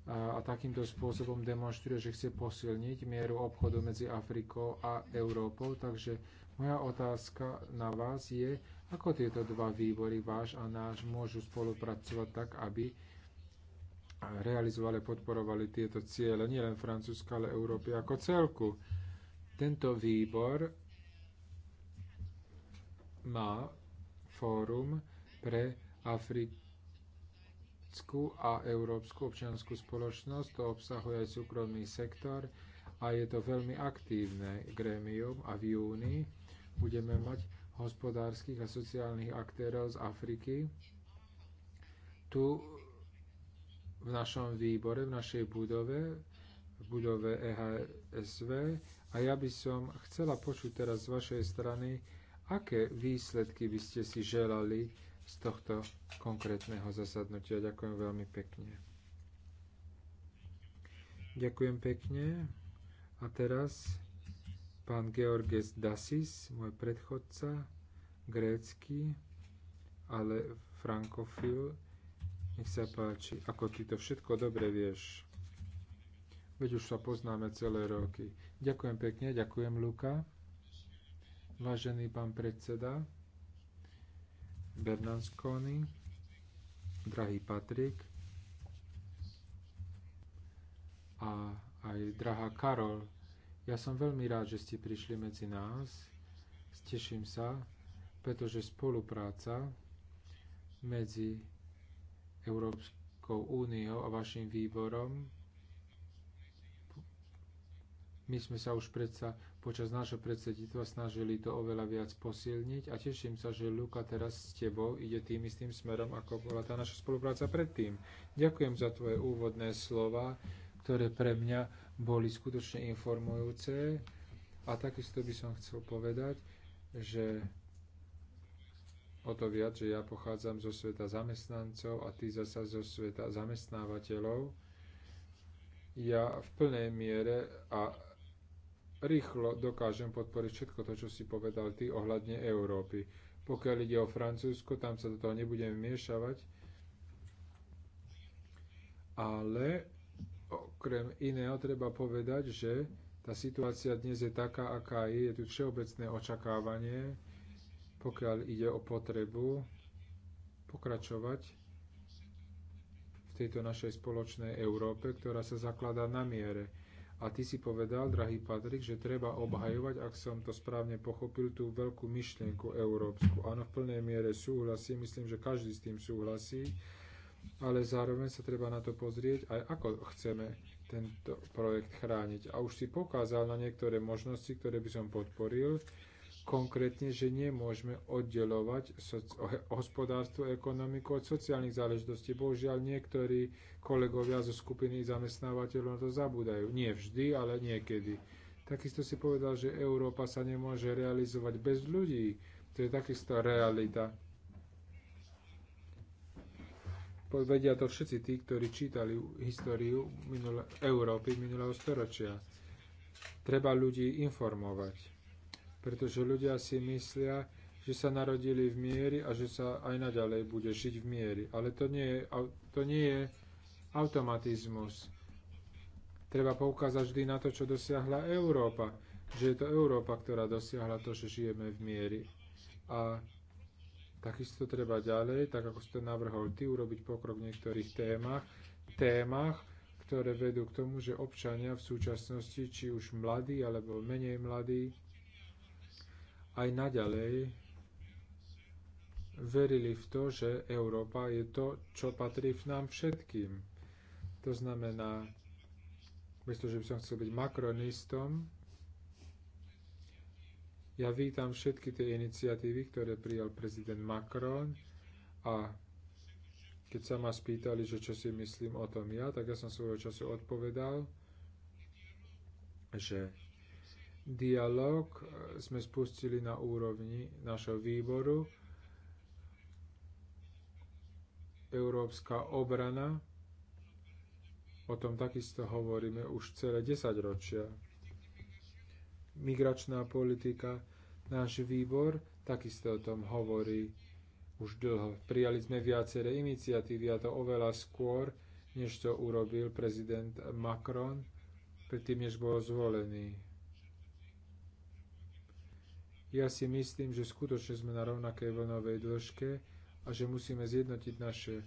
a, a takýmto spôsobom demonstruje, že chce posilniť mieru obchodu medzi Afrikou a Európou. Takže moja otázka na vás je, ako tieto dva výbory, váš a náš, môžu spolupracovať tak, aby realizovali, podporovali tieto ciele, nielen Francúzska, ale Európy ako celku. Tento výbor má fórum pre africkú a európsku občianskú spoločnosť, to obsahuje aj súkromný sektor a je to veľmi aktívne gremium a v júni budeme mať hospodárskych a sociálnych aktérov z Afriky. Tu v našom výbore, v našej budove, v budove EHSV. A ja by som chcela počuť teraz z vašej strany, aké výsledky by ste si želali z tohto konkrétneho zasadnutia. Ďakujem veľmi pekne. Ďakujem pekne. A teraz pán Georges Dasis, môj predchodca, grécky, ale frankofil. Nech sa páči, ako ty to všetko dobre vieš. Veď už sa poznáme celé roky. Ďakujem pekne, ďakujem Luka. Vážený pán predseda Bernasconi, drahý Patrik a aj drahá Karol, ja som veľmi rád, že ste prišli medzi nás. Teším sa, pretože spolupráca medzi Európskou úniou a vašim výborom my sme sa už predsa počas nášho predsedníctva snažili to oveľa viac posilniť a teším sa, že Luka teraz s tebou ide tým istým smerom, ako bola tá naša spolupráca predtým. Ďakujem za tvoje úvodné slova, ktoré pre mňa boli skutočne informujúce. A takisto by som chcel povedať, že o to viac, že ja pochádzam zo sveta zamestnancov a ty zasa zo sveta zamestnávateľov, ja v plnej miere a rýchlo dokážem podporiť všetko to, čo si povedal ty ohľadne Európy. Pokiaľ ide o Francúzsko, tam sa do toho nebudem miešavať, ale Okrem iného treba povedať, že tá situácia dnes je taká, aká je. Je tu všeobecné očakávanie, pokiaľ ide o potrebu pokračovať v tejto našej spoločnej Európe, ktorá sa zakladá na miere. A ty si povedal, drahý Patrik, že treba obhajovať, ak som to správne pochopil, tú veľkú myšlienku európsku. Áno, v plnej miere súhlasím, myslím, že každý s tým súhlasí ale zároveň sa treba na to pozrieť aj ako chceme tento projekt chrániť. A už si pokázal na niektoré možnosti, ktoré by som podporil, konkrétne, že nemôžeme oddelovať hospodárstvo, ekonomiku od sociálnych záležitostí. Bohužiaľ, niektorí kolegovia zo skupiny zamestnávateľov na to zabúdajú. Nie vždy, ale niekedy. Takisto si povedal, že Európa sa nemôže realizovať bez ľudí. To je takisto realita. Vedia to všetci tí, ktorí čítali históriu minule, Európy minulého storočia. Treba ľudí informovať, pretože ľudia si myslia, že sa narodili v miery a že sa aj naďalej bude žiť v miery. Ale to nie je, to nie je automatizmus. Treba poukázať vždy na to, čo dosiahla Európa. Že je to Európa, ktorá dosiahla to, že žijeme v miery. A Takisto treba ďalej, tak ako si to navrhol ty, urobiť pokrok v niektorých témach, témach, ktoré vedú k tomu, že občania v súčasnosti, či už mladí alebo menej mladí, aj naďalej verili v to, že Európa je to, čo patrí v nám všetkým. To znamená, pretože že by som chcel byť makronistom, ja vítam všetky tie iniciatívy, ktoré prijal prezident Macron a keď sa ma spýtali, že čo si myslím o tom ja, tak ja som svojho času odpovedal, že dialog e, sme spustili na úrovni našho výboru Európska obrana. O tom takisto hovoríme už celé 10 ročia. Migračná politika, Náš výbor takisto o tom hovorí už dlho. Prijali sme viaceré iniciatívy a to oveľa skôr, než to urobil prezident Macron, predtým, než bol zvolený. Ja si myslím, že skutočne sme na rovnakej vlnovej dĺžke a že musíme zjednotiť naše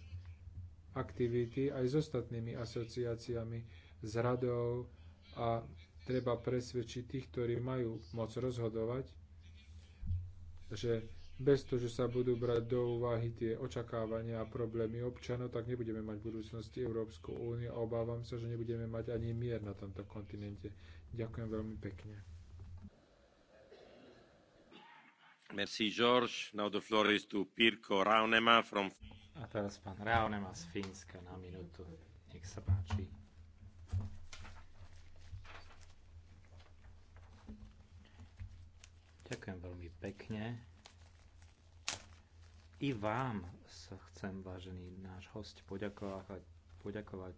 aktivity aj s ostatnými asociáciami, s radou a treba presvedčiť tých, ktorí majú moc rozhodovať, že bez toho, že sa budú brať do úvahy tie očakávania a problémy občanov, tak nebudeme mať v budúcnosti Európsku úniu a obávam sa, že nebudeme mať ani mier na tomto kontinente. Ďakujem veľmi pekne. Merci George. Now the floor is to Pirko Raunema from... A teraz pán Raunema z Fínska na minútu. Nech sa páči. Ďakujem veľmi pekne. I vám sa chcem, vážený náš host, poďakovať. poďakovať.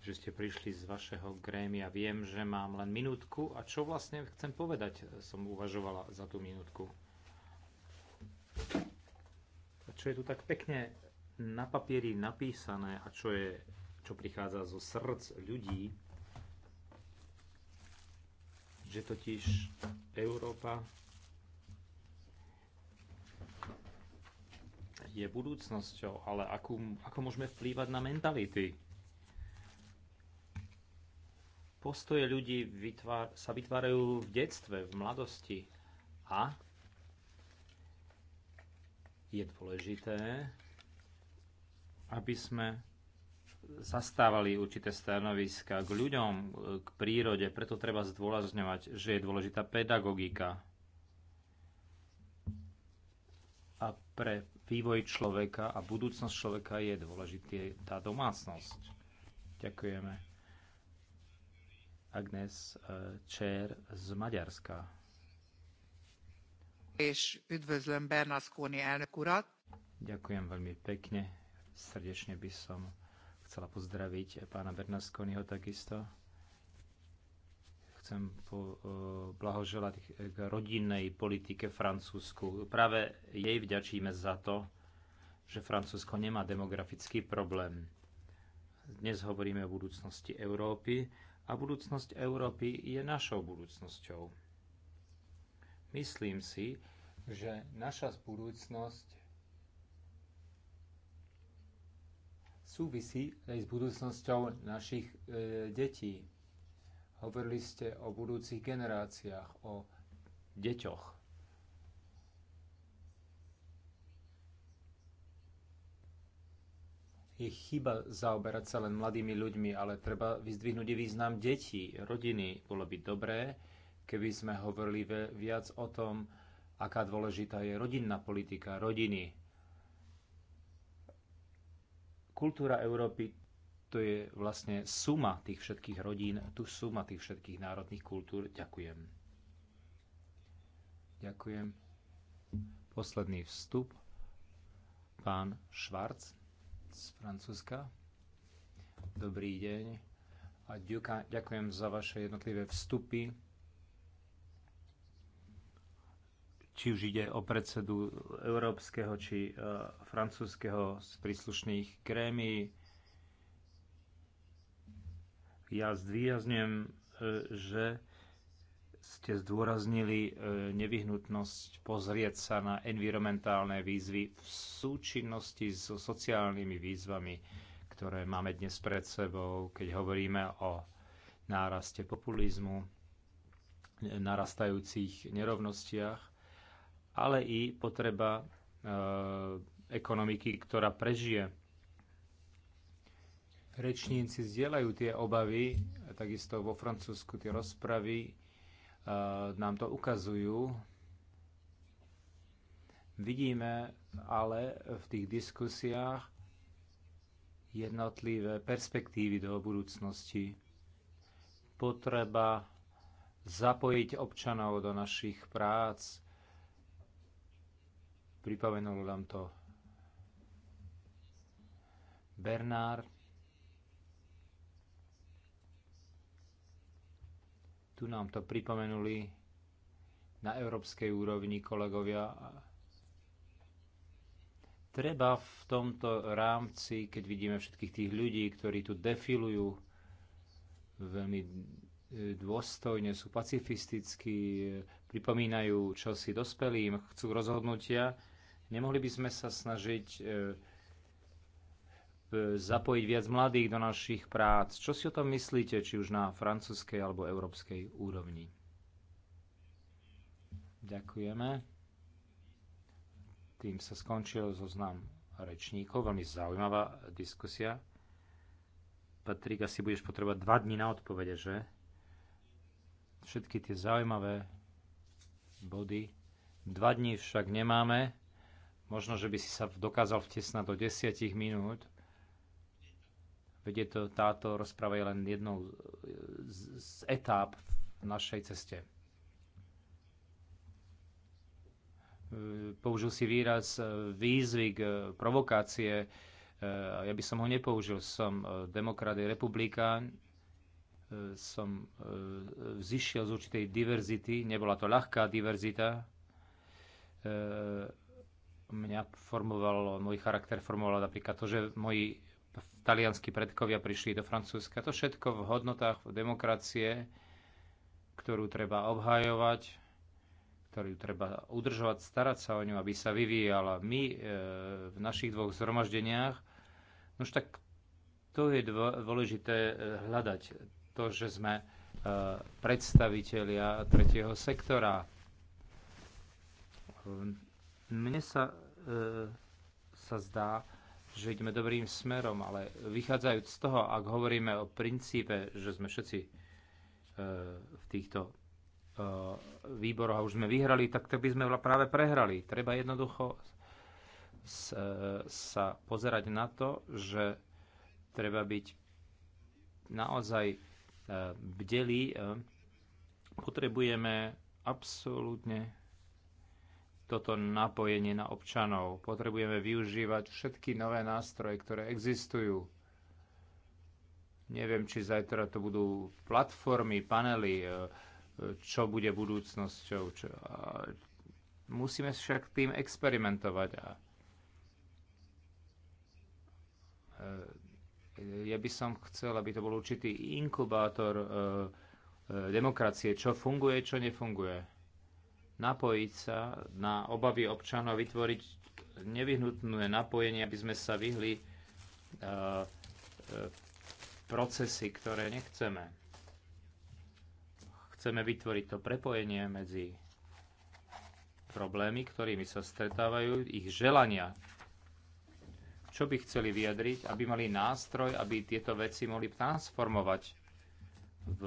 že ste prišli z vašeho grémia. Viem, že mám len minútku a čo vlastne chcem povedať, som uvažovala za tú minútku. A čo je tu tak pekne na papieri napísané a čo je čo prichádza zo srdc ľudí, že totiž Európa je budúcnosťou, ale ako, ako môžeme vplývať na mentality? Postoje ľudí vytvár, sa vytvárajú v detstve, v mladosti a je dôležité, aby sme zastávali určité stanoviska k ľuďom, k prírode, preto treba zdôrazňovať, že je dôležitá pedagogika a pre vývoj človeka a budúcnosť človeka je dôležitá tá domácnosť. Ďakujeme. Agnes eh, Čer z Maďarska. És üdvözlöm Bernasconi elnök urat. Ďakujem veľmi pekne. Srdečne by som chcela pozdraviť pána Bernasconiho takisto. Chcem po, e, blahoželať k rodinnej politike Francúzsku. Práve jej vďačíme za to, že Francúzsko nemá demografický problém. Dnes hovoríme o budúcnosti Európy a budúcnosť Európy je našou budúcnosťou. Myslím si, že naša budúcnosť súvisí aj s budúcnosťou našich e, detí. Hovorili ste o budúcich generáciách, o deťoch. Je chyba zaoberať sa len mladými ľuďmi, ale treba vyzdvihnúť význam detí, rodiny. Bolo by dobré, keby sme hovorili viac o tom, aká dôležitá je rodinná politika, rodiny, Kultúra Európy to je vlastne suma tých všetkých rodín, tu suma tých všetkých národných kultúr. Ďakujem. Ďakujem. Posledný vstup. Pán Švarc z Francúzska. Dobrý deň. A ďakujem za vaše jednotlivé vstupy. či už ide o predsedu európskeho či e, francúzskeho z príslušných krémy. Ja zdvýrazňujem, e, že ste zdôraznili e, nevyhnutnosť pozrieť sa na environmentálne výzvy v súčinnosti so sociálnymi výzvami, ktoré máme dnes pred sebou, keď hovoríme o náraste populizmu, narastajúcich nerovnostiach ale i potreba e, ekonomiky, ktorá prežije. Rečníci zdieľajú tie obavy, takisto vo Francúzsku tie rozpravy e, nám to ukazujú. Vidíme ale v tých diskusiách jednotlivé perspektívy do budúcnosti. Potreba zapojiť občanov do našich prác, pripomenul nám to Bernard. Tu nám to pripomenuli na európskej úrovni kolegovia. Treba v tomto rámci, keď vidíme všetkých tých ľudí, ktorí tu defilujú veľmi e, dôstojne, sú pacifistickí, e, pripomínajú čosi dospelým, chcú rozhodnutia, Nemohli by sme sa snažiť e, zapojiť viac mladých do našich prác. Čo si o tom myslíte, či už na francúzskej alebo európskej úrovni? Ďakujeme. Tým sa skončil zoznam rečníkov. Veľmi zaujímavá diskusia. Patrik, asi budeš potrebovať dva dní na odpovede, že? Všetky tie zaujímavé body. Dva dní však nemáme, Možno, že by si sa dokázal vtesnať do desiatich minút. Veď to, táto rozprava je len jednou z, z etáp v našej ceste. Použil si výraz e, výzvy k e, provokácie. E, ja by som ho nepoužil. Som demokrat a republikán. Som vzýšiel z určitej diverzity. Nebola to ľahká diverzita mňa formovalo, môj charakter formoval napríklad to, že moji talianskí predkovia prišli do Francúzska. To všetko v hodnotách demokracie, ktorú treba obhajovať, ktorú treba udržovať, starať sa o ňu, aby sa vyvíjala. My e, v našich dvoch zhromaždeniach, no už tak to je dôležité e, hľadať. To, že sme e, predstavitelia tretieho sektora mne sa, e, sa zdá, že ideme dobrým smerom, ale vychádzajúc z toho, ak hovoríme o princípe, že sme všetci e, v týchto e, výboroch a už sme vyhrali, tak to by sme práve prehrali. Treba jednoducho s, e, sa pozerať na to, že treba byť naozaj e, bdelí. E, potrebujeme absolútne toto napojenie na občanov. Potrebujeme využívať všetky nové nástroje, ktoré existujú. Neviem, či zajtra to budú platformy, panely, e, e, čo bude budúcnosťou. Čo... Musíme však tým experimentovať. A... E, ja by som chcel, aby to bol určitý inkubátor demokracie, čo funguje, čo nefunguje napojiť sa na obavy občanov, vytvoriť nevyhnutné napojenie, aby sme sa vyhli e, e, procesy, ktoré nechceme. Chceme vytvoriť to prepojenie medzi problémy, ktorými sa stretávajú, ich želania, čo by chceli vyjadriť, aby mali nástroj, aby tieto veci mohli transformovať v,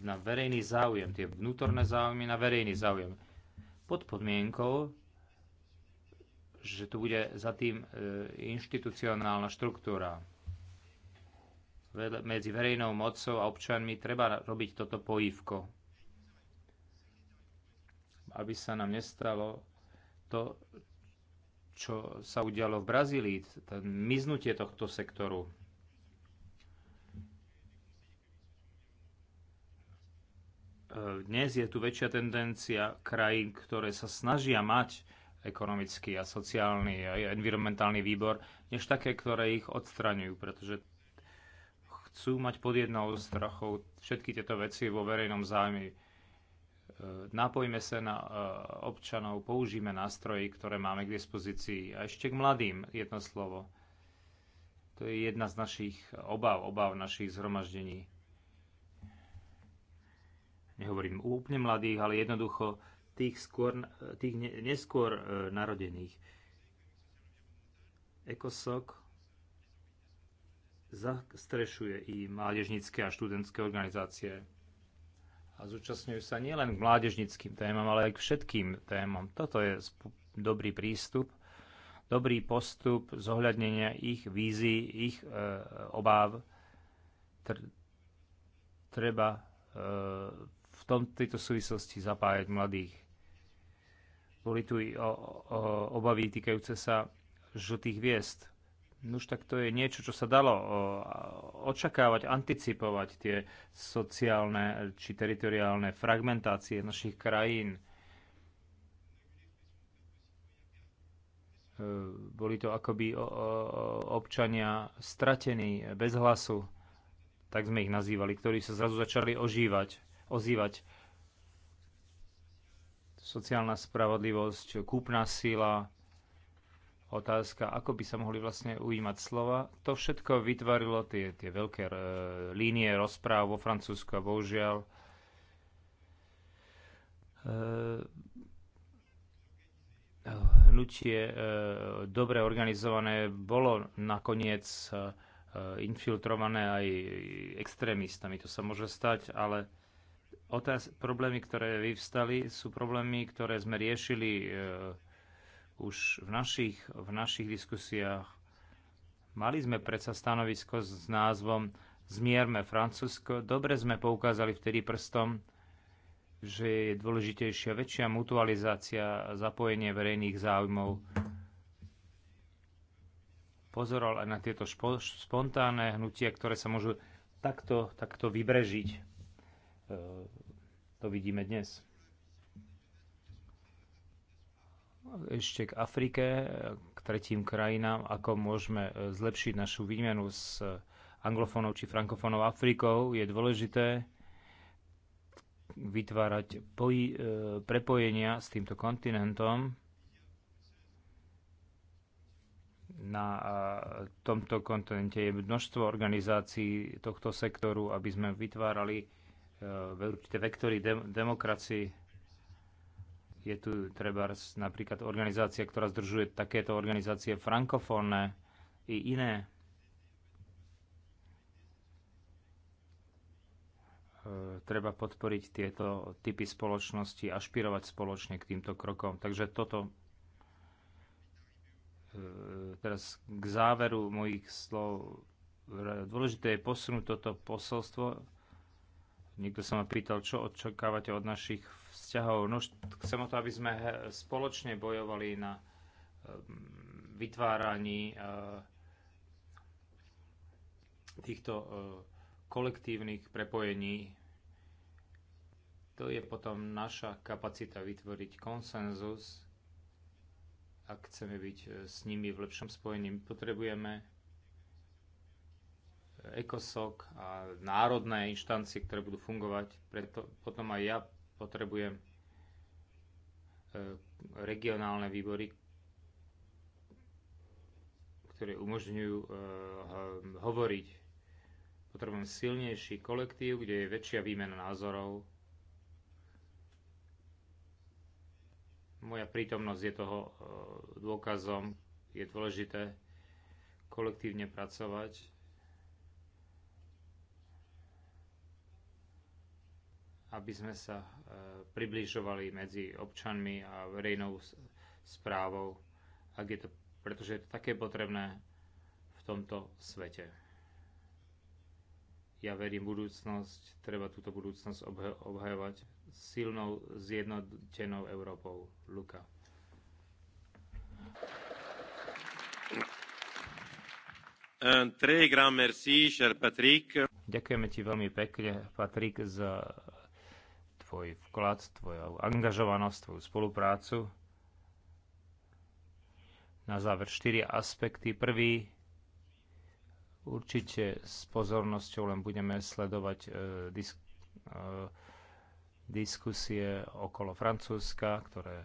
na verejný záujem, tie vnútorné záujmy na verejný záujem pod podmienkou, že tu bude za tým e, inštitucionálna štruktúra. Medzi verejnou mocou a občanmi treba robiť toto poívko. Aby sa nám nestalo to, čo sa udialo v Brazílii, to miznutie tohto sektoru. Dnes je tu väčšia tendencia krajín, ktoré sa snažia mať ekonomický a sociálny a environmentálny výbor, než také, ktoré ich odstraňujú, pretože chcú mať pod jednou strachou všetky tieto veci vo verejnom zájme. E, napojme sa na e, občanov, použijeme nástroje, ktoré máme k dispozícii. A ešte k mladým jedno slovo. To je jedna z našich obav, obav našich zhromaždení nehovorím úplne mladých, ale jednoducho tých, skôr, tých neskôr e, narodených. Ekosok zastrešuje i mládežnické a študentské organizácie a zúčastňujú sa nielen k mládežnickým témam, ale aj k všetkým témam. Toto je dobrý prístup, dobrý postup zohľadnenia ich vízií, ich e, obáv. Tr- treba e, tom, tejto súvislosti zapájať mladých. Boli tu o, o, obavy týkajúce sa žltých hviezd. No už tak to je niečo, čo sa dalo očakávať, anticipovať tie sociálne či teritoriálne fragmentácie našich krajín. E, boli to akoby občania stratení, bez hlasu, tak sme ich nazývali, ktorí sa zrazu začali ožívať ozývať. Sociálna spravodlivosť, kúpna sila, otázka, ako by sa mohli vlastne ujímať slova. To všetko vytvorilo tie, tie veľké e, línie rozpráv vo Francúzsku a bohužiaľ e, hnutie e, dobre organizované bolo nakoniec e, infiltrované aj extrémistami. To sa môže stať, ale Otáz, problémy, ktoré vyvstali, sú problémy, ktoré sme riešili e, už v našich, v našich diskusiách. Mali sme predsa stanovisko s, s názvom Zmierme Francúzsko. Dobre sme poukázali vtedy prstom, že je dôležitejšia väčšia mutualizácia a zapojenie verejných záujmov. Pozoroval aj na tieto špo, spontánne hnutia, ktoré sa môžu takto, takto vybrežiť e, to vidíme dnes. Ešte k Afrike, k tretím krajinám, ako môžeme e, zlepšiť našu výmenu s anglofónou či frankofónou Afrikou, je dôležité vytvárať e, prepojenia s týmto kontinentom. Na tomto kontinente je množstvo organizácií tohto sektoru, aby sme vytvárali E, určité vektory dem- demokracii. Je tu treba napríklad organizácia, ktorá združuje takéto organizácie frankofónne i iné. E, treba podporiť tieto typy spoločnosti a špirovať spoločne k týmto krokom. Takže toto e, teraz k záveru mojich slov. Dôležité je posunúť toto posolstvo Niekto sa ma pýtal, čo očakávate od našich vzťahov. No, chcem o to, aby sme spoločne bojovali na ehm, vytváraní e, týchto e, kolektívnych prepojení. To je potom naša kapacita vytvoriť konsenzus. Ak chceme byť e, s nimi v lepšom spojení, potrebujeme ECOSOC a národné inštancie, ktoré budú fungovať. Preto potom aj ja potrebujem e, regionálne výbory, ktoré umožňujú e, hovoriť. Potrebujem silnejší kolektív, kde je väčšia výmena názorov. Moja prítomnosť je toho e, dôkazom, je dôležité kolektívne pracovať aby sme sa e, približovali medzi občanmi a verejnou správou, ak je to, pretože je to také potrebné v tomto svete. Ja verím budúcnosť, treba túto budúcnosť obhajovať silnou, zjednotenou Európou. Luka. Ďakujeme ti veľmi pekne, Patrik, za tvoj vklad, tvoju angažovanosť, tvoju spoluprácu. Na záver štyri aspekty. Prvý, určite s pozornosťou len budeme sledovať e, disk, e, diskusie okolo Francúzska, ktoré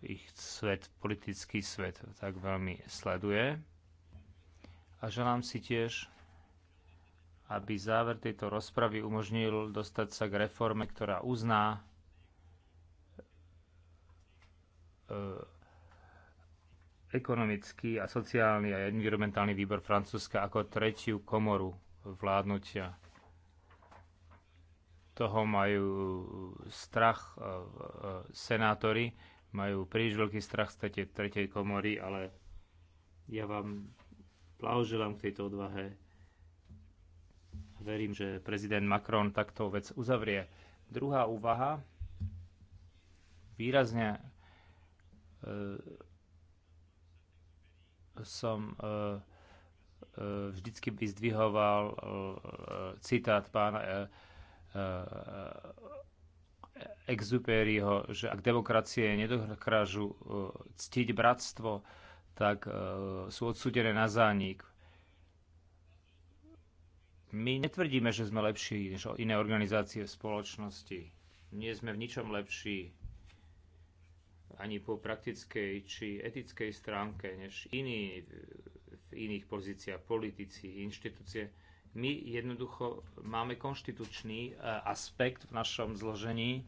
ich svet, politický svet tak veľmi sleduje. A želám si tiež aby záver tejto rozpravy umožnil dostať sa k reforme, ktorá uzná e, ekonomický a sociálny a environmentálny výbor Francúzska ako tretiu komoru vládnutia. Toho majú strach e, e, senátori, majú príliš veľký strach z tretej komory, ale ja vám blahoželám k tejto odvahe Verím, že prezident Macron takto vec uzavrie. Druhá úvaha výrazne e, som e, e, vždycky vyzdvihoval citát pána Exuperiho, že ak demokracie nedokážu ctiť bratstvo, tak sú odsudené na zánik. My netvrdíme, že sme lepší než iné organizácie v spoločnosti. Nie sme v ničom lepší ani po praktickej či etickej stránke než iní v iných pozíciách, politici, inštitúcie. My jednoducho máme konštitučný e, aspekt v našom zložení.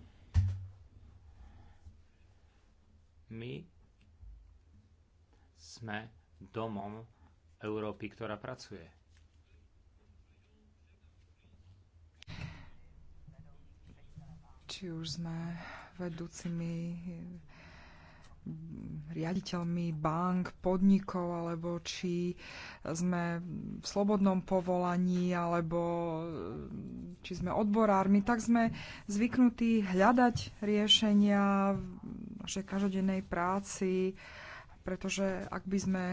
My sme domom Európy, ktorá pracuje. či už sme vedúcimi riaditeľmi bank, podnikov, alebo či sme v slobodnom povolaní, alebo či sme odborármi, tak sme zvyknutí hľadať riešenia v našej každodennej práci, pretože ak by sme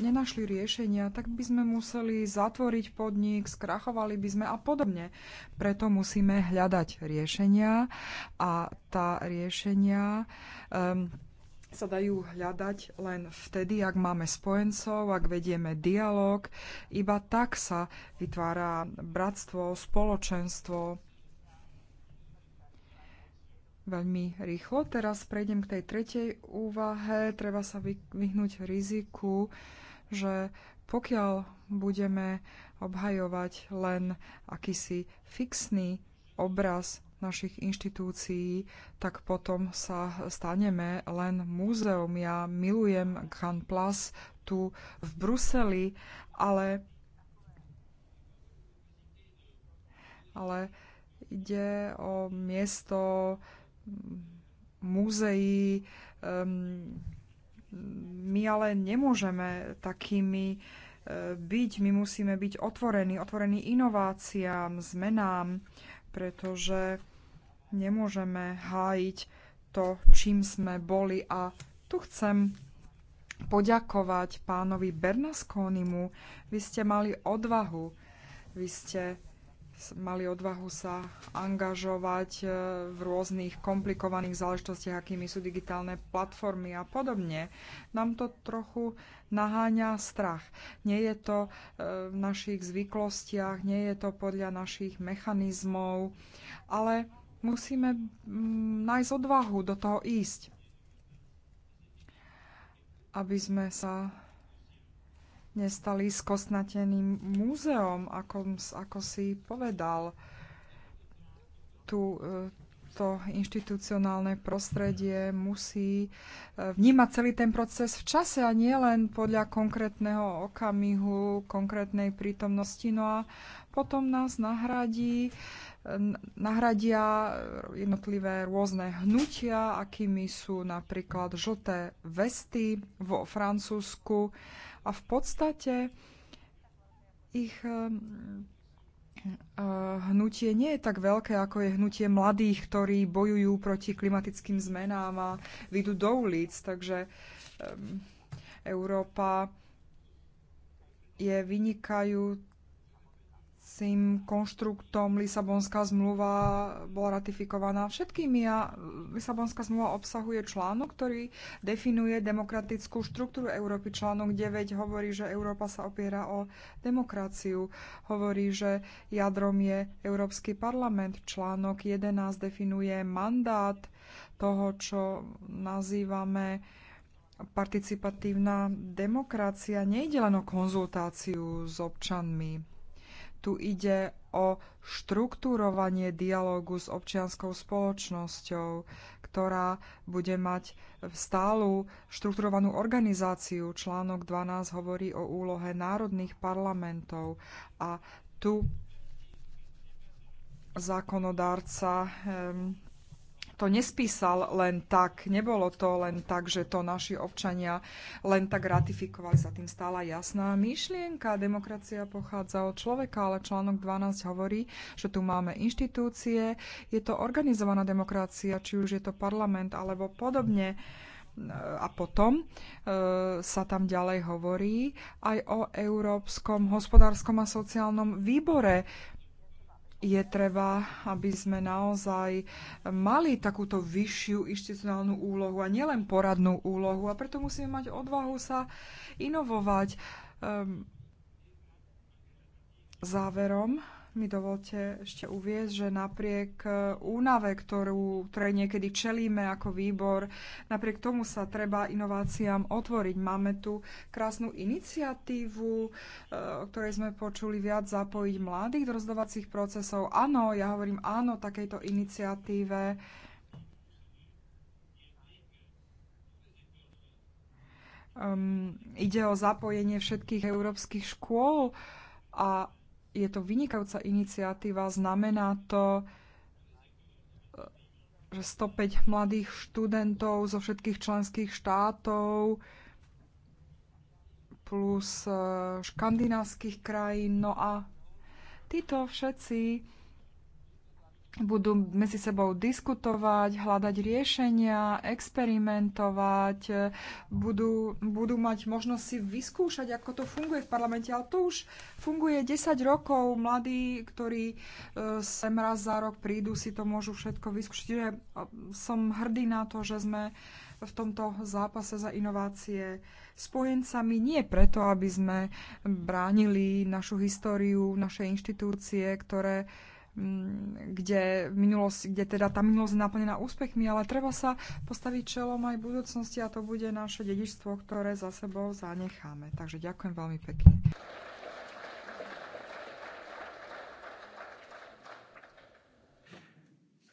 nenašli riešenia, tak by sme museli zatvoriť podnik, skrachovali by sme a podobne. Preto musíme hľadať riešenia a tá riešenia um, sa dajú hľadať len vtedy, ak máme spojencov, ak vedieme dialog. Iba tak sa vytvára bratstvo, spoločenstvo, veľmi rýchlo. Teraz prejdem k tej tretej úvahe. Treba sa vyhnúť riziku, že pokiaľ budeme obhajovať len akýsi fixný obraz našich inštitúcií, tak potom sa staneme len múzeum. Ja milujem Grand Place tu v Bruseli, ale, ale ide o miesto, múzeí. Ehm, my ale nemôžeme takými e, byť. My musíme byť otvorení, otvorení inováciám, zmenám, pretože nemôžeme hájiť to, čím sme boli. A tu chcem poďakovať pánovi Bernasconimu. Vy ste mali odvahu, vy ste mali odvahu sa angažovať e, v rôznych komplikovaných záležitostiach, akými sú digitálne platformy a podobne. Nám to trochu naháňa strach. Nie je to e, v našich zvyklostiach, nie je to podľa našich mechanizmov, ale musíme mm, nájsť odvahu do toho ísť, aby sme sa nestali vlastne skosnateným múzeom, ako, ako si povedal. Tu, e, to inštitucionálne prostredie musí e, vnímať celý ten proces v čase a nie len podľa konkrétneho okamihu, konkrétnej prítomnosti. No a potom nás nahradí, e, nahradia jednotlivé rôzne hnutia, akými sú napríklad žlté vesty vo Francúzsku a v podstate ich eh, eh, hnutie nie je tak veľké, ako je hnutie mladých, ktorí bojujú proti klimatickým zmenám a vyjdú do ulic. Takže Európa je vynikajú, súhlasím, konštruktom Lisabonská zmluva bola ratifikovaná všetkými a Lisabonská zmluva obsahuje článok, ktorý definuje demokratickú štruktúru Európy. Článok 9 hovorí, že Európa sa opiera o demokraciu. Hovorí, že jadrom je Európsky parlament. Článok 11 definuje mandát toho, čo nazývame participatívna demokracia nejde len o konzultáciu s občanmi. Tu ide o štruktúrovanie dialógu s občianskou spoločnosťou, ktorá bude mať stálu štrukturovanú organizáciu. Článok 12 hovorí o úlohe národných parlamentov a tu zákonodárca to nespísal len tak, nebolo to len tak, že to naši občania len tak ratifikovali, sa tým stála jasná myšlienka. Demokracia pochádza od človeka, ale článok 12 hovorí, že tu máme inštitúcie, je to organizovaná demokracia, či už je to parlament alebo podobne a potom e, sa tam ďalej hovorí aj o Európskom hospodárskom a sociálnom výbore je treba, aby sme naozaj mali takúto vyššiu inštitucionálnu úlohu a nielen poradnú úlohu. A preto musíme mať odvahu sa inovovať. Um, záverom mi dovolte ešte uviezť, že napriek e, únave, ktorú, ktoré niekedy čelíme ako výbor, napriek tomu sa treba inováciám otvoriť. Máme tu krásnu iniciatívu, e, o ktorej sme počuli viac zapojiť mladých do rozdovacích procesov. Áno, ja hovorím áno takejto iniciatíve. Um, ide o zapojenie všetkých európskych škôl a je to vynikajúca iniciatíva, znamená to, že 105 mladých študentov zo všetkých členských štátov plus eh, škandinávskych krajín. No a títo všetci budú medzi sebou diskutovať, hľadať riešenia, experimentovať, e, budú, budú mať možnosť si vyskúšať, ako to funguje v parlamente. Ale to už funguje 10 rokov. Mladí, ktorí e, sem raz za rok prídu, si to môžu všetko vyskúšať. Že e, som hrdý na to, že sme v tomto zápase za inovácie spojencami, nie preto, aby sme bránili našu históriu, naše inštitúcie, ktoré Mm, kde, minulosť, kde teda tá minulosť je naplnená úspechmi, ale treba sa postaviť čelom aj v budúcnosti a to bude naše dedičstvo, ktoré za sebou zanecháme. Takže ďakujem veľmi pekne.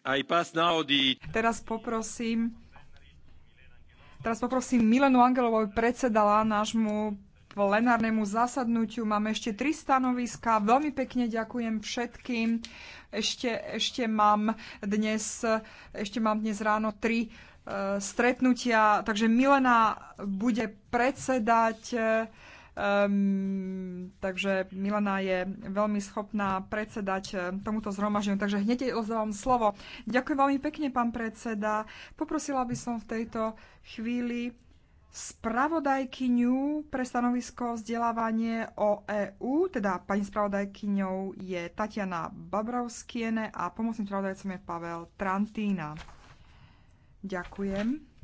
The... Teraz poprosím Teraz poprosím Milenu Angelovou, predsedala nášmu plenárnemu zasadnutiu. Máme ešte tri stanoviska. Veľmi pekne ďakujem všetkým. Ešte, ešte, mám, dnes, ešte mám dnes ráno tri e, stretnutia. Takže Milena bude predsedať. E, takže Milena je veľmi schopná predsedať e, tomuto zhromaždeniu, takže hneď jej ozdávam slovo. Ďakujem veľmi pekne, pán predseda. Poprosila by som v tejto chvíli spravodajkyňu pre stanovisko vzdelávanie o EÚ, teda pani spravodajkyňou je Tatiana Babrovskiene a pomocným spravodajcom je Pavel Trantína. Ďakujem.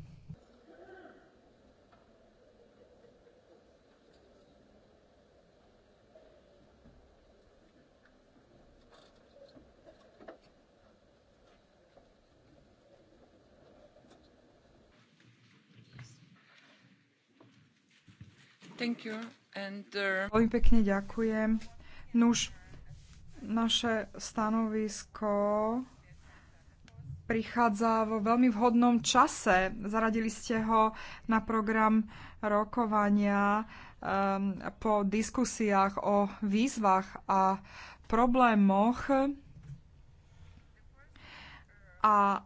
Uh, veľmi pekne ďakujem. Nuž, naše stanovisko prichádza vo veľmi vhodnom čase. Zaradili ste ho na program rokovania um, po diskusiách o výzvach a problémoch. A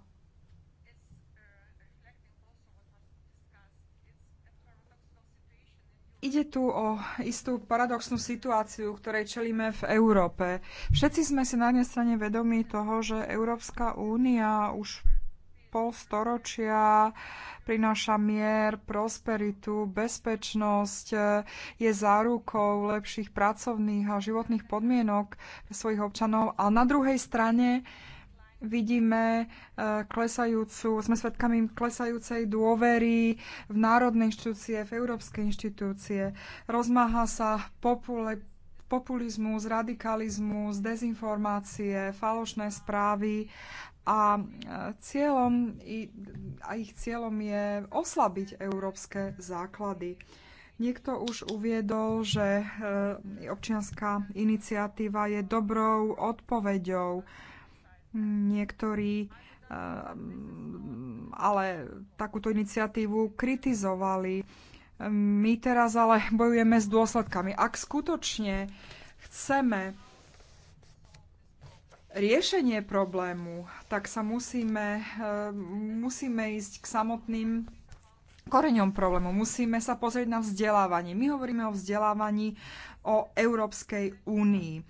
Ide tu o istú paradoxnú situáciu, ktorej čelíme v Európe. Všetci sme si na jednej strane vedomí toho, že Európska únia už pol storočia prináša mier, prosperitu, bezpečnosť, je zárukou lepších pracovných a životných podmienok svojich občanov. A na druhej strane vidíme e, klesajúcu, sme svedkami klesajúcej dôvery v národné inštitúcie, v európske inštitúcie. Rozmáha sa popule, populizmus, radikalizmus, dezinformácie, falošné správy a e, cieľom, a ich cieľom je oslabiť európske základy. Niekto už uviedol, že e, občianská iniciatíva je dobrou odpoveďou Niektorí eh, ale takúto iniciatívu kritizovali. My teraz ale bojujeme s dôsledkami. Ak skutočne chceme riešenie problému, tak sa musíme, eh, musíme ísť k samotným koreňom problému. Musíme sa pozrieť na vzdelávanie. My hovoríme o vzdelávaní o Európskej únii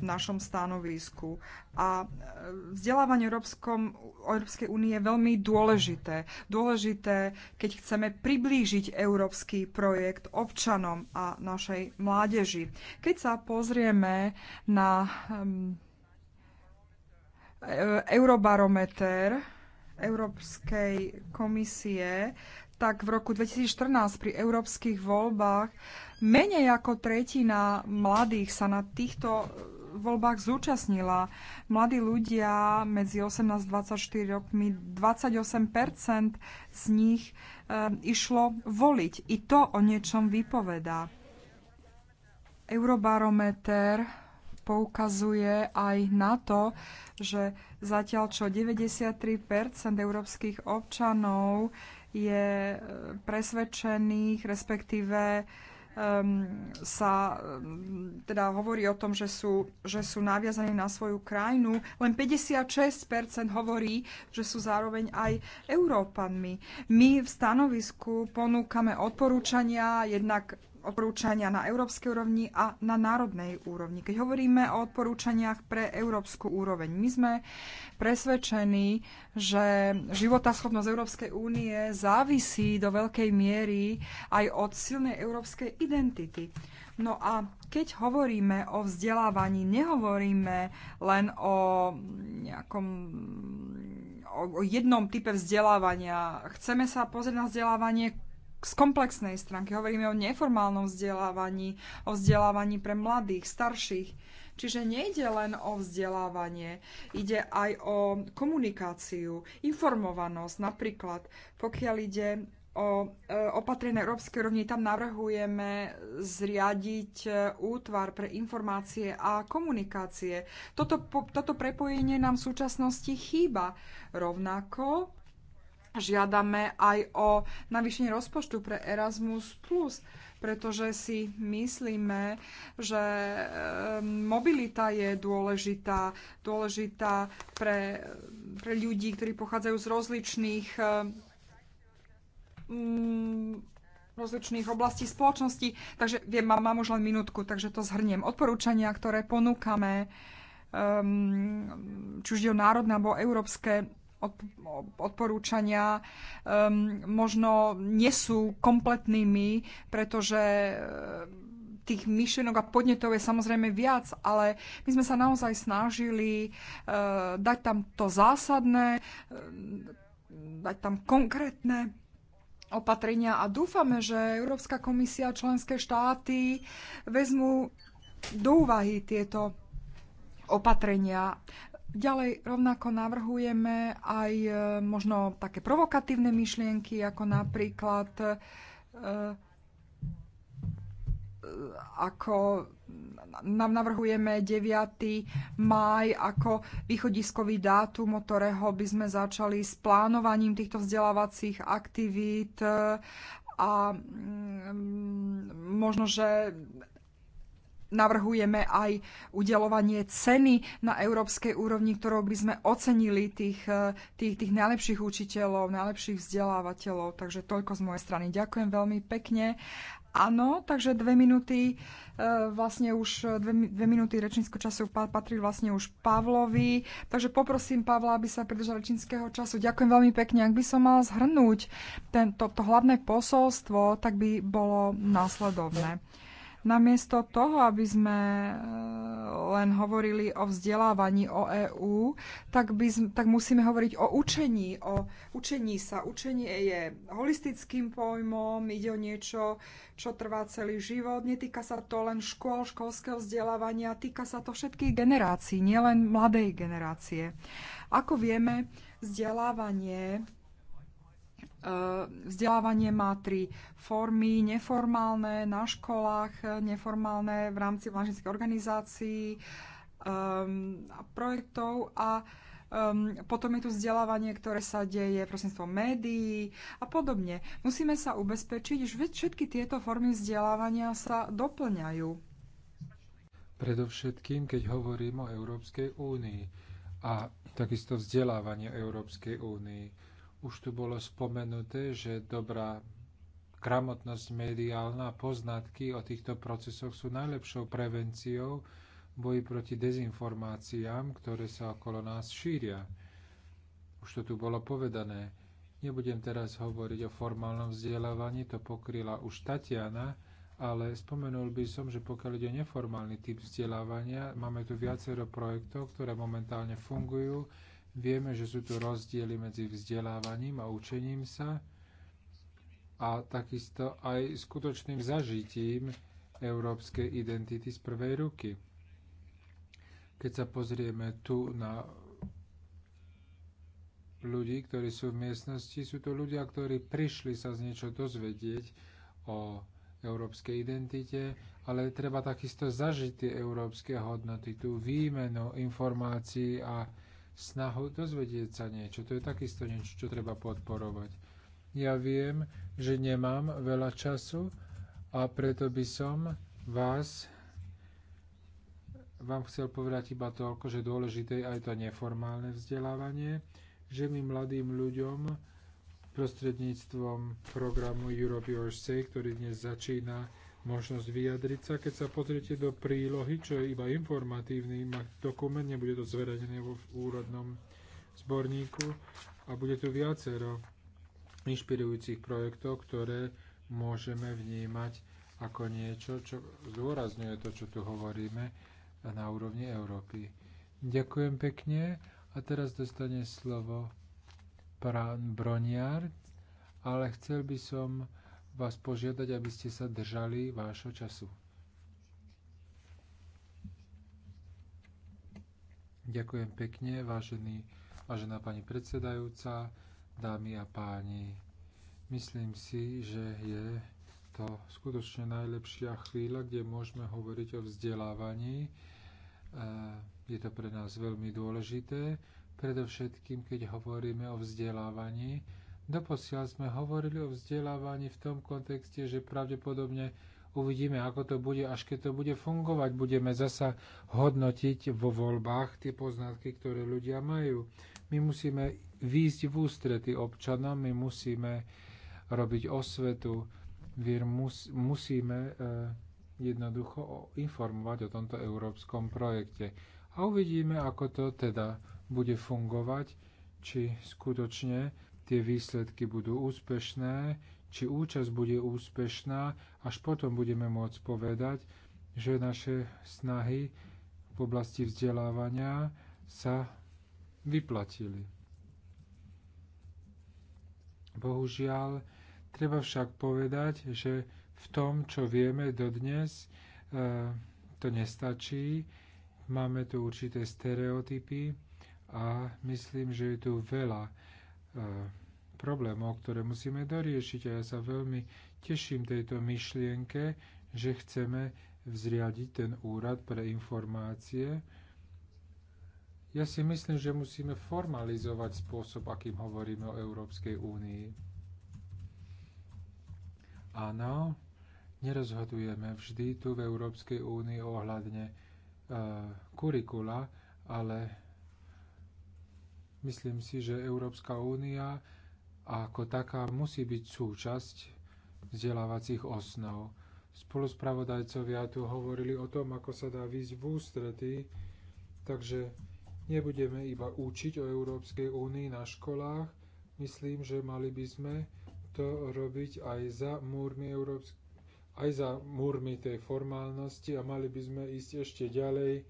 v našom stanovisku. A e, vzdelávanie Európskom, Európskej únie je veľmi dôležité. Dôležité, keď chceme priblížiť európsky projekt občanom a našej mládeži. Keď sa pozrieme na um, Eurobarometer Európskej komisie, tak v roku 2014 pri európskych voľbách menej ako tretina mladých sa na týchto e, voľbách zúčastnila. Mladí ľudia medzi 18 a 24 rokmi, 28 z nich e, išlo voliť. I to o niečom vypovedá. Eurobarometer poukazuje aj na to, že zatiaľ čo 93 európskych občanov je eh, presvedčených, respektíve um, sa um, teda hovorí o tom, že sú, že sú naviazaní na svoju krajinu. Len 56% hovorí, že sú zároveň aj Európanmi. My v stanovisku ponúkame odporúčania jednak odporúčania na európskej úrovni a na národnej úrovni. Keď hovoríme o odporúčaniach pre európsku úroveň, my sme presvedčení, že schopnosť Európskej únie závisí do veľkej miery aj od silnej európskej identity. No a keď hovoríme o vzdelávaní, nehovoríme len o nejakom o jednom type vzdelávania. Chceme sa pozrieť na vzdelávanie z komplexnej stránky. Hovoríme o neformálnom vzdelávaní, o vzdelávaní pre mladých, starších. Čiže nejde len o vzdelávanie, ide aj o komunikáciu, informovanosť. Napríklad, pokiaľ ide o e, opatrenie európskej rovni, tam navrhujeme zriadiť e, útvar pre informácie a komunikácie. Toto, toto prepojenie nám v súčasnosti chýba. Rovnako Žiadame aj o navýšenie rozpočtu pre Erasmus+, pretože si myslíme, že ehm, mobilita je dôležitá, dôležitá pre, pre ľudí, ktorí pochádzajú z rozličných ehm, mm, rozličných oblastí spoločnosti. Takže viem, mám, mám už len minútku, takže to zhrniem. Odporúčania, ktoré ponúkame, um, či už je o národné alebo európske odporúčania um, možno nie sú kompletnými, pretože um, tých myšlienok a podnetov je samozrejme viac, ale my sme sa naozaj snažili uh, dať tam to zásadné, uh, dať tam konkrétne opatrenia a dúfame, že Európska komisia a členské štáty vezmú do úvahy tieto opatrenia Ďalej rovnako navrhujeme aj e, možno také provokatívne myšlienky, ako napríklad e, e, ako nám navrhujeme 9. maj ako východiskový dátum, od ktorého by sme začali s plánovaním týchto vzdelávacích aktivít a mm, možno, že navrhujeme aj udelovanie ceny na európskej úrovni, ktorou by sme ocenili tých, e, tých, tých najlepších učiteľov, najlepších vzdelávateľov. Takže toľko z mojej strany. Ďakujem veľmi pekne. Áno, takže dve minúty, e, vlastne už e, dve, dve minúty rečníckého času patrí vlastne už Pavlovi. Takže poprosím Pavla, aby sa pridržal rečníckého času. Ďakujem veľmi pekne. Ak by som mal zhrnúť tento, to hlavné posolstvo, tak by bolo následovné. Namiesto toho, aby sme eh, len hovorili o vzdelávaní o EÚ, tak, by, tak musíme hovoriť o učení, o učení sa. Učenie je holistickým pojmom, ide o niečo, čo trvá celý život. Netýka sa to len škôl, školského vzdelávania, týka sa to všetkých generácií, nielen mladej generácie. Ako vieme, vzdelávanie Eh, vzdelávanie má tri formy, neformálne na školách, neformálne v rámci vlážnických organizácií um, ehm, a projektov a um, potom je tu vzdelávanie, ktoré sa deje prostredstvom médií a podobne. Musíme sa ubezpečiť, že všetky tieto formy vzdelávania sa doplňajú. Predovšetkým, keď hovorím o Európskej únii a takisto vzdelávanie Európskej únii už tu bolo spomenuté, že dobrá gramotnosť mediálna, a poznatky o týchto procesoch sú najlepšou prevenciou boji proti dezinformáciám, ktoré sa okolo nás šíria. Už to tu bolo povedané. Nebudem teraz hovoriť o formálnom vzdelávaní, to pokryla už Tatiana, ale spomenul by som, že pokiaľ ide o neformálny typ vzdelávania, máme tu viacero projektov, ktoré momentálne fungujú Vieme, že sú tu rozdiely medzi vzdelávaním a učením sa a takisto aj skutočným zažitím európskej identity z prvej ruky. Keď sa pozrieme tu na ľudí, ktorí sú v miestnosti, sú to ľudia, ktorí prišli sa z niečo dozvedieť o európskej identite, ale treba takisto zažiť tie európske hodnoty, tú výmenu informácií a snahu dozvedieť sa niečo. To je takisto niečo, čo treba podporovať. Ja viem, že nemám veľa času a preto by som vás vám chcel povedať iba toľko, že dôležité je aj to neformálne vzdelávanie, že my mladým ľuďom prostredníctvom programu Europe Your Say, ktorý dnes začína, možnosť vyjadriť sa. Keď sa pozriete do prílohy, čo je iba informatívny dokument, nebude to zverejnené v úradnom zborníku a bude tu viacero inšpirujúcich projektov, ktoré môžeme vnímať ako niečo, čo zdôrazňuje to, čo tu hovoríme na úrovni Európy. Ďakujem pekne a teraz dostane slovo pán Broniar, ale chcel by som vás požiadať, aby ste sa držali vášho času. Ďakujem pekne, vážený, vážená pani predsedajúca, dámy a páni. Myslím si, že je to skutočne najlepšia chvíľa, kde môžeme hovoriť o vzdelávaní. E, je to pre nás veľmi dôležité, predovšetkým keď hovoríme o vzdelávaní, Doposiaľ sme hovorili o vzdelávaní v tom kontexte, že pravdepodobne uvidíme, ako to bude, až keď to bude fungovať. Budeme zasa hodnotiť vo voľbách tie poznatky, ktoré ľudia majú. My musíme výjsť v ústrety občanom, my musíme robiť osvetu, vier mus, musíme e, jednoducho informovať o tomto európskom projekte. A uvidíme, ako to teda bude fungovať, či skutočne tie výsledky budú úspešné, či účasť bude úspešná, až potom budeme môcť povedať, že naše snahy v oblasti vzdelávania sa vyplatili. Bohužiaľ, treba však povedať, že v tom, čo vieme dodnes, e, to nestačí. Máme tu určité stereotypy a myslím, že je tu veľa e, problémov, ktoré musíme doriešiť. A ja sa veľmi teším tejto myšlienke, že chceme vzriadiť ten úrad pre informácie. Ja si myslím, že musíme formalizovať spôsob, akým hovoríme o Európskej únii. Áno, nerozhodujeme vždy tu v Európskej únii ohľadne e, kurikula, ale myslím si, že Európska únia a ako taká musí byť súčasť vzdelávacích osnov. Spoluspravodajcovia tu hovorili o tom, ako sa dá výjsť v ústrety, takže nebudeme iba učiť o Európskej únii na školách, myslím, že mali by sme to robiť aj za múrmi Európskej aj za múrmi tej formálnosti a mali by sme ísť ešte ďalej.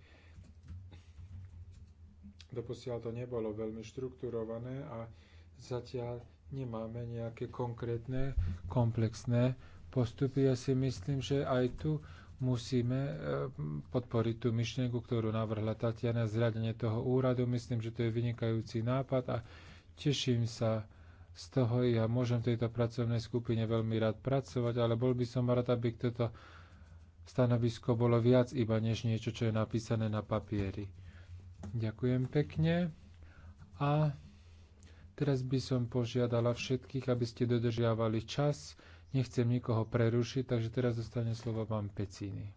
Doposiaľ to nebolo veľmi štrukturované a zatiaľ nemáme nejaké konkrétne, komplexné postupy. Ja si myslím, že aj tu musíme e, podporiť tú myšlienku, ktorú navrhla Tatiana, zriadenie toho úradu. Myslím, že to je vynikajúci nápad a teším sa z toho. Ja môžem v tejto pracovnej skupine veľmi rád pracovať, ale bol by som rád, aby toto stanovisko bolo viac iba než niečo, čo je napísané na papieri. Ďakujem pekne a Teraz by som požiadala všetkých, aby ste dodržiavali čas. Nechcem nikoho prerušiť, takže teraz dostane slovo pán Pecíny.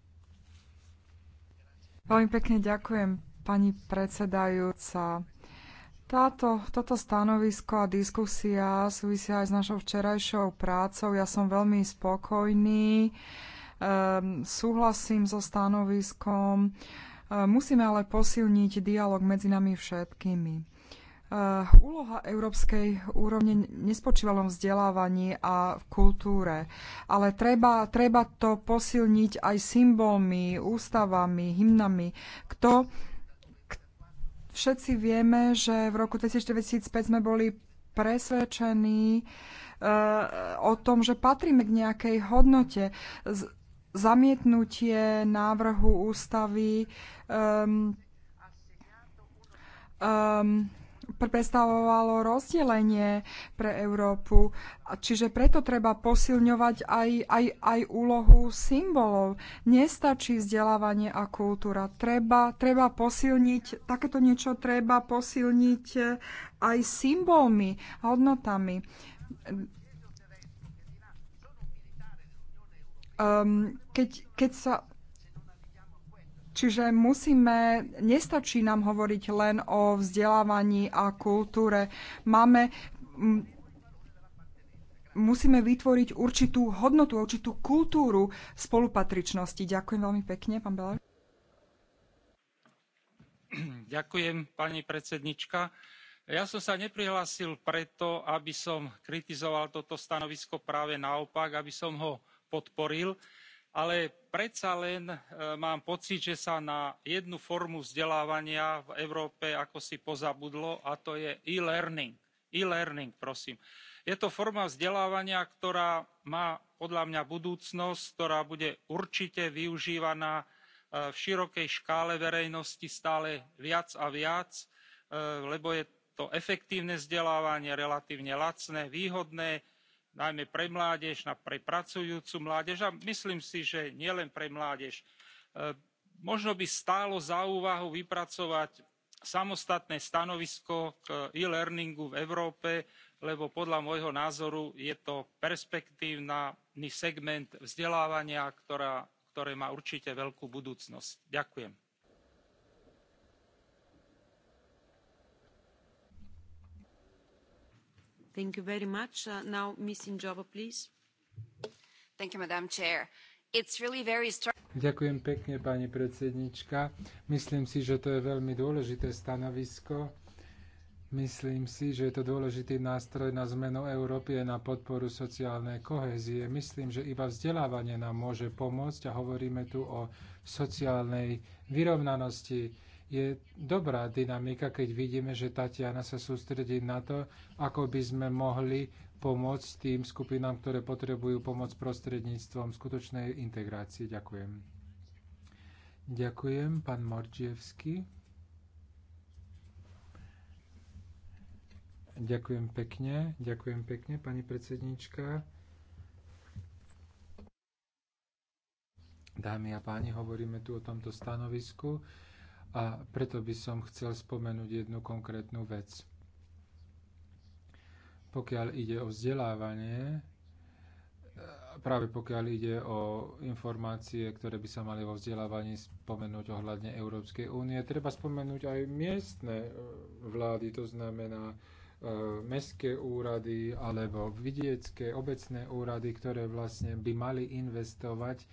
Veľmi pekne ďakujem, pani predsedajúca. Táto, toto stanovisko a diskusia súvisia aj s našou včerajšou prácou. Ja som veľmi spokojný, ehm, súhlasím so stanoviskom. Ehm, musíme ale posilniť dialog medzi nami všetkými. Eh, úloha európskej úrovne nespočíva len vzdelávaní a v kultúre, ale treba, treba to posilniť aj symbolmi, ústavami, hymnami. Kto, k, všetci vieme, že v roku 2005 sme boli presvedčení eh, o tom, že patríme k nejakej hodnote. zamietnutie návrhu ústavy um, um, predstavovalo rozdelenie pre Európu. Čiže preto treba posilňovať aj, aj, aj úlohu symbolov. Nestačí vzdelávanie a kultúra. Treba, treba posilniť, takéto niečo treba posilniť eh, aj symbolmi, hodnotami. Um, keď, keď sa Čiže musíme, nestačí nám hovoriť len o vzdelávaní a kultúre. Máme, musíme vytvoriť určitú hodnotu, určitú kultúru spolupatričnosti. Ďakujem veľmi pekne, pán Belar. Ďakujem, pani predsednička. Ja som sa neprihlásil preto, aby som kritizoval toto stanovisko, práve naopak, aby som ho podporil ale predsa len e, mám pocit že sa na jednu formu vzdelávania v európe akosi pozabudlo a to je e learning. e learning prosím. je to forma vzdelávania ktorá má podľa mňa budúcnosť ktorá bude určite využívaná e, v širokej škále verejnosti stále viac a viac e, lebo je to efektívne vzdelávanie relatívne lacné výhodné najmä pre mládež, pre pracujúcu mládež a myslím si, že nielen pre mládež. E, možno by stálo za úvahu vypracovať samostatné stanovisko k e-learningu v Európe, lebo podľa môjho názoru je to perspektívny segment vzdelávania, ktoré má určite veľkú budúcnosť. Ďakujem. Uh, Ďakujem pekne, pani predsednička. Myslím si, že to je veľmi dôležité stanovisko. Myslím si, že je to dôležitý nástroj na zmenu Európy a na podporu sociálnej kohézie. Myslím, že iba vzdelávanie nám môže pomôcť a hovoríme tu o sociálnej vyrovnanosti je dobrá dynamika, keď vidíme, že Tatiana sa sústredí na to, ako by sme mohli pomôcť tým skupinám, ktoré potrebujú pomoc prostredníctvom skutočnej integrácie. Ďakujem. Ďakujem, pán Morčievský. Ďakujem pekne, ďakujem pekne, pani predsednička. Dámy a páni, hovoríme tu o tomto stanovisku a preto by som chcel spomenúť jednu konkrétnu vec. Pokiaľ ide o vzdelávanie, e, práve pokiaľ ide o informácie, ktoré by sa mali vo vzdelávaní spomenúť ohľadne Európskej únie. Treba spomenúť aj miestne e, vlády, to znamená e, mestské úrady alebo vidiecké obecné úrady, ktoré vlastne by mali investovať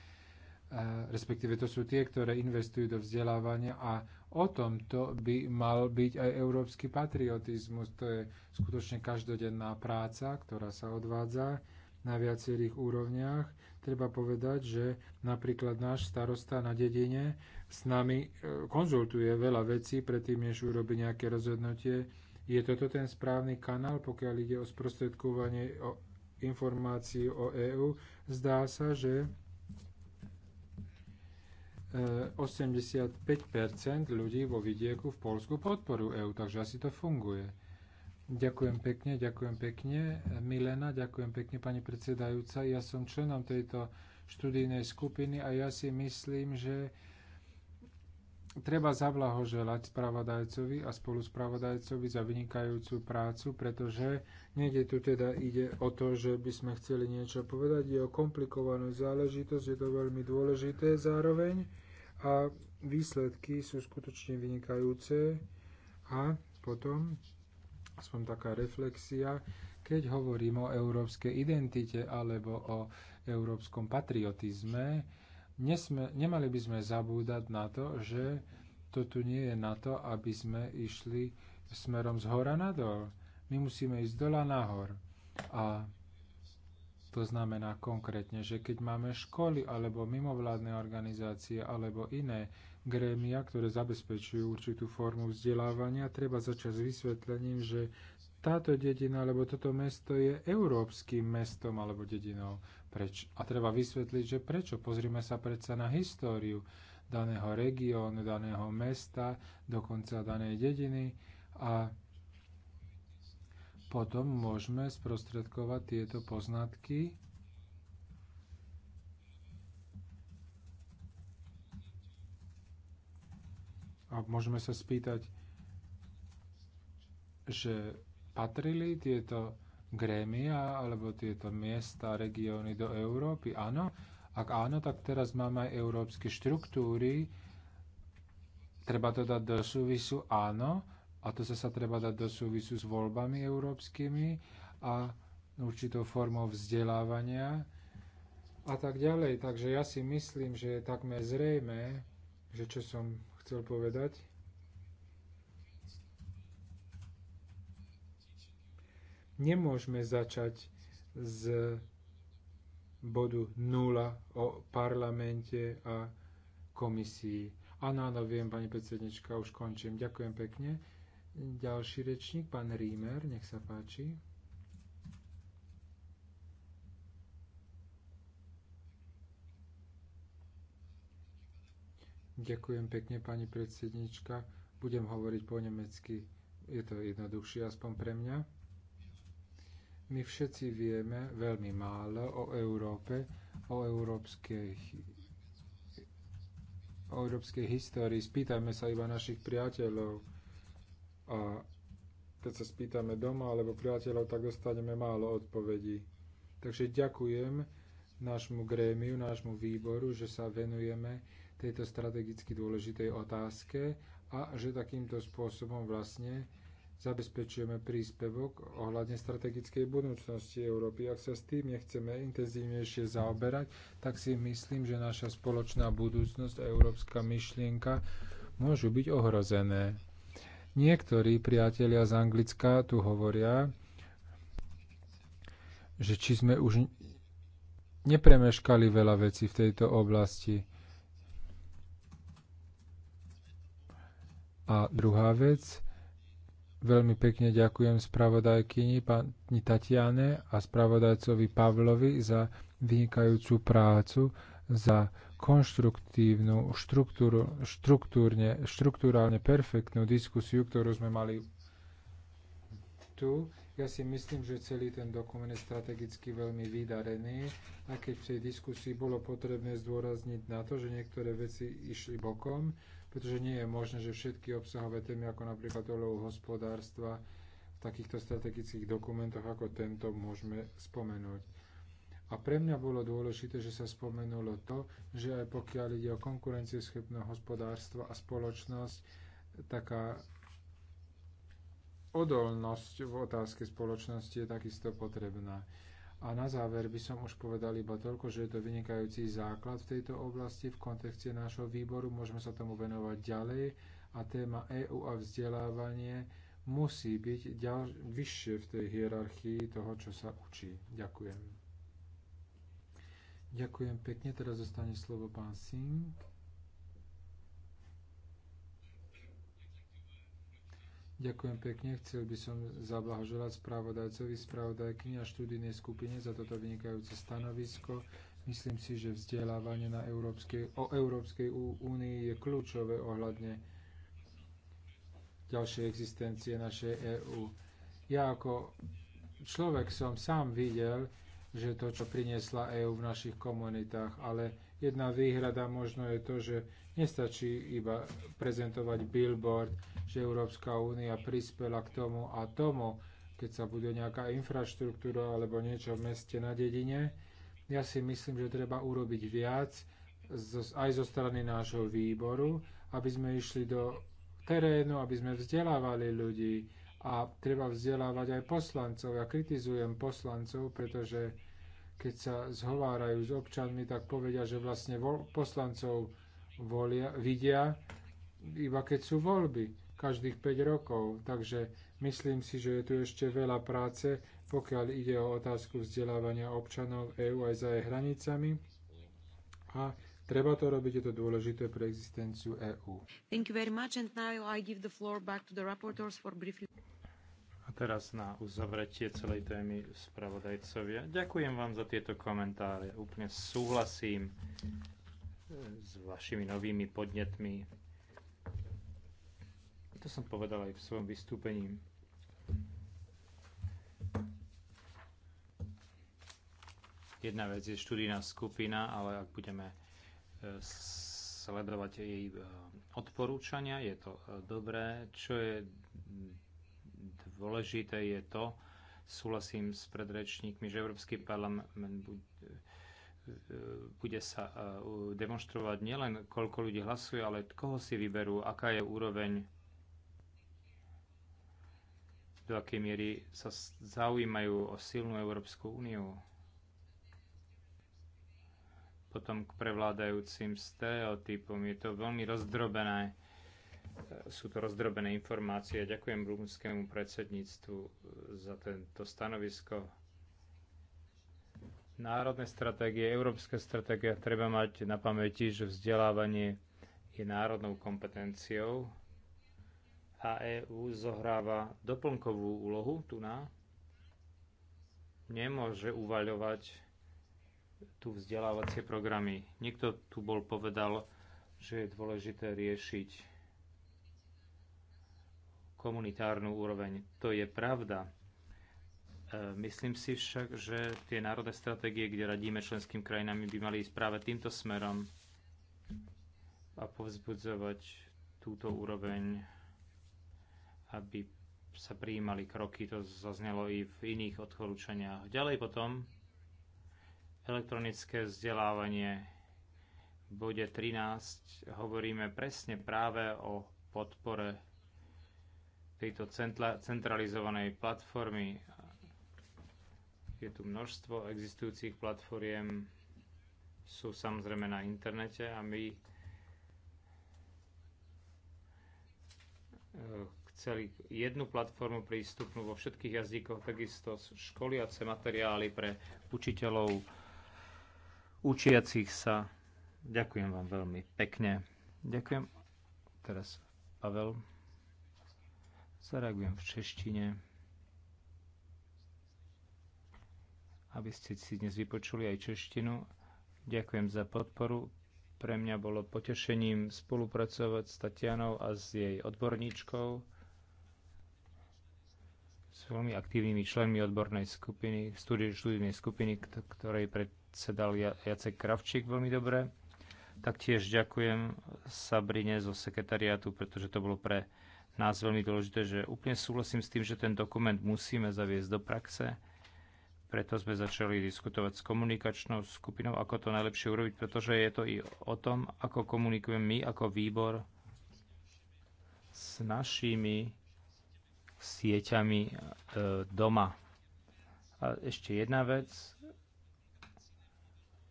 respektíve to sú tie, ktoré investujú do vzdelávania a o tomto by mal byť aj európsky patriotizmus. To je skutočne každodenná práca, ktorá sa odvádza na viacerých úrovniach. Treba povedať, že napríklad náš starosta na dedine s nami e, konzultuje veľa vecí predtým, než urobi nejaké rozhodnutie. Je toto ten správny kanál, pokiaľ ide o sprostredkovanie informácií o EÚ? Zdá sa, že 85 ľudí vo vidieku v Polsku podporujú EÚ, takže asi to funguje. Ďakujem pekne, ďakujem pekne. Milena, ďakujem pekne, pani predsedajúca. Ja som členom tejto študijnej skupiny a ja si myslím, že Treba zablahoželať spravodajcovi a spoluspravodajcovi za vynikajúcu prácu, pretože niekde tu teda ide o to, že by sme chceli niečo povedať. Je o komplikovanú záležitosť, je to veľmi dôležité zároveň a výsledky sú skutočne vynikajúce. A potom, aspoň taká reflexia, keď hovorím o európskej identite alebo o európskom patriotizme, Nesme, nemali by sme zabúdať na to, že to tu nie je na to, aby sme išli smerom z hora nadol. My musíme ísť dola nahor. A to znamená konkrétne, že keď máme školy alebo mimovládne organizácie alebo iné grémia, ktoré zabezpečujú určitú formu vzdelávania, treba začať s vysvetlením, že táto dedina alebo toto mesto je európskym mestom alebo dedinou. Preč, a treba vysvetliť, že prečo. Pozrime sa predsa na históriu daného regiónu, daného mesta, dokonca danej dediny a potom môžeme sprostredkovať tieto poznatky a môžeme sa spýtať, že patrili tieto grémia alebo tieto miesta, regióny do Európy? Áno. Ak áno, tak teraz máme aj európske štruktúry. Treba to dať do súvisu? Áno. A to sa treba dať do súvisu s voľbami európskymi a určitou formou vzdelávania a tak ďalej. Takže ja si myslím, že je takmer zrejme, že čo som chcel povedať, Nemôžeme začať z bodu 0 o parlamente a komisii. Áno, áno, viem, pani predsednička, už končím. Ďakujem pekne. Ďalší rečník, pán Rímer, nech sa páči. Ďakujem pekne, pani predsednička. Budem hovoriť po nemecky. Je to jednoduchšie aspoň pre mňa. My všetci vieme veľmi málo o Európe, o európskej, o európskej histórii. Spýtajme sa iba našich priateľov. A keď sa spýtame doma alebo priateľov, tak dostaneme málo odpovedí. Takže ďakujem nášmu grémiu, nášmu výboru, že sa venujeme tejto strategicky dôležitej otázke a že takýmto spôsobom vlastne zabezpečujeme príspevok ohľadne strategickej budúcnosti Európy. Ak sa s tým nechceme intenzívnejšie zaoberať, tak si myslím, že naša spoločná budúcnosť a európska myšlienka môžu byť ohrozené. Niektorí priatelia z Anglicka tu hovoria, že či sme už nepremeškali veľa vecí v tejto oblasti. A druhá vec, Veľmi pekne ďakujem spravodajkyni pani Tatiane a spravodajcovi Pavlovi za vynikajúcu prácu, za konštruktívnu, štruktúrne, štruktúrálne perfektnú diskusiu, ktorú sme mali tu. Ja si myslím, že celý ten dokument je strategicky veľmi vydarený, a keď v tej diskusii bolo potrebné zdôrazniť na to, že niektoré veci išli bokom, pretože nie je možné, že všetky obsahové témy, ako napríklad olov hospodárstva, v takýchto strategických dokumentoch ako tento môžeme spomenúť. A pre mňa bolo dôležité, že sa spomenulo to, že aj pokiaľ ide o konkurencieschopné hospodárstvo a spoločnosť, taká odolnosť v otázke spoločnosti je takisto potrebná. A na záver by som už povedal iba toľko, že je to vynikajúci základ v tejto oblasti. V kontexte nášho výboru môžeme sa tomu venovať ďalej a téma EÚ a vzdelávanie musí byť ďal, vyššie v tej hierarchii toho, čo sa učí. Ďakujem. Ďakujem pekne. Teraz zostane slovo pán Singh. Ďakujem pekne. Chcel by som zablahoželať spravodajcovi, spravodajkyni a študijnej skupine za toto vynikajúce stanovisko. Myslím si, že vzdelávanie na Európskej, o Európskej únii je kľúčové ohľadne ďalšej existencie našej EÚ. Ja ako človek som sám videl, že to, čo priniesla EÚ v našich komunitách, ale jedna výhrada možno je to, že nestačí iba prezentovať billboard, že Európska únia prispela k tomu a tomu, keď sa bude nejaká infraštruktúra alebo niečo v meste na dedine. Ja si myslím, že treba urobiť viac aj zo strany nášho výboru, aby sme išli do terénu, aby sme vzdelávali ľudí a treba vzdelávať aj poslancov. Ja kritizujem poslancov, pretože keď sa zhovárajú s občanmi, tak povedia, že vlastne poslancov volia, vidia iba keď sú voľby každých 5 rokov. Takže myslím si, že je tu ešte veľa práce, pokiaľ ide o otázku vzdelávania občanov EÚ aj za jej hranicami. A treba to robiť, je to dôležité pre existenciu EÚ. A teraz na uzavretie celej témy spravodajcovia. Ďakujem vám za tieto komentáre. Úplne súhlasím eh, s vašimi novými podnetmi to som povedal aj v svojom vystúpení. Jedna vec je študijná skupina, ale ak budeme e, sledovať jej e, odporúčania, je to e, dobré. Čo je dôležité, je to, súhlasím s predrečníkmi, že Európsky parlament bude sa demonstrovať nielen koľko ľudí hlasuje, ale koho si vyberú, aká je úroveň do akej miery sa zaujímajú o silnú Európsku úniu. Potom k prevládajúcim stereotypom je to veľmi rozdrobené. E, sú to rozdrobené informácie. Ďakujem rumúnskému predsedníctvu e, za tento stanovisko. Národné stratégie, európske stratégie treba mať na pamäti, že vzdelávanie je národnou kompetenciou a EÚ zohráva doplnkovú úlohu tu na nemôže uvaľovať tu vzdelávacie programy. Niekto tu bol povedal, že je dôležité riešiť komunitárnu úroveň. To je pravda. E, myslím si však, že tie národné stratégie, kde radíme členským krajinám by mali ísť práve týmto smerom a povzbudzovať túto úroveň aby sa prijímali kroky, to zaznelo i v iných odporúčaniach. Ďalej potom elektronické vzdelávanie v bode 13 hovoríme presne práve o podpore tejto centralizovanej platformy. Je tu množstvo existujúcich platformiem, sú samozrejme na internete a my chceli jednu platformu prístupnú vo všetkých jazykoch, takisto školiace materiály pre učiteľov, učiacich sa. Ďakujem vám veľmi pekne. Ďakujem. Teraz Pavel. Zareagujem v češtine. Aby ste si dnes vypočuli aj češtinu. Ďakujem za podporu pre mňa bolo potešením spolupracovať s Tatianou a s jej odborníčkou s veľmi aktívnymi členmi odbornej skupiny, študijnej skupiny, ktorej predsedal Jacek Kravčík veľmi dobre. Taktiež ďakujem Sabrine zo sekretariátu, pretože to bolo pre nás veľmi dôležité, že úplne súhlasím s tým, že ten dokument musíme zaviesť do praxe. Preto sme začali diskutovať s komunikačnou skupinou, ako to najlepšie urobiť, pretože je to i o tom, ako komunikujeme my ako výbor s našimi sieťami e, doma. A ešte jedna vec.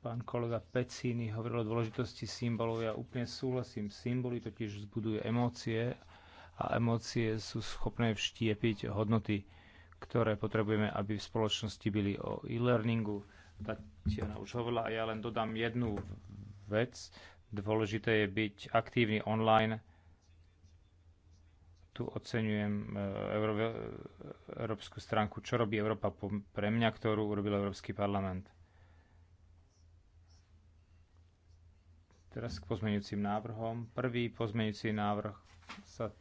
Pán kolega Pecíny hovoril o dôležitosti symbolov. Ja úplne súhlasím. Symboly totiž zbudujú emócie a emócie sú schopné vštiepiť hodnoty, ktoré potrebujeme, aby v spoločnosti byli o e-learningu. Tatiana už hovorila a ja len dodám jednu vec. Dôležité je byť aktívny online tu oceňujem e, e, európsku stránku, čo robí Európa pre mňa, ktorú urobil Európsky parlament. Teraz k pozmeňujúcim návrhom. Prvý pozmeňujúci návrh sa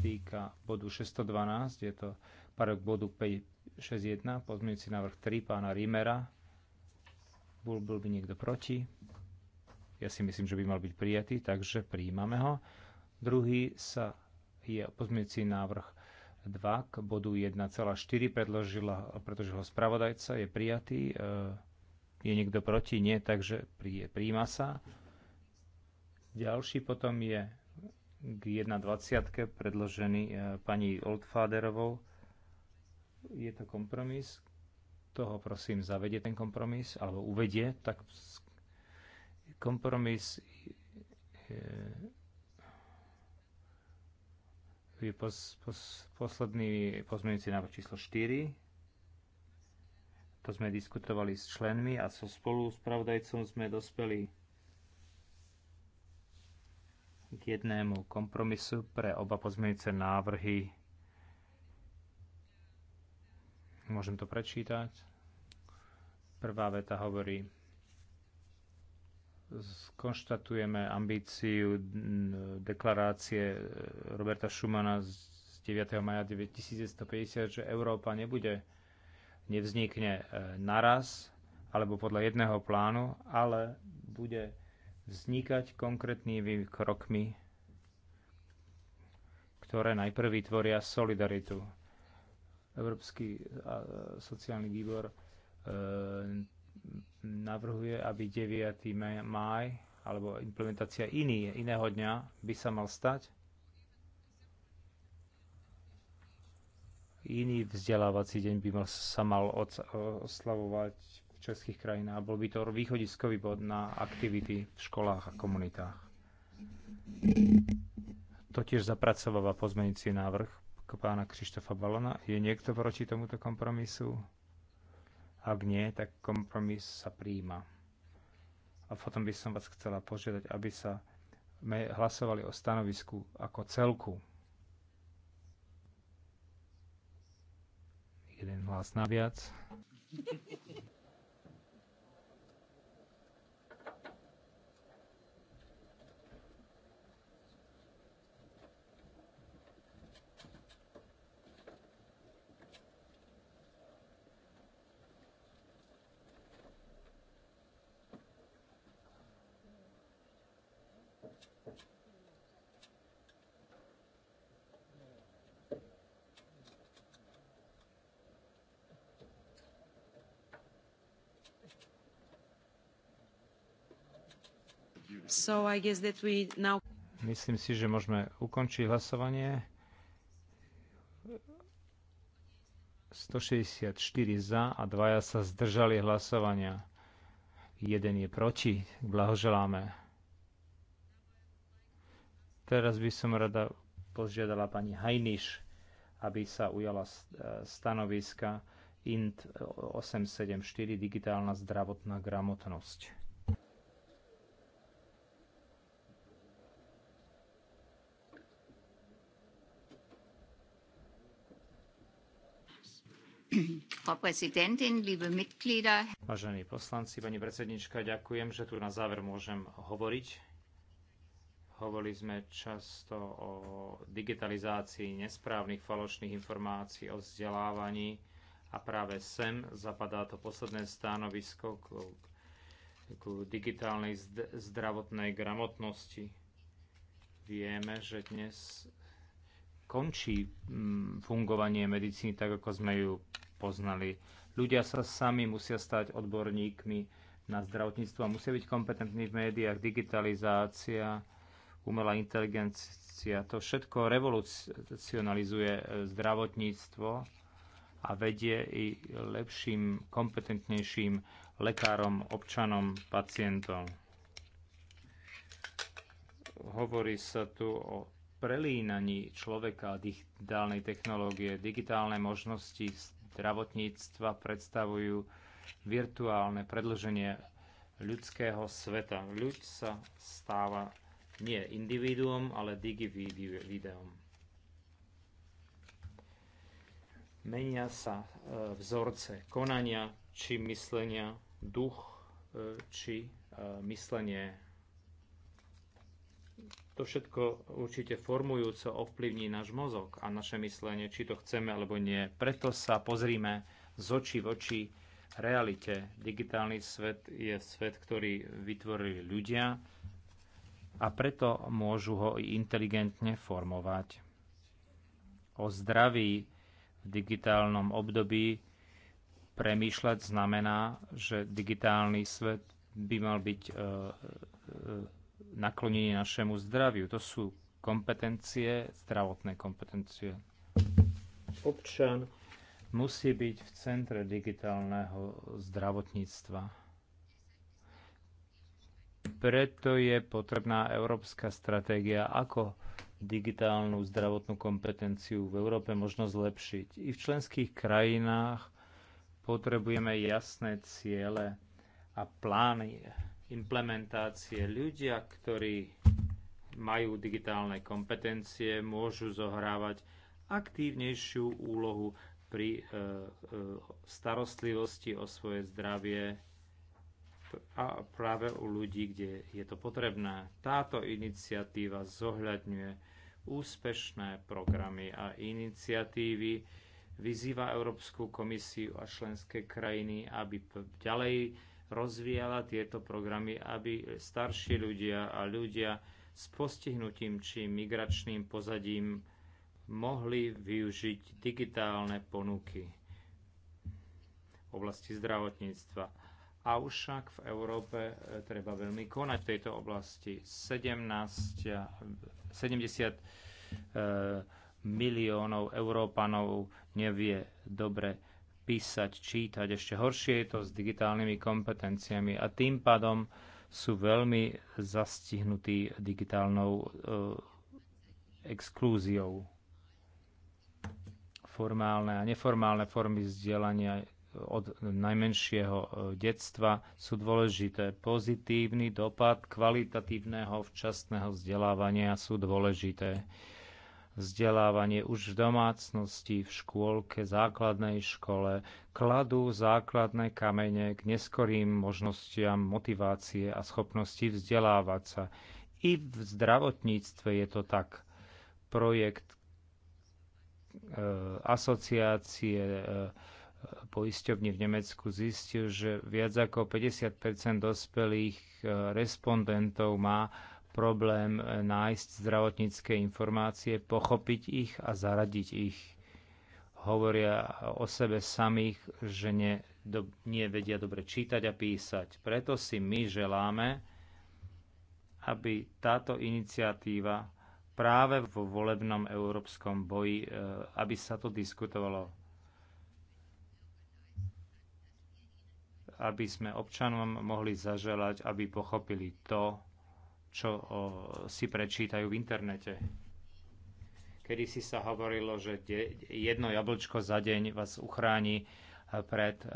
týka bodu 612, je to parok bodu 561, pozmeňujúci návrh 3 pána Rímera. Bol, bol by niekto proti? Ja si myslím, že by mal byť prijatý, takže príjmame ho. Druhý sa je pozmeňujúci návrh 2 k bodu 1,4 predložila, pretože ho spravodajca je prijatý. E, je niekto proti? Nie, takže príjima sa. Ďalší potom je k 1.20 predložený e, pani Oldfaderovou. Je to kompromis, toho prosím zavedie ten kompromis, alebo uvedie, tak kompromis e, je pos, pos, posledný pozmeňujúci návrh číslo 4. To sme diskutovali s členmi a so spolu spravodajcom sme dospeli k jednému kompromisu pre oba pozmeňujúce návrhy. Môžem to prečítať. Prvá veta hovorí, skonštatujeme ambíciu deklarácie e, Roberta Schumana z 9. maja 1950, že Európa nebude, nevznikne e, naraz alebo podľa jedného plánu, ale bude vznikať konkrétnymi krokmi, ktoré najprv vytvoria solidaritu. Európsky sociálny výbor e, navrhuje, aby 9. máj alebo implementácia iný, iného dňa by sa mal stať iný vzdelávací deň by mal, sa mal od, oslavovať v českých krajinách. Bol by to východiskový bod na aktivity v školách a komunitách. To tiež zapracováva pozmenujúci návrh k pána Krištofa Balona. Je niekto proti tomuto kompromisu? Ak nie, tak kompromis sa príjma. A potom by som vás chcela požiadať, aby sa hlasovali o stanovisku ako celku. Jeden hlas naviac. So I guess that we now... Myslím si, že môžeme ukončiť hlasovanie. 164 za a dvaja sa zdržali hlasovania. Jeden je proti. Blahoželáme. Teraz by som rada požiadala pani Hajniš, aby sa ujala stanoviska INT 874 digitálna zdravotná gramotnosť. Vážení poslanci, pani predsednička, ďakujem, že tu na záver môžem hovoriť. Hovorili sme často o digitalizácii nesprávnych falošných informácií, o vzdelávaní a práve sem zapadá to posledné stanovisko k, k digitálnej zdravotnej gramotnosti. Vieme, že dnes končí mm, fungovanie medicíny tak, ako sme ju poznali. Ľudia sa sami musia stať odborníkmi na zdravotníctvo a musia byť kompetentní v médiách, digitalizácia, umelá inteligencia. To všetko revolucionalizuje e, zdravotníctvo a vedie i lepším, kompetentnejším lekárom, občanom, pacientom. Hovorí sa tu o prelínaní človeka a digitálnej technológie, digitálne možnosti zdravotníctva predstavujú virtuálne predlženie ľudského sveta. Ľud sa stáva nie individuom, ale digivideom. Menia sa e, vzorce konania, či myslenia, duch, e, či e, myslenie to všetko určite formujúco ovplyvní náš mozog a naše myslenie, či to chceme alebo nie. Preto sa pozrime z očí v oči realite. Digitálny svet je svet, ktorý vytvorili ľudia a preto môžu ho i inteligentne formovať. O zdraví v digitálnom období premýšľať znamená, že digitálny svet by mal byť e, e, naklonenie našemu zdraviu. To sú kompetencie, zdravotné kompetencie. Občan musí byť v centre digitálneho zdravotníctva. Preto je potrebná európska stratégia, ako digitálnu zdravotnú kompetenciu v Európe možno zlepšiť. I v členských krajinách potrebujeme jasné ciele a plány implementácie. Ľudia, ktorí majú digitálne kompetencie, môžu zohrávať aktívnejšiu úlohu pri e, e, starostlivosti o svoje zdravie a práve u ľudí, kde je to potrebné. Táto iniciatíva zohľadňuje úspešné programy a iniciatívy, vyzýva Európsku komisiu a členské krajiny, aby ďalej rozvíjala tieto programy, aby starší ľudia a ľudia s postihnutím či migračným pozadím mohli využiť digitálne ponuky v oblasti zdravotníctva. Avšak v Európe eh, treba veľmi konať v tejto oblasti. 17, 70 e, miliónov Európanov nevie dobre písať, čítať. Ešte horšie je to s digitálnymi kompetenciami a tým pádom sú veľmi zastihnutí digitálnou e, exklúziou. Formálne a neformálne formy vzdelania od najmenšieho e, detstva sú dôležité. Pozitívny dopad kvalitatívneho včasného vzdelávania sú dôležité vzdelávanie už v domácnosti, v škôlke, základnej škole, kladú základné kamene k neskorým možnostiam motivácie a schopnosti vzdelávať sa. I v zdravotníctve je to tak. Projekt e, asociácie e, poisťovní v Nemecku zistil, že viac ako 50 dospelých e, respondentov má problém e, nájsť zdravotnícke informácie, pochopiť ich a zaradiť ich. Hovoria o sebe samých, že nie, do, nie vedia dobre čítať a písať. Preto si my želáme, aby táto iniciatíva práve vo volebnom európskom boji, e, aby sa to diskutovalo aby sme občanom mohli zaželať, aby pochopili to, čo si prečítajú v internete. Kedy si sa hovorilo, že jedno jablčko za deň vás uchráni e, pred e,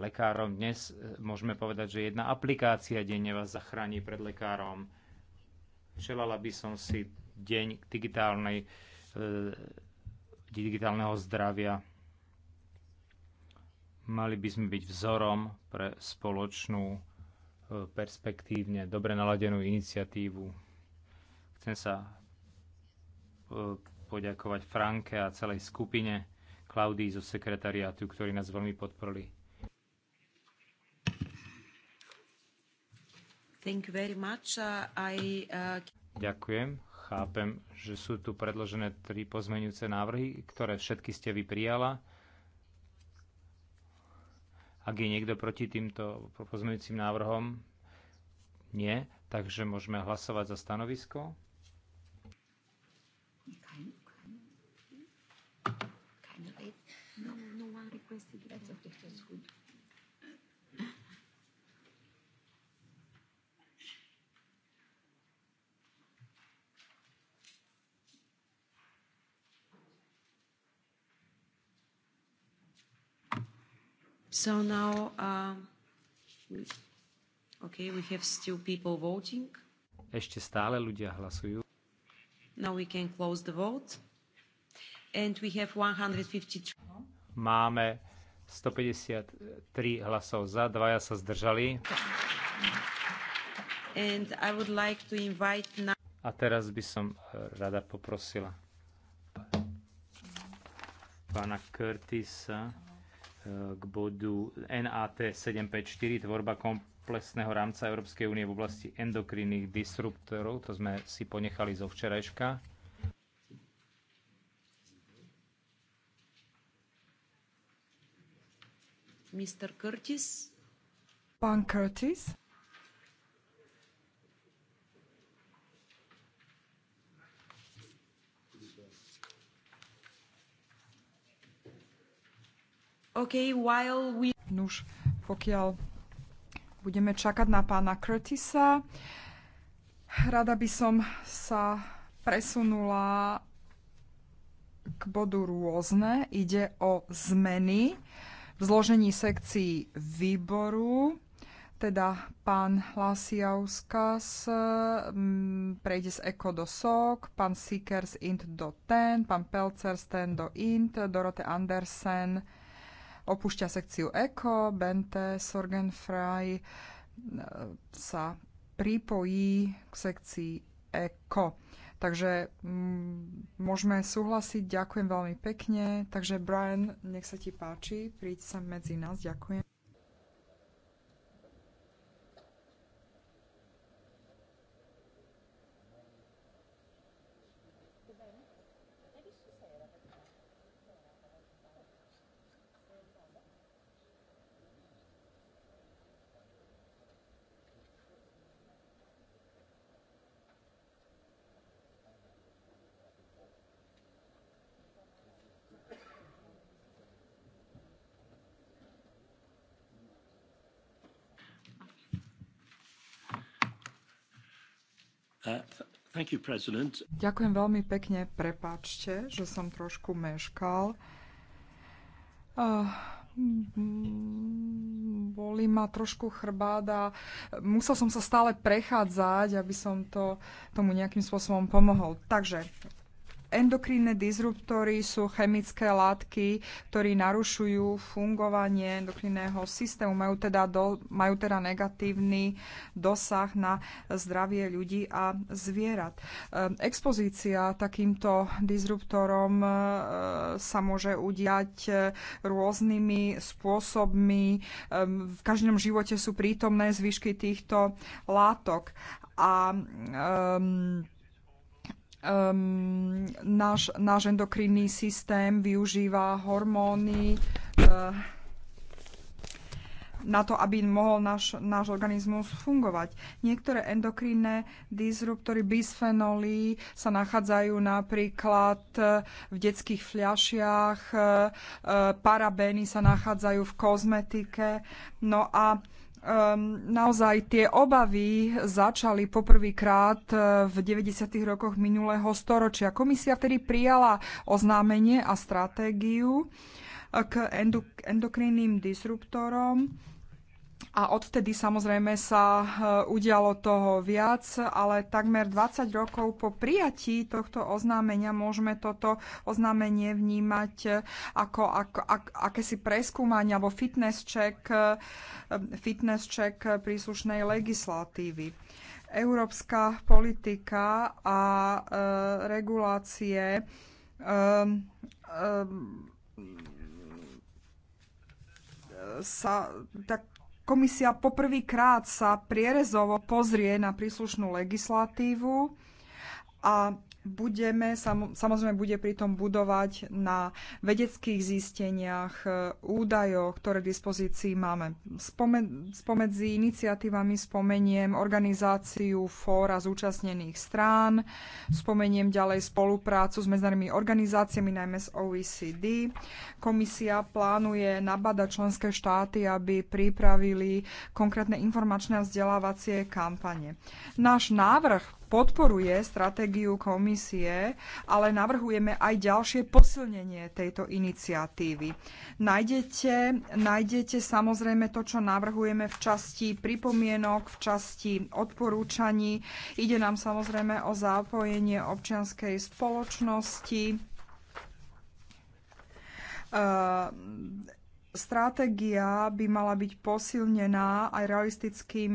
lekárom. Dnes e, môžeme povedať, že jedna aplikácia denne vás zachráni pred lekárom. Želala by som si deň digitálnej, digitálneho zdravia. Mali by sme byť vzorom pre spoločnú perspektívne dobre naladenú iniciatívu. Chcem sa e, poďakovať Franke a celej skupine Klaudii zo sekretariátu, ktorí nás veľmi podporili. Uh, I, uh... Ďakujem. Chápem, že sú tu predložené tri pozmeňujúce návrhy, ktoré všetky ste vy prijala. Ak je niekto proti týmto pozmeňujúcim návrhom, nie, takže môžeme hlasovať za stanovisko. So now, uh, okay, we have still people voting. Ešte stále ľudia hlasujú. Now we can close the vote. And we have 153. Máme 153 hlasov za, dvaja sa zdržali. And I would like to invite now... A teraz by som eh, rada poprosila pána Curtisa k bodu NAT 754, tvorba komplexného rámca Európskej únie v oblasti endokrinných disruptorov. To sme si ponechali zo včerajška. Mr. Curtis. Pán Curtis. Okay, while we... Nuž, pokiaľ budeme čakať na pána Curtisa, rada by som sa presunula k bodu rôzne. Ide o zmeny v zložení sekcií výboru. Teda pán Lasiauskas mm, prejde z ECO do SOK, pán Seekers int do TEN, pán Pelcer z TEN do INT, Dorote Andersen opúšťa sekciu Eko, Bente, Sorgenfrei e, sa pripojí k sekcii Eko. Takže mm, môžeme súhlasiť, ďakujem veľmi pekne. Takže Brian, nech sa ti páči, príď sa medzi nás, ďakujem. Uh, Ďakujem veľmi pekne. Prepáčte, že som trošku meškal. Uh, mm, boli ma trošku chrbáda. Musel som sa stále prechádzať, aby som to, tomu nejakým spôsobom pomohol. Takže Endokrínne disruptory sú chemické látky, ktoré narušujú fungovanie endokrinného systému, majú teda, do, majú teda negatívny dosah na zdravie ľudí a zvierat. Ehm, expozícia takýmto disruptorom ehm, sa môže udiať ehm, rôznymi spôsobmi. V každom živote sú prítomné zvyšky týchto látok. A um, um, náš, náš endokrinný systém využíva hormóny uh, na to, aby mohol náš, náš organizmus fungovať. Niektoré endokrinné disruptory bisfenoly sa nachádzajú napríklad eh, v detských fľašiach, uh, parabény sa nachádzajú v kozmetike. No a um, naozaj tie obavy začali poprvýkrát e, v 90. rokoch minulého storočia. Komisia vtedy prijala oznámenie a stratégiu e, k endokrinným disruptorom a odvtedy samozrejme sa e, udialo toho viac, ale takmer 20 rokov po prijatí tohto oznámenia môžeme toto oznámenie vnímať e, ako, ako ak, akési preskúmanie alebo fitness check, e, fitness check príslušnej legislatívy. Európska politika a e, regulácie e, e, sa tak Komisia poprvýkrát sa prierezovo pozrie na príslušnú legislatívu a budeme, sam, samozrejme bude pritom budovať na vedeckých zisteniach, e, údajoch, ktoré k dispozícii máme. Spome, spomedzi iniciatívami spomeniem organizáciu fóra zúčastnených strán, spomeniem ďalej spoluprácu s medzinárodnými organizáciami, najmä s OECD. Komisia plánuje nabadať členské štáty, aby pripravili konkrétne informačné a vzdelávacie kampane. Náš návrh podporuje stratégiu komisie, ale navrhujeme aj ďalšie posilnenie tejto iniciatívy. Nájdete, nájdete samozrejme to, čo navrhujeme v časti pripomienok, v časti odporúčaní. Ide nám samozrejme o zapojenie občianskej spoločnosti. Uh, stratégia by mala byť posilnená aj realistickým,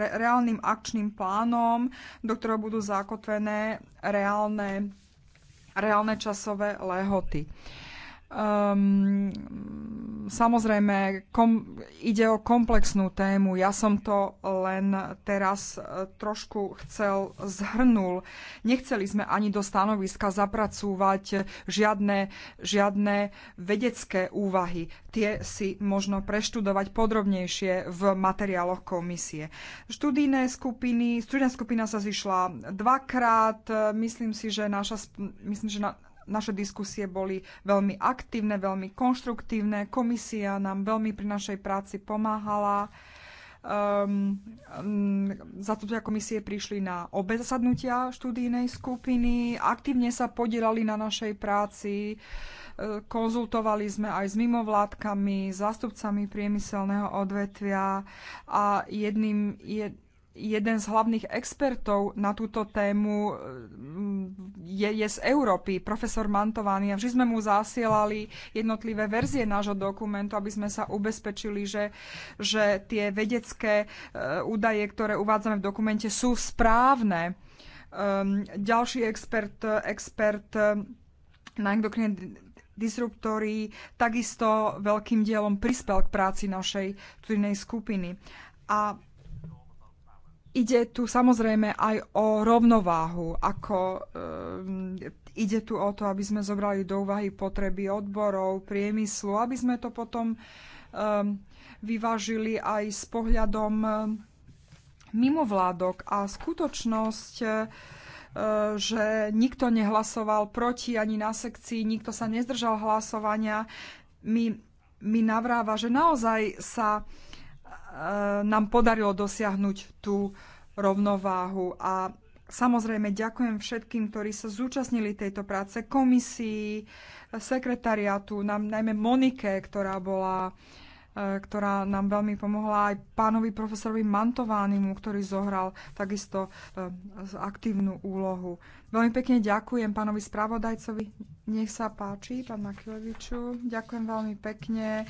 re, reálnym akčným plánom, do ktorého budú zakotvené reálne, reálne časové lehoty. Um, samozrejme, kom, ide o komplexnú tému. Ja som to len teraz e, trošku chcel zhrnul. Nechceli sme ani do stanoviska zapracúvať žiadne, žiadne vedecké úvahy. Tie si možno preštudovať podrobnejšie v materiáloch komisie. Študijné skupiny, študijná skupina sa zišla dvakrát. Myslím si, že naša, myslím, že na, naše diskusie boli veľmi aktívne, veľmi konštruktívne. Komisia nám veľmi pri našej práci pomáhala. Um, um, zastupcovia komisie prišli na obe zasadnutia študijnej skupiny, aktívne sa podielali na našej práci, e, konzultovali sme aj s mimovládkami, zástupcami priemyselného odvetvia a jedným, jed, jeden z hlavných expertov na túto tému eh, je, je z Európy, profesor Mantovány. A vždy sme mu zasielali jednotlivé verzie nášho dokumentu, aby sme sa ubezpečili, že, že tie vedecké eh, údaje, ktoré uvádzame v dokumente, sú správne. Ehm, ďalší expert, expert eh, na endokrinné disruptory takisto veľkým dielom prispel k práci našej turinej skupiny. A Ide tu samozrejme aj o rovnováhu, ako e, ide tu o to, aby sme zobrali do úvahy potreby odborov, priemyslu, aby sme to potom e, vyvážili aj s pohľadom e, mimovládok a skutočnosť, e, že nikto nehlasoval proti ani na sekcii, nikto sa nezdržal hlasovania, mi, mi navráva, že naozaj sa e, E, nám podarilo dosiahnuť tú rovnováhu. A samozrejme ďakujem všetkým, ktorí sa zúčastnili tejto práce, komisii, sekretariátu, nám, najmä Monike, ktorá bola e, ktorá nám veľmi pomohla aj pánovi profesorovi Mantovánimu, ktorý zohral takisto e, aktívnu úlohu. Veľmi pekne ďakujem pánovi spravodajcovi. Nech sa páči, pán Makileviču. Ďakujem veľmi pekne,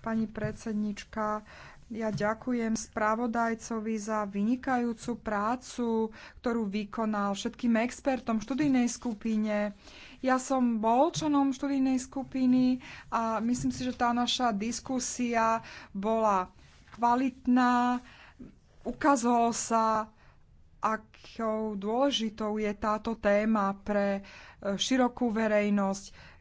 pani predsednička. Ja ďakujem správodajcovi za vynikajúcu prácu, ktorú vykonal všetkým expertom študijnej skupine. Ja som bol členom študijnej skupiny a myslím si, že tá naša diskusia bola kvalitná. Ukázalo sa, akou dôležitou je táto téma pre širokú verejnosť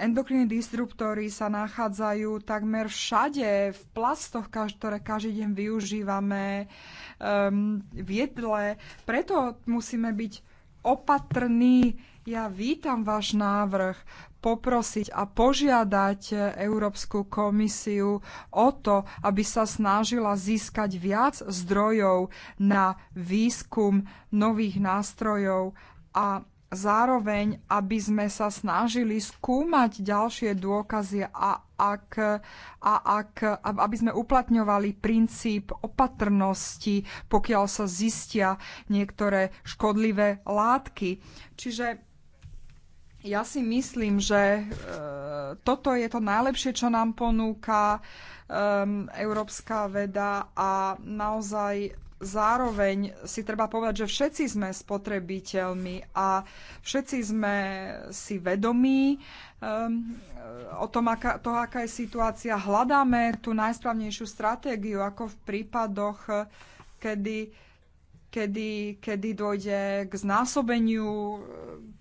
endokrinní disruptory sa nachádzajú takmer všade, v plastoch, ktoré každý deň využívame, um, v jedle. Preto musíme byť opatrní. Ja vítam váš návrh poprosiť a požiadať Európsku komisiu o to, aby sa snažila získať viac zdrojov na výskum nových nástrojov a zároveň, aby sme sa snažili skúmať ďalšie dôkazy a ak, a ak, aby sme uplatňovali princíp opatrnosti, pokiaľ sa zistia niektoré škodlivé látky. Čiže ja si myslím, že e, toto je to najlepšie, čo nám ponúka e, európska veda a naozaj zároveň si treba povedať, že všetci sme spotrebiteľmi a všetci sme si vedomí um, o tom, aká, to, aká je situácia. Hľadáme tú najsprávnejšiu stratégiu, ako v prípadoch, kedy, kedy, kedy dojde k znásobeniu ehm,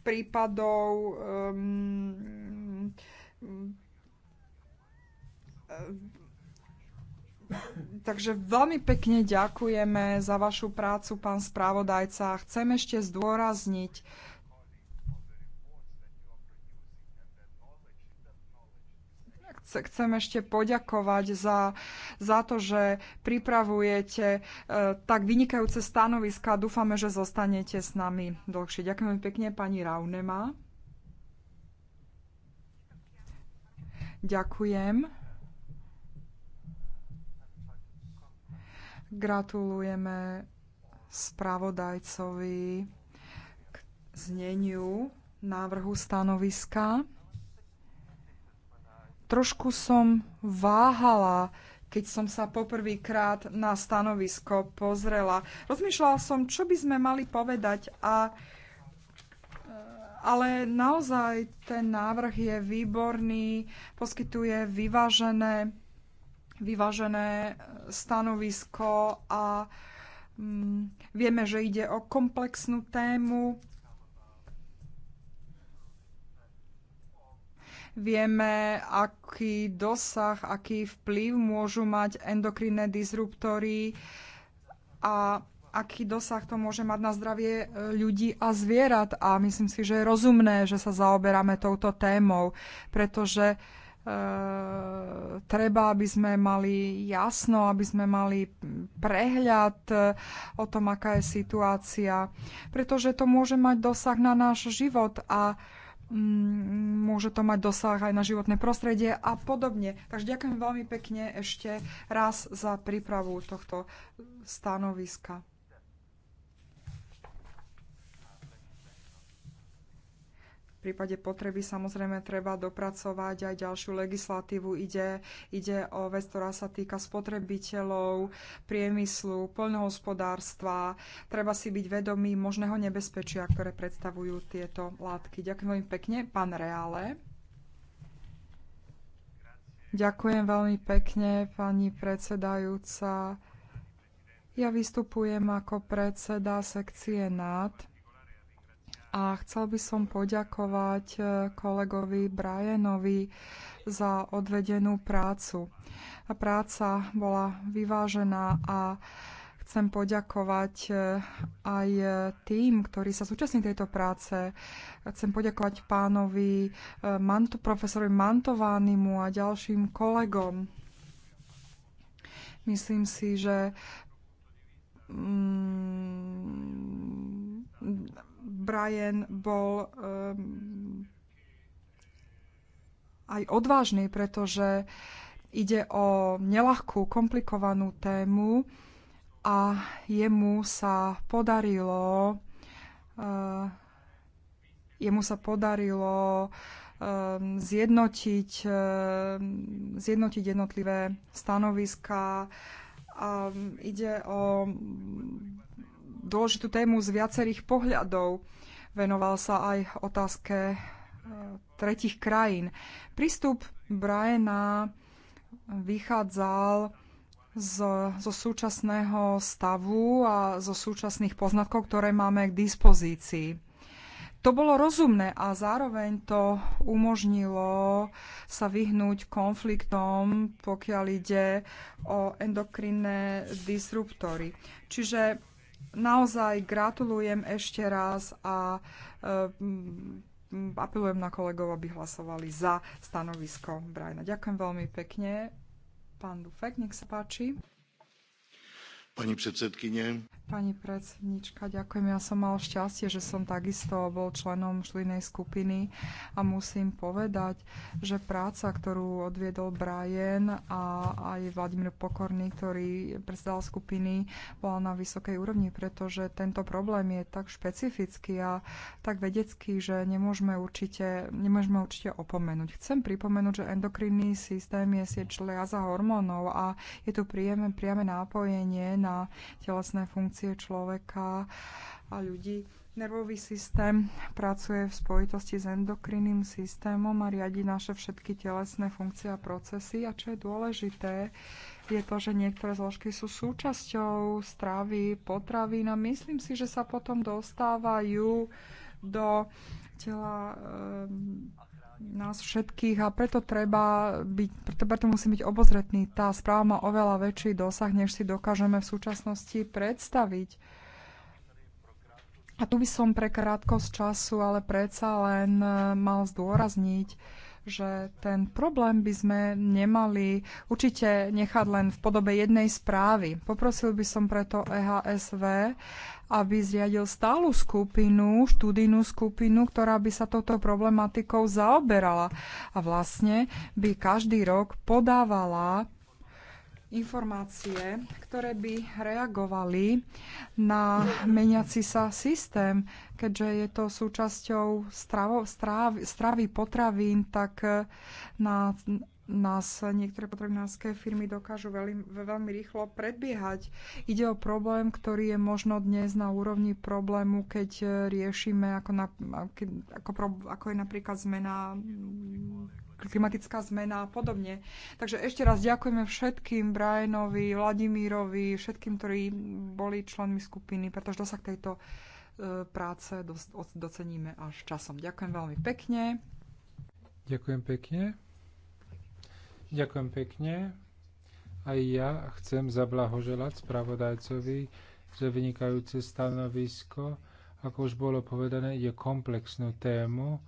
prípadov um, um, Takže veľmi pekne ďakujeme za vašu prácu, pán správodajca. Chcem ešte zdôrazniť, chcem ešte poďakovať za, za to, že pripravujete e, tak vynikajúce stanoviska. Dúfame, že zostanete s nami dlhšie. Ďakujem pekne pani Raunema. Ďakujem. Gratulujeme spravodajcovi k zneniu návrhu stanoviska. Trošku som váhala, keď som sa poprvýkrát na stanovisko pozrela. Rozmýšľala som, čo by sme mali povedať a eh, ale naozaj ten návrh je výborný, poskytuje vyvážené vyvážené stanovisko a mm, vieme, že ide o komplexnú tému. Vieme, aký dosah, aký vplyv môžu mať endokrinné disruptory a aký dosah to môže mať na zdravie e, ľudí a zvierat. A myslím si, že je rozumné, že sa zaoberáme touto témou, pretože uh, Eh, treba, aby sme mali jasno, aby sme mali prehľad eh, o tom, aká je situácia, pretože to môže mať dosah na náš život a mm, môže to mať dosah aj na životné prostredie a podobne. Takže ďakujem veľmi pekne ešte raz za prípravu tohto stanoviska. prípade potreby samozrejme treba dopracovať aj ďalšiu legislatívu. Ide, ide o vec, ktorá sa týka spotrebiteľov, priemyslu, poľnohospodárstva. Treba si byť vedomý možného nebezpečia, ktoré predstavujú tieto látky. Ďakujem veľmi pekne. Pán Reále. Ďakujem veľmi pekne, pani predsedajúca. Ja vystupujem ako predseda sekcie NAT a chcel by som poďakovať e, kolegovi Brianovi za odvedenú prácu. A práca bola vyvážená a chcem poďakovať e, aj e, tým, ktorí sa súčasní tejto práce. Chcem poďakovať pánovi Manto, profesorovi Mantovánimu a ďalším kolegom. Myslím si, že mm, Brian bol um, aj odvážny, pretože ide o nelahkú, komplikovanú tému a jemu sa podarilo uh, jemu sa podarilo um, zjednotiť, um, zjednotiť jednotlivé stanoviska. Um, ide o dôležitú tému z viacerých pohľadov. Venoval sa aj otázke e, tretich krajín. Prístup Briana vychádzal z, zo súčasného stavu a zo súčasných poznatkov, ktoré máme k dispozícii. To bolo rozumné a zároveň to umožnilo sa vyhnúť konfliktom, pokiaľ ide o endokrinné disruptory. Čiže naozaj gratulujem ešte raz a e, apelujem na kolegov, aby hlasovali za stanovisko Brajna. Ďakujem veľmi pekne. Pán Dufek, nech sa páči. Pani predsedkyne. Pani predsednička, ďakujem. Ja som mal šťastie, že som takisto bol členom študijnej skupiny a musím povedať, že práca, ktorú odviedol Brian a aj Vladimír Pokorný, ktorý predsedal skupiny, bola na vysokej úrovni, pretože tento problém je tak špecifický a tak vedecký, že nemôžeme určite, nemôžeme určite opomenúť. Chcem pripomenúť, že endokrinný systém je sieť za hormónov a je tu príjemné, priame nápojenie na telesné funkcie emócie človeka a ľudí. Nervový systém pracuje v spojitosti s endokrinným systémom a riadi naše všetky telesné funkcie a procesy. A čo je dôležité, je to, že niektoré zložky sú súčasťou stravy, potravín a myslím si, že sa potom dostávajú do tela ehm, nás všetkých a preto treba byť, preto, preto musí byť obozretný. Tá správa má oveľa väčší dosah, než si dokážeme v súčasnosti predstaviť. A tu by som pre krátkosť času, ale predsa len e, mal zdôrazniť, že ten problém by sme nemali určite nechať len v podobe jednej správy. Poprosil by som preto EHSV, aby zriadil stálu skupinu, študijnú skupinu, ktorá by sa touto problematikou zaoberala a vlastne by každý rok podávala informácie, ktoré by reagovali na meniaci sa systém. Keďže je to súčasťou stravo, stráv, stravy potravín, tak eh, na, nás niektoré potravinárske firmy dokážu veľmi, veľmi rýchlo predbiehať. Ide o problém, ktorý je možno dnes na úrovni problému, keď eh, riešime, ako, na, ako, ako je napríklad zmena klimatická zmena a podobne. Takže ešte raz ďakujeme všetkým Brianovi, Vladimírovi, všetkým, ktorí boli členmi skupiny, pretože dosah tejto e, práce doceníme až časom. Ďakujem veľmi pekne. Ďakujem pekne. Ďakujem pekne. Aj ja chcem zablahoželať spravodajcovi za vynikajúce stanovisko. Ako už bolo povedané, je komplexnú tému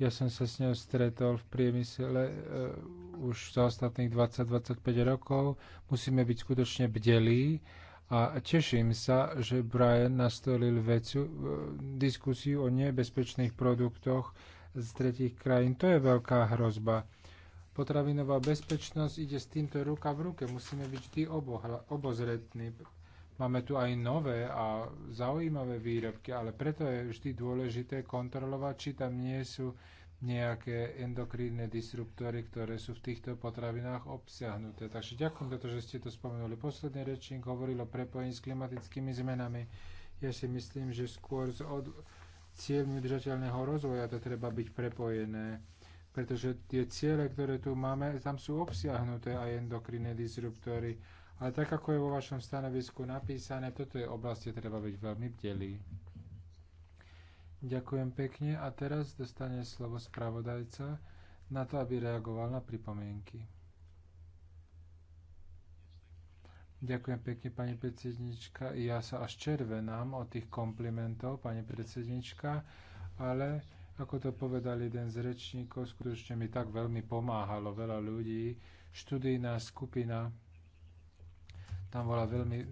ja som sa s ňou stretol v priemysle uh, už za ostatných 20-25 rokov. Musíme byť skutočne bdelí a teším sa, že Brian nastolil vecu, uh, e, diskusiu o nebezpečných produktoch z tretich krajín. To je veľká hrozba. Potravinová bezpečnosť ide s týmto ruka v ruke. Musíme byť vždy obohla, obozretní. Máme tu aj nové a zaujímavé výrobky, ale preto je vždy dôležité kontrolovať, či tam nie sú nejaké endokrínne disruptory, ktoré sú v týchto potravinách obsiahnuté. Takže ďakujem za to, že ste to spomenuli. Posledný rečník hovoril o prepojení s klimatickými zmenami. Ja si myslím, že skôr z od cieľmi udržateľného rozvoja to treba byť prepojené, pretože tie ciele, ktoré tu máme, tam sú obsiahnuté aj endokrinné disruptory ale tak, ako je vo vašom stanovisku napísané, v tejto oblasti treba byť veľmi bdelý. Ďakujem pekne a teraz dostane slovo spravodajca na to, aby reagoval na pripomienky. Ďakujem pekne, pani predsednička. Ja sa až červenám od tých komplimentov, pani predsednička, ale ako to povedal jeden z rečníkov, skutočne mi tak veľmi pomáhalo veľa ľudí. Študijná skupina tam bola veľmi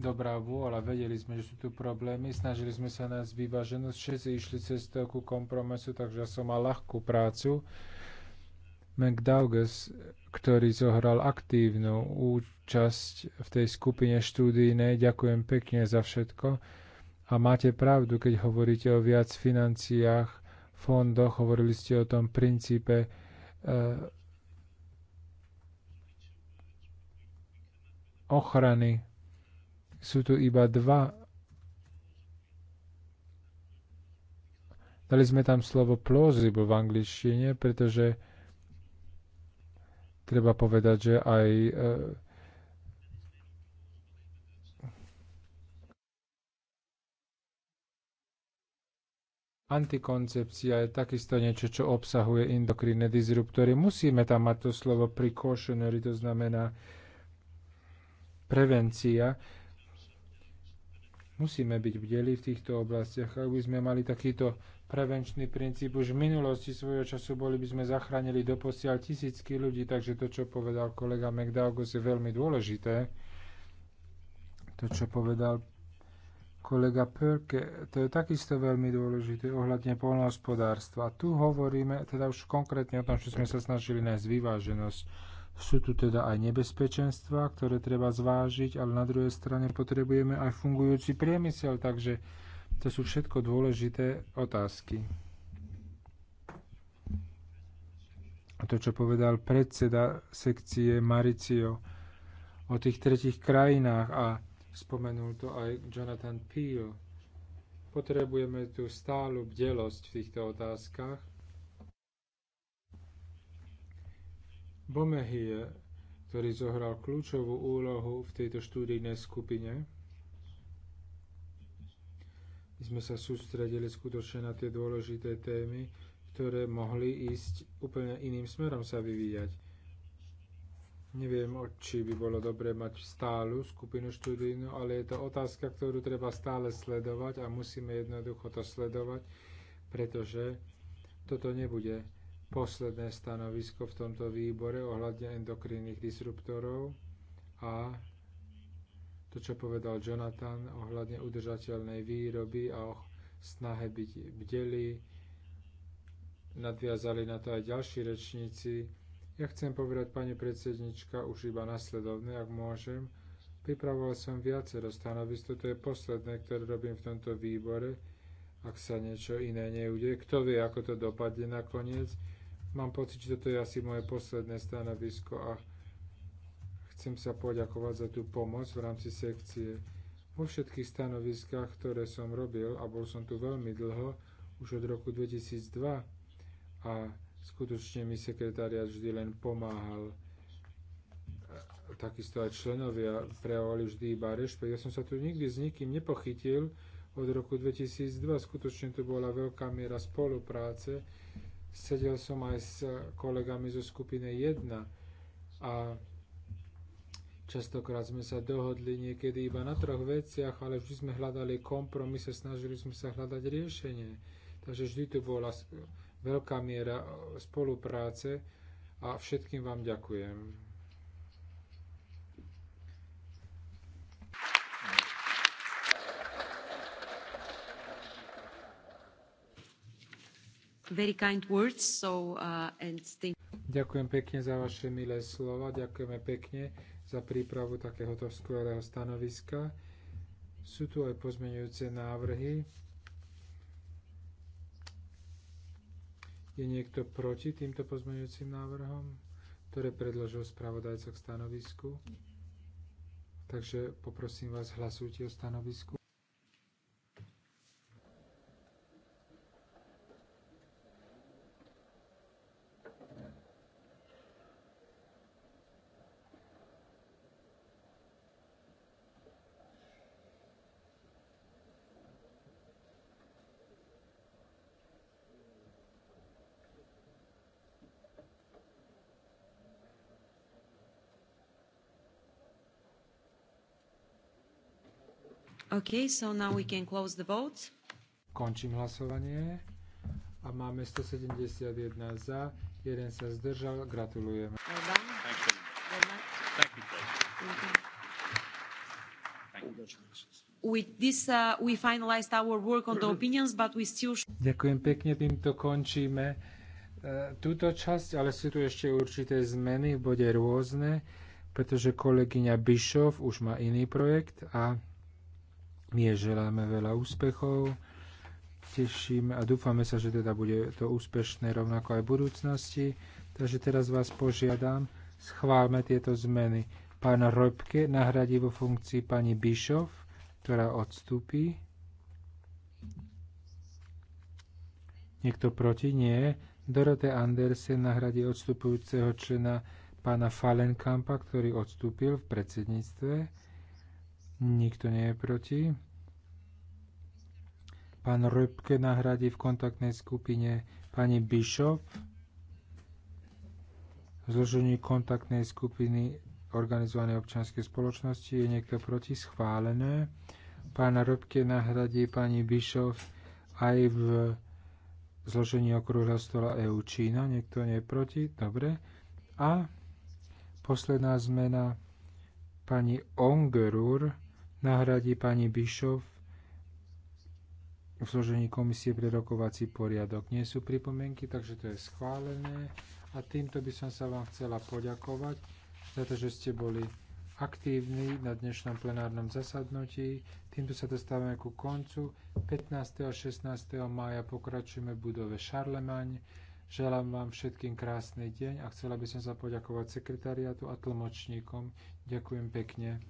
dobrá vôľa, vedeli sme, že sú tu problémy, snažili sme sa nájsť vyváženosť, všetci išli cestou ku kompromisu, takže ja som mal ľahkú prácu. McDougas, ktorý zohral aktívnu účasť v tej skupine štúdijnej, ďakujem pekne za všetko. A máte pravdu, keď hovoríte o viac financiách, fondoch, hovorili ste o tom princípe eh, ochrany. Sú tu iba dva. Dali sme tam slovo plausible v angličtine, pretože treba povedať, že aj e, Antikoncepcia je takisto niečo, čo obsahuje endokrinné disruptory. Musíme tam mať to slovo precautionary, to znamená prevencia. Musíme byť bdeli v týchto oblastiach, aby sme mali takýto prevenčný princíp. Už v minulosti svojho času boli by sme zachránili doposiaľ tisícky ľudí, takže to, čo povedal kolega McDouglas, je veľmi dôležité. To, čo povedal kolega Pörke, to je takisto veľmi dôležité ohľadne poľnohospodárstva. Tu hovoríme teda už konkrétne o tom, čo sme sa snažili nájsť vyváženosť sú tu teda aj nebezpečenstva, ktoré treba zvážiť, ale na druhej strane potrebujeme aj fungujúci priemysel, takže to sú všetko dôležité otázky. A to, čo povedal predseda sekcie Maricio o tých tretich krajinách a spomenul to aj Jonathan Peel. Potrebujeme tu stálu bdelosť v týchto otázkach Bomehie, ktorý zohral kľúčovú úlohu v tejto štúdijnej skupine. My sme sa sústredili skutočne na tie dôležité témy, ktoré mohli ísť úplne iným smerom sa vyvíjať. Neviem, či by bolo dobre mať stálu skupinu štúdijnú, ale je to otázka, ktorú treba stále sledovať a musíme jednoducho to sledovať, pretože toto nebude posledné stanovisko v tomto výbore ohľadne endokrinných disruptorov a to, čo povedal Jonathan ohľadne udržateľnej výroby a o snahe byť bdeli. Nadviazali na to aj ďalší rečníci. Ja chcem povedať, pani predsednička, už iba nasledovne, ak môžem. Pripravoval som viacero stanovisk, toto je posledné, ktoré robím v tomto výbore, ak sa niečo iné neudeje. Kto vie, ako to dopadne nakoniec Mám pocit, že toto je asi moje posledné stanovisko a chcem sa poďakovať za tú pomoc v rámci sekcie. Vo všetkých stanoviskách, ktoré som robil, a bol som tu veľmi dlho, už od roku 2002, a skutočne mi sekretariat vždy len pomáhal. Takisto aj členovia prejavovali vždy iba rešpekt. Ja som sa tu nikdy s nikým nepochytil od roku 2002. Skutočne to bola veľká miera spolupráce sedel som aj s kolegami zo skupiny 1 a častokrát sme sa dohodli niekedy iba na troch veciach, ale vždy sme hľadali kompromis a snažili sme sa hľadať riešenie. Takže vždy tu bola veľká miera e, spolupráce a všetkým vám ďakujem. Uh, Ďakujem pekne za vaše milé slova, ďakujeme pekne za prípravu takéhoto skvelého stanoviska. Sú tu aj pozmeňujúce návrhy. Je niekto proti týmto pozmeňujúcim návrhom, ktoré predložil spravodajca k stanovisku? Takže poprosím vás, hlasujte o stanovisku. Okay, so now we can close the vote. Končím hlasovanie a máme 171 za, jeden sa zdržal, gratulujeme. This, uh, Ďakujem pekne, týmto končíme e, túto časť, ale sú tu ešte určité zmeny v bode rôzne, pretože kolegyňa Bischoff už má iný projekt a my je želáme veľa úspechov, teším a dúfame sa, že teda bude to úspešné rovnako aj v budúcnosti. Takže teraz vás požiadam, schválme tieto zmeny. Pán Robke nahradí vo funkcii pani Bišov, ktorá odstúpi. Niekto proti? Nie. Dorote Andersen nahradí odstupujúceho člena pána Falenkampa, ktorý odstúpil v predsedníctve. Nikto nie je proti. Pán Röpke nahradí v kontaktnej skupine pani Bishop. Zložení kontaktnej skupiny organizovanej občianskej spoločnosti je niekto proti schválené. Pán Röpke nahradí pani Bishop aj v zložení okrúhleho stola EU Čína, niekto nie je proti, dobre. A posledná zmena pani Ongerur nahradí pani Bišov v zložení komisie pre rokovací poriadok. Nie sú pripomienky, takže to je schválené. A týmto by som sa vám chcela poďakovať za to, že ste boli aktívni na dnešnom plenárnom zasadnutí. Týmto sa dostávame ku koncu. 15. a 16. mája pokračujeme v budove Šarlemaň. Želám vám všetkým krásny deň a chcela by som sa poďakovať sekretariátu a tlmočníkom. Ďakujem pekne.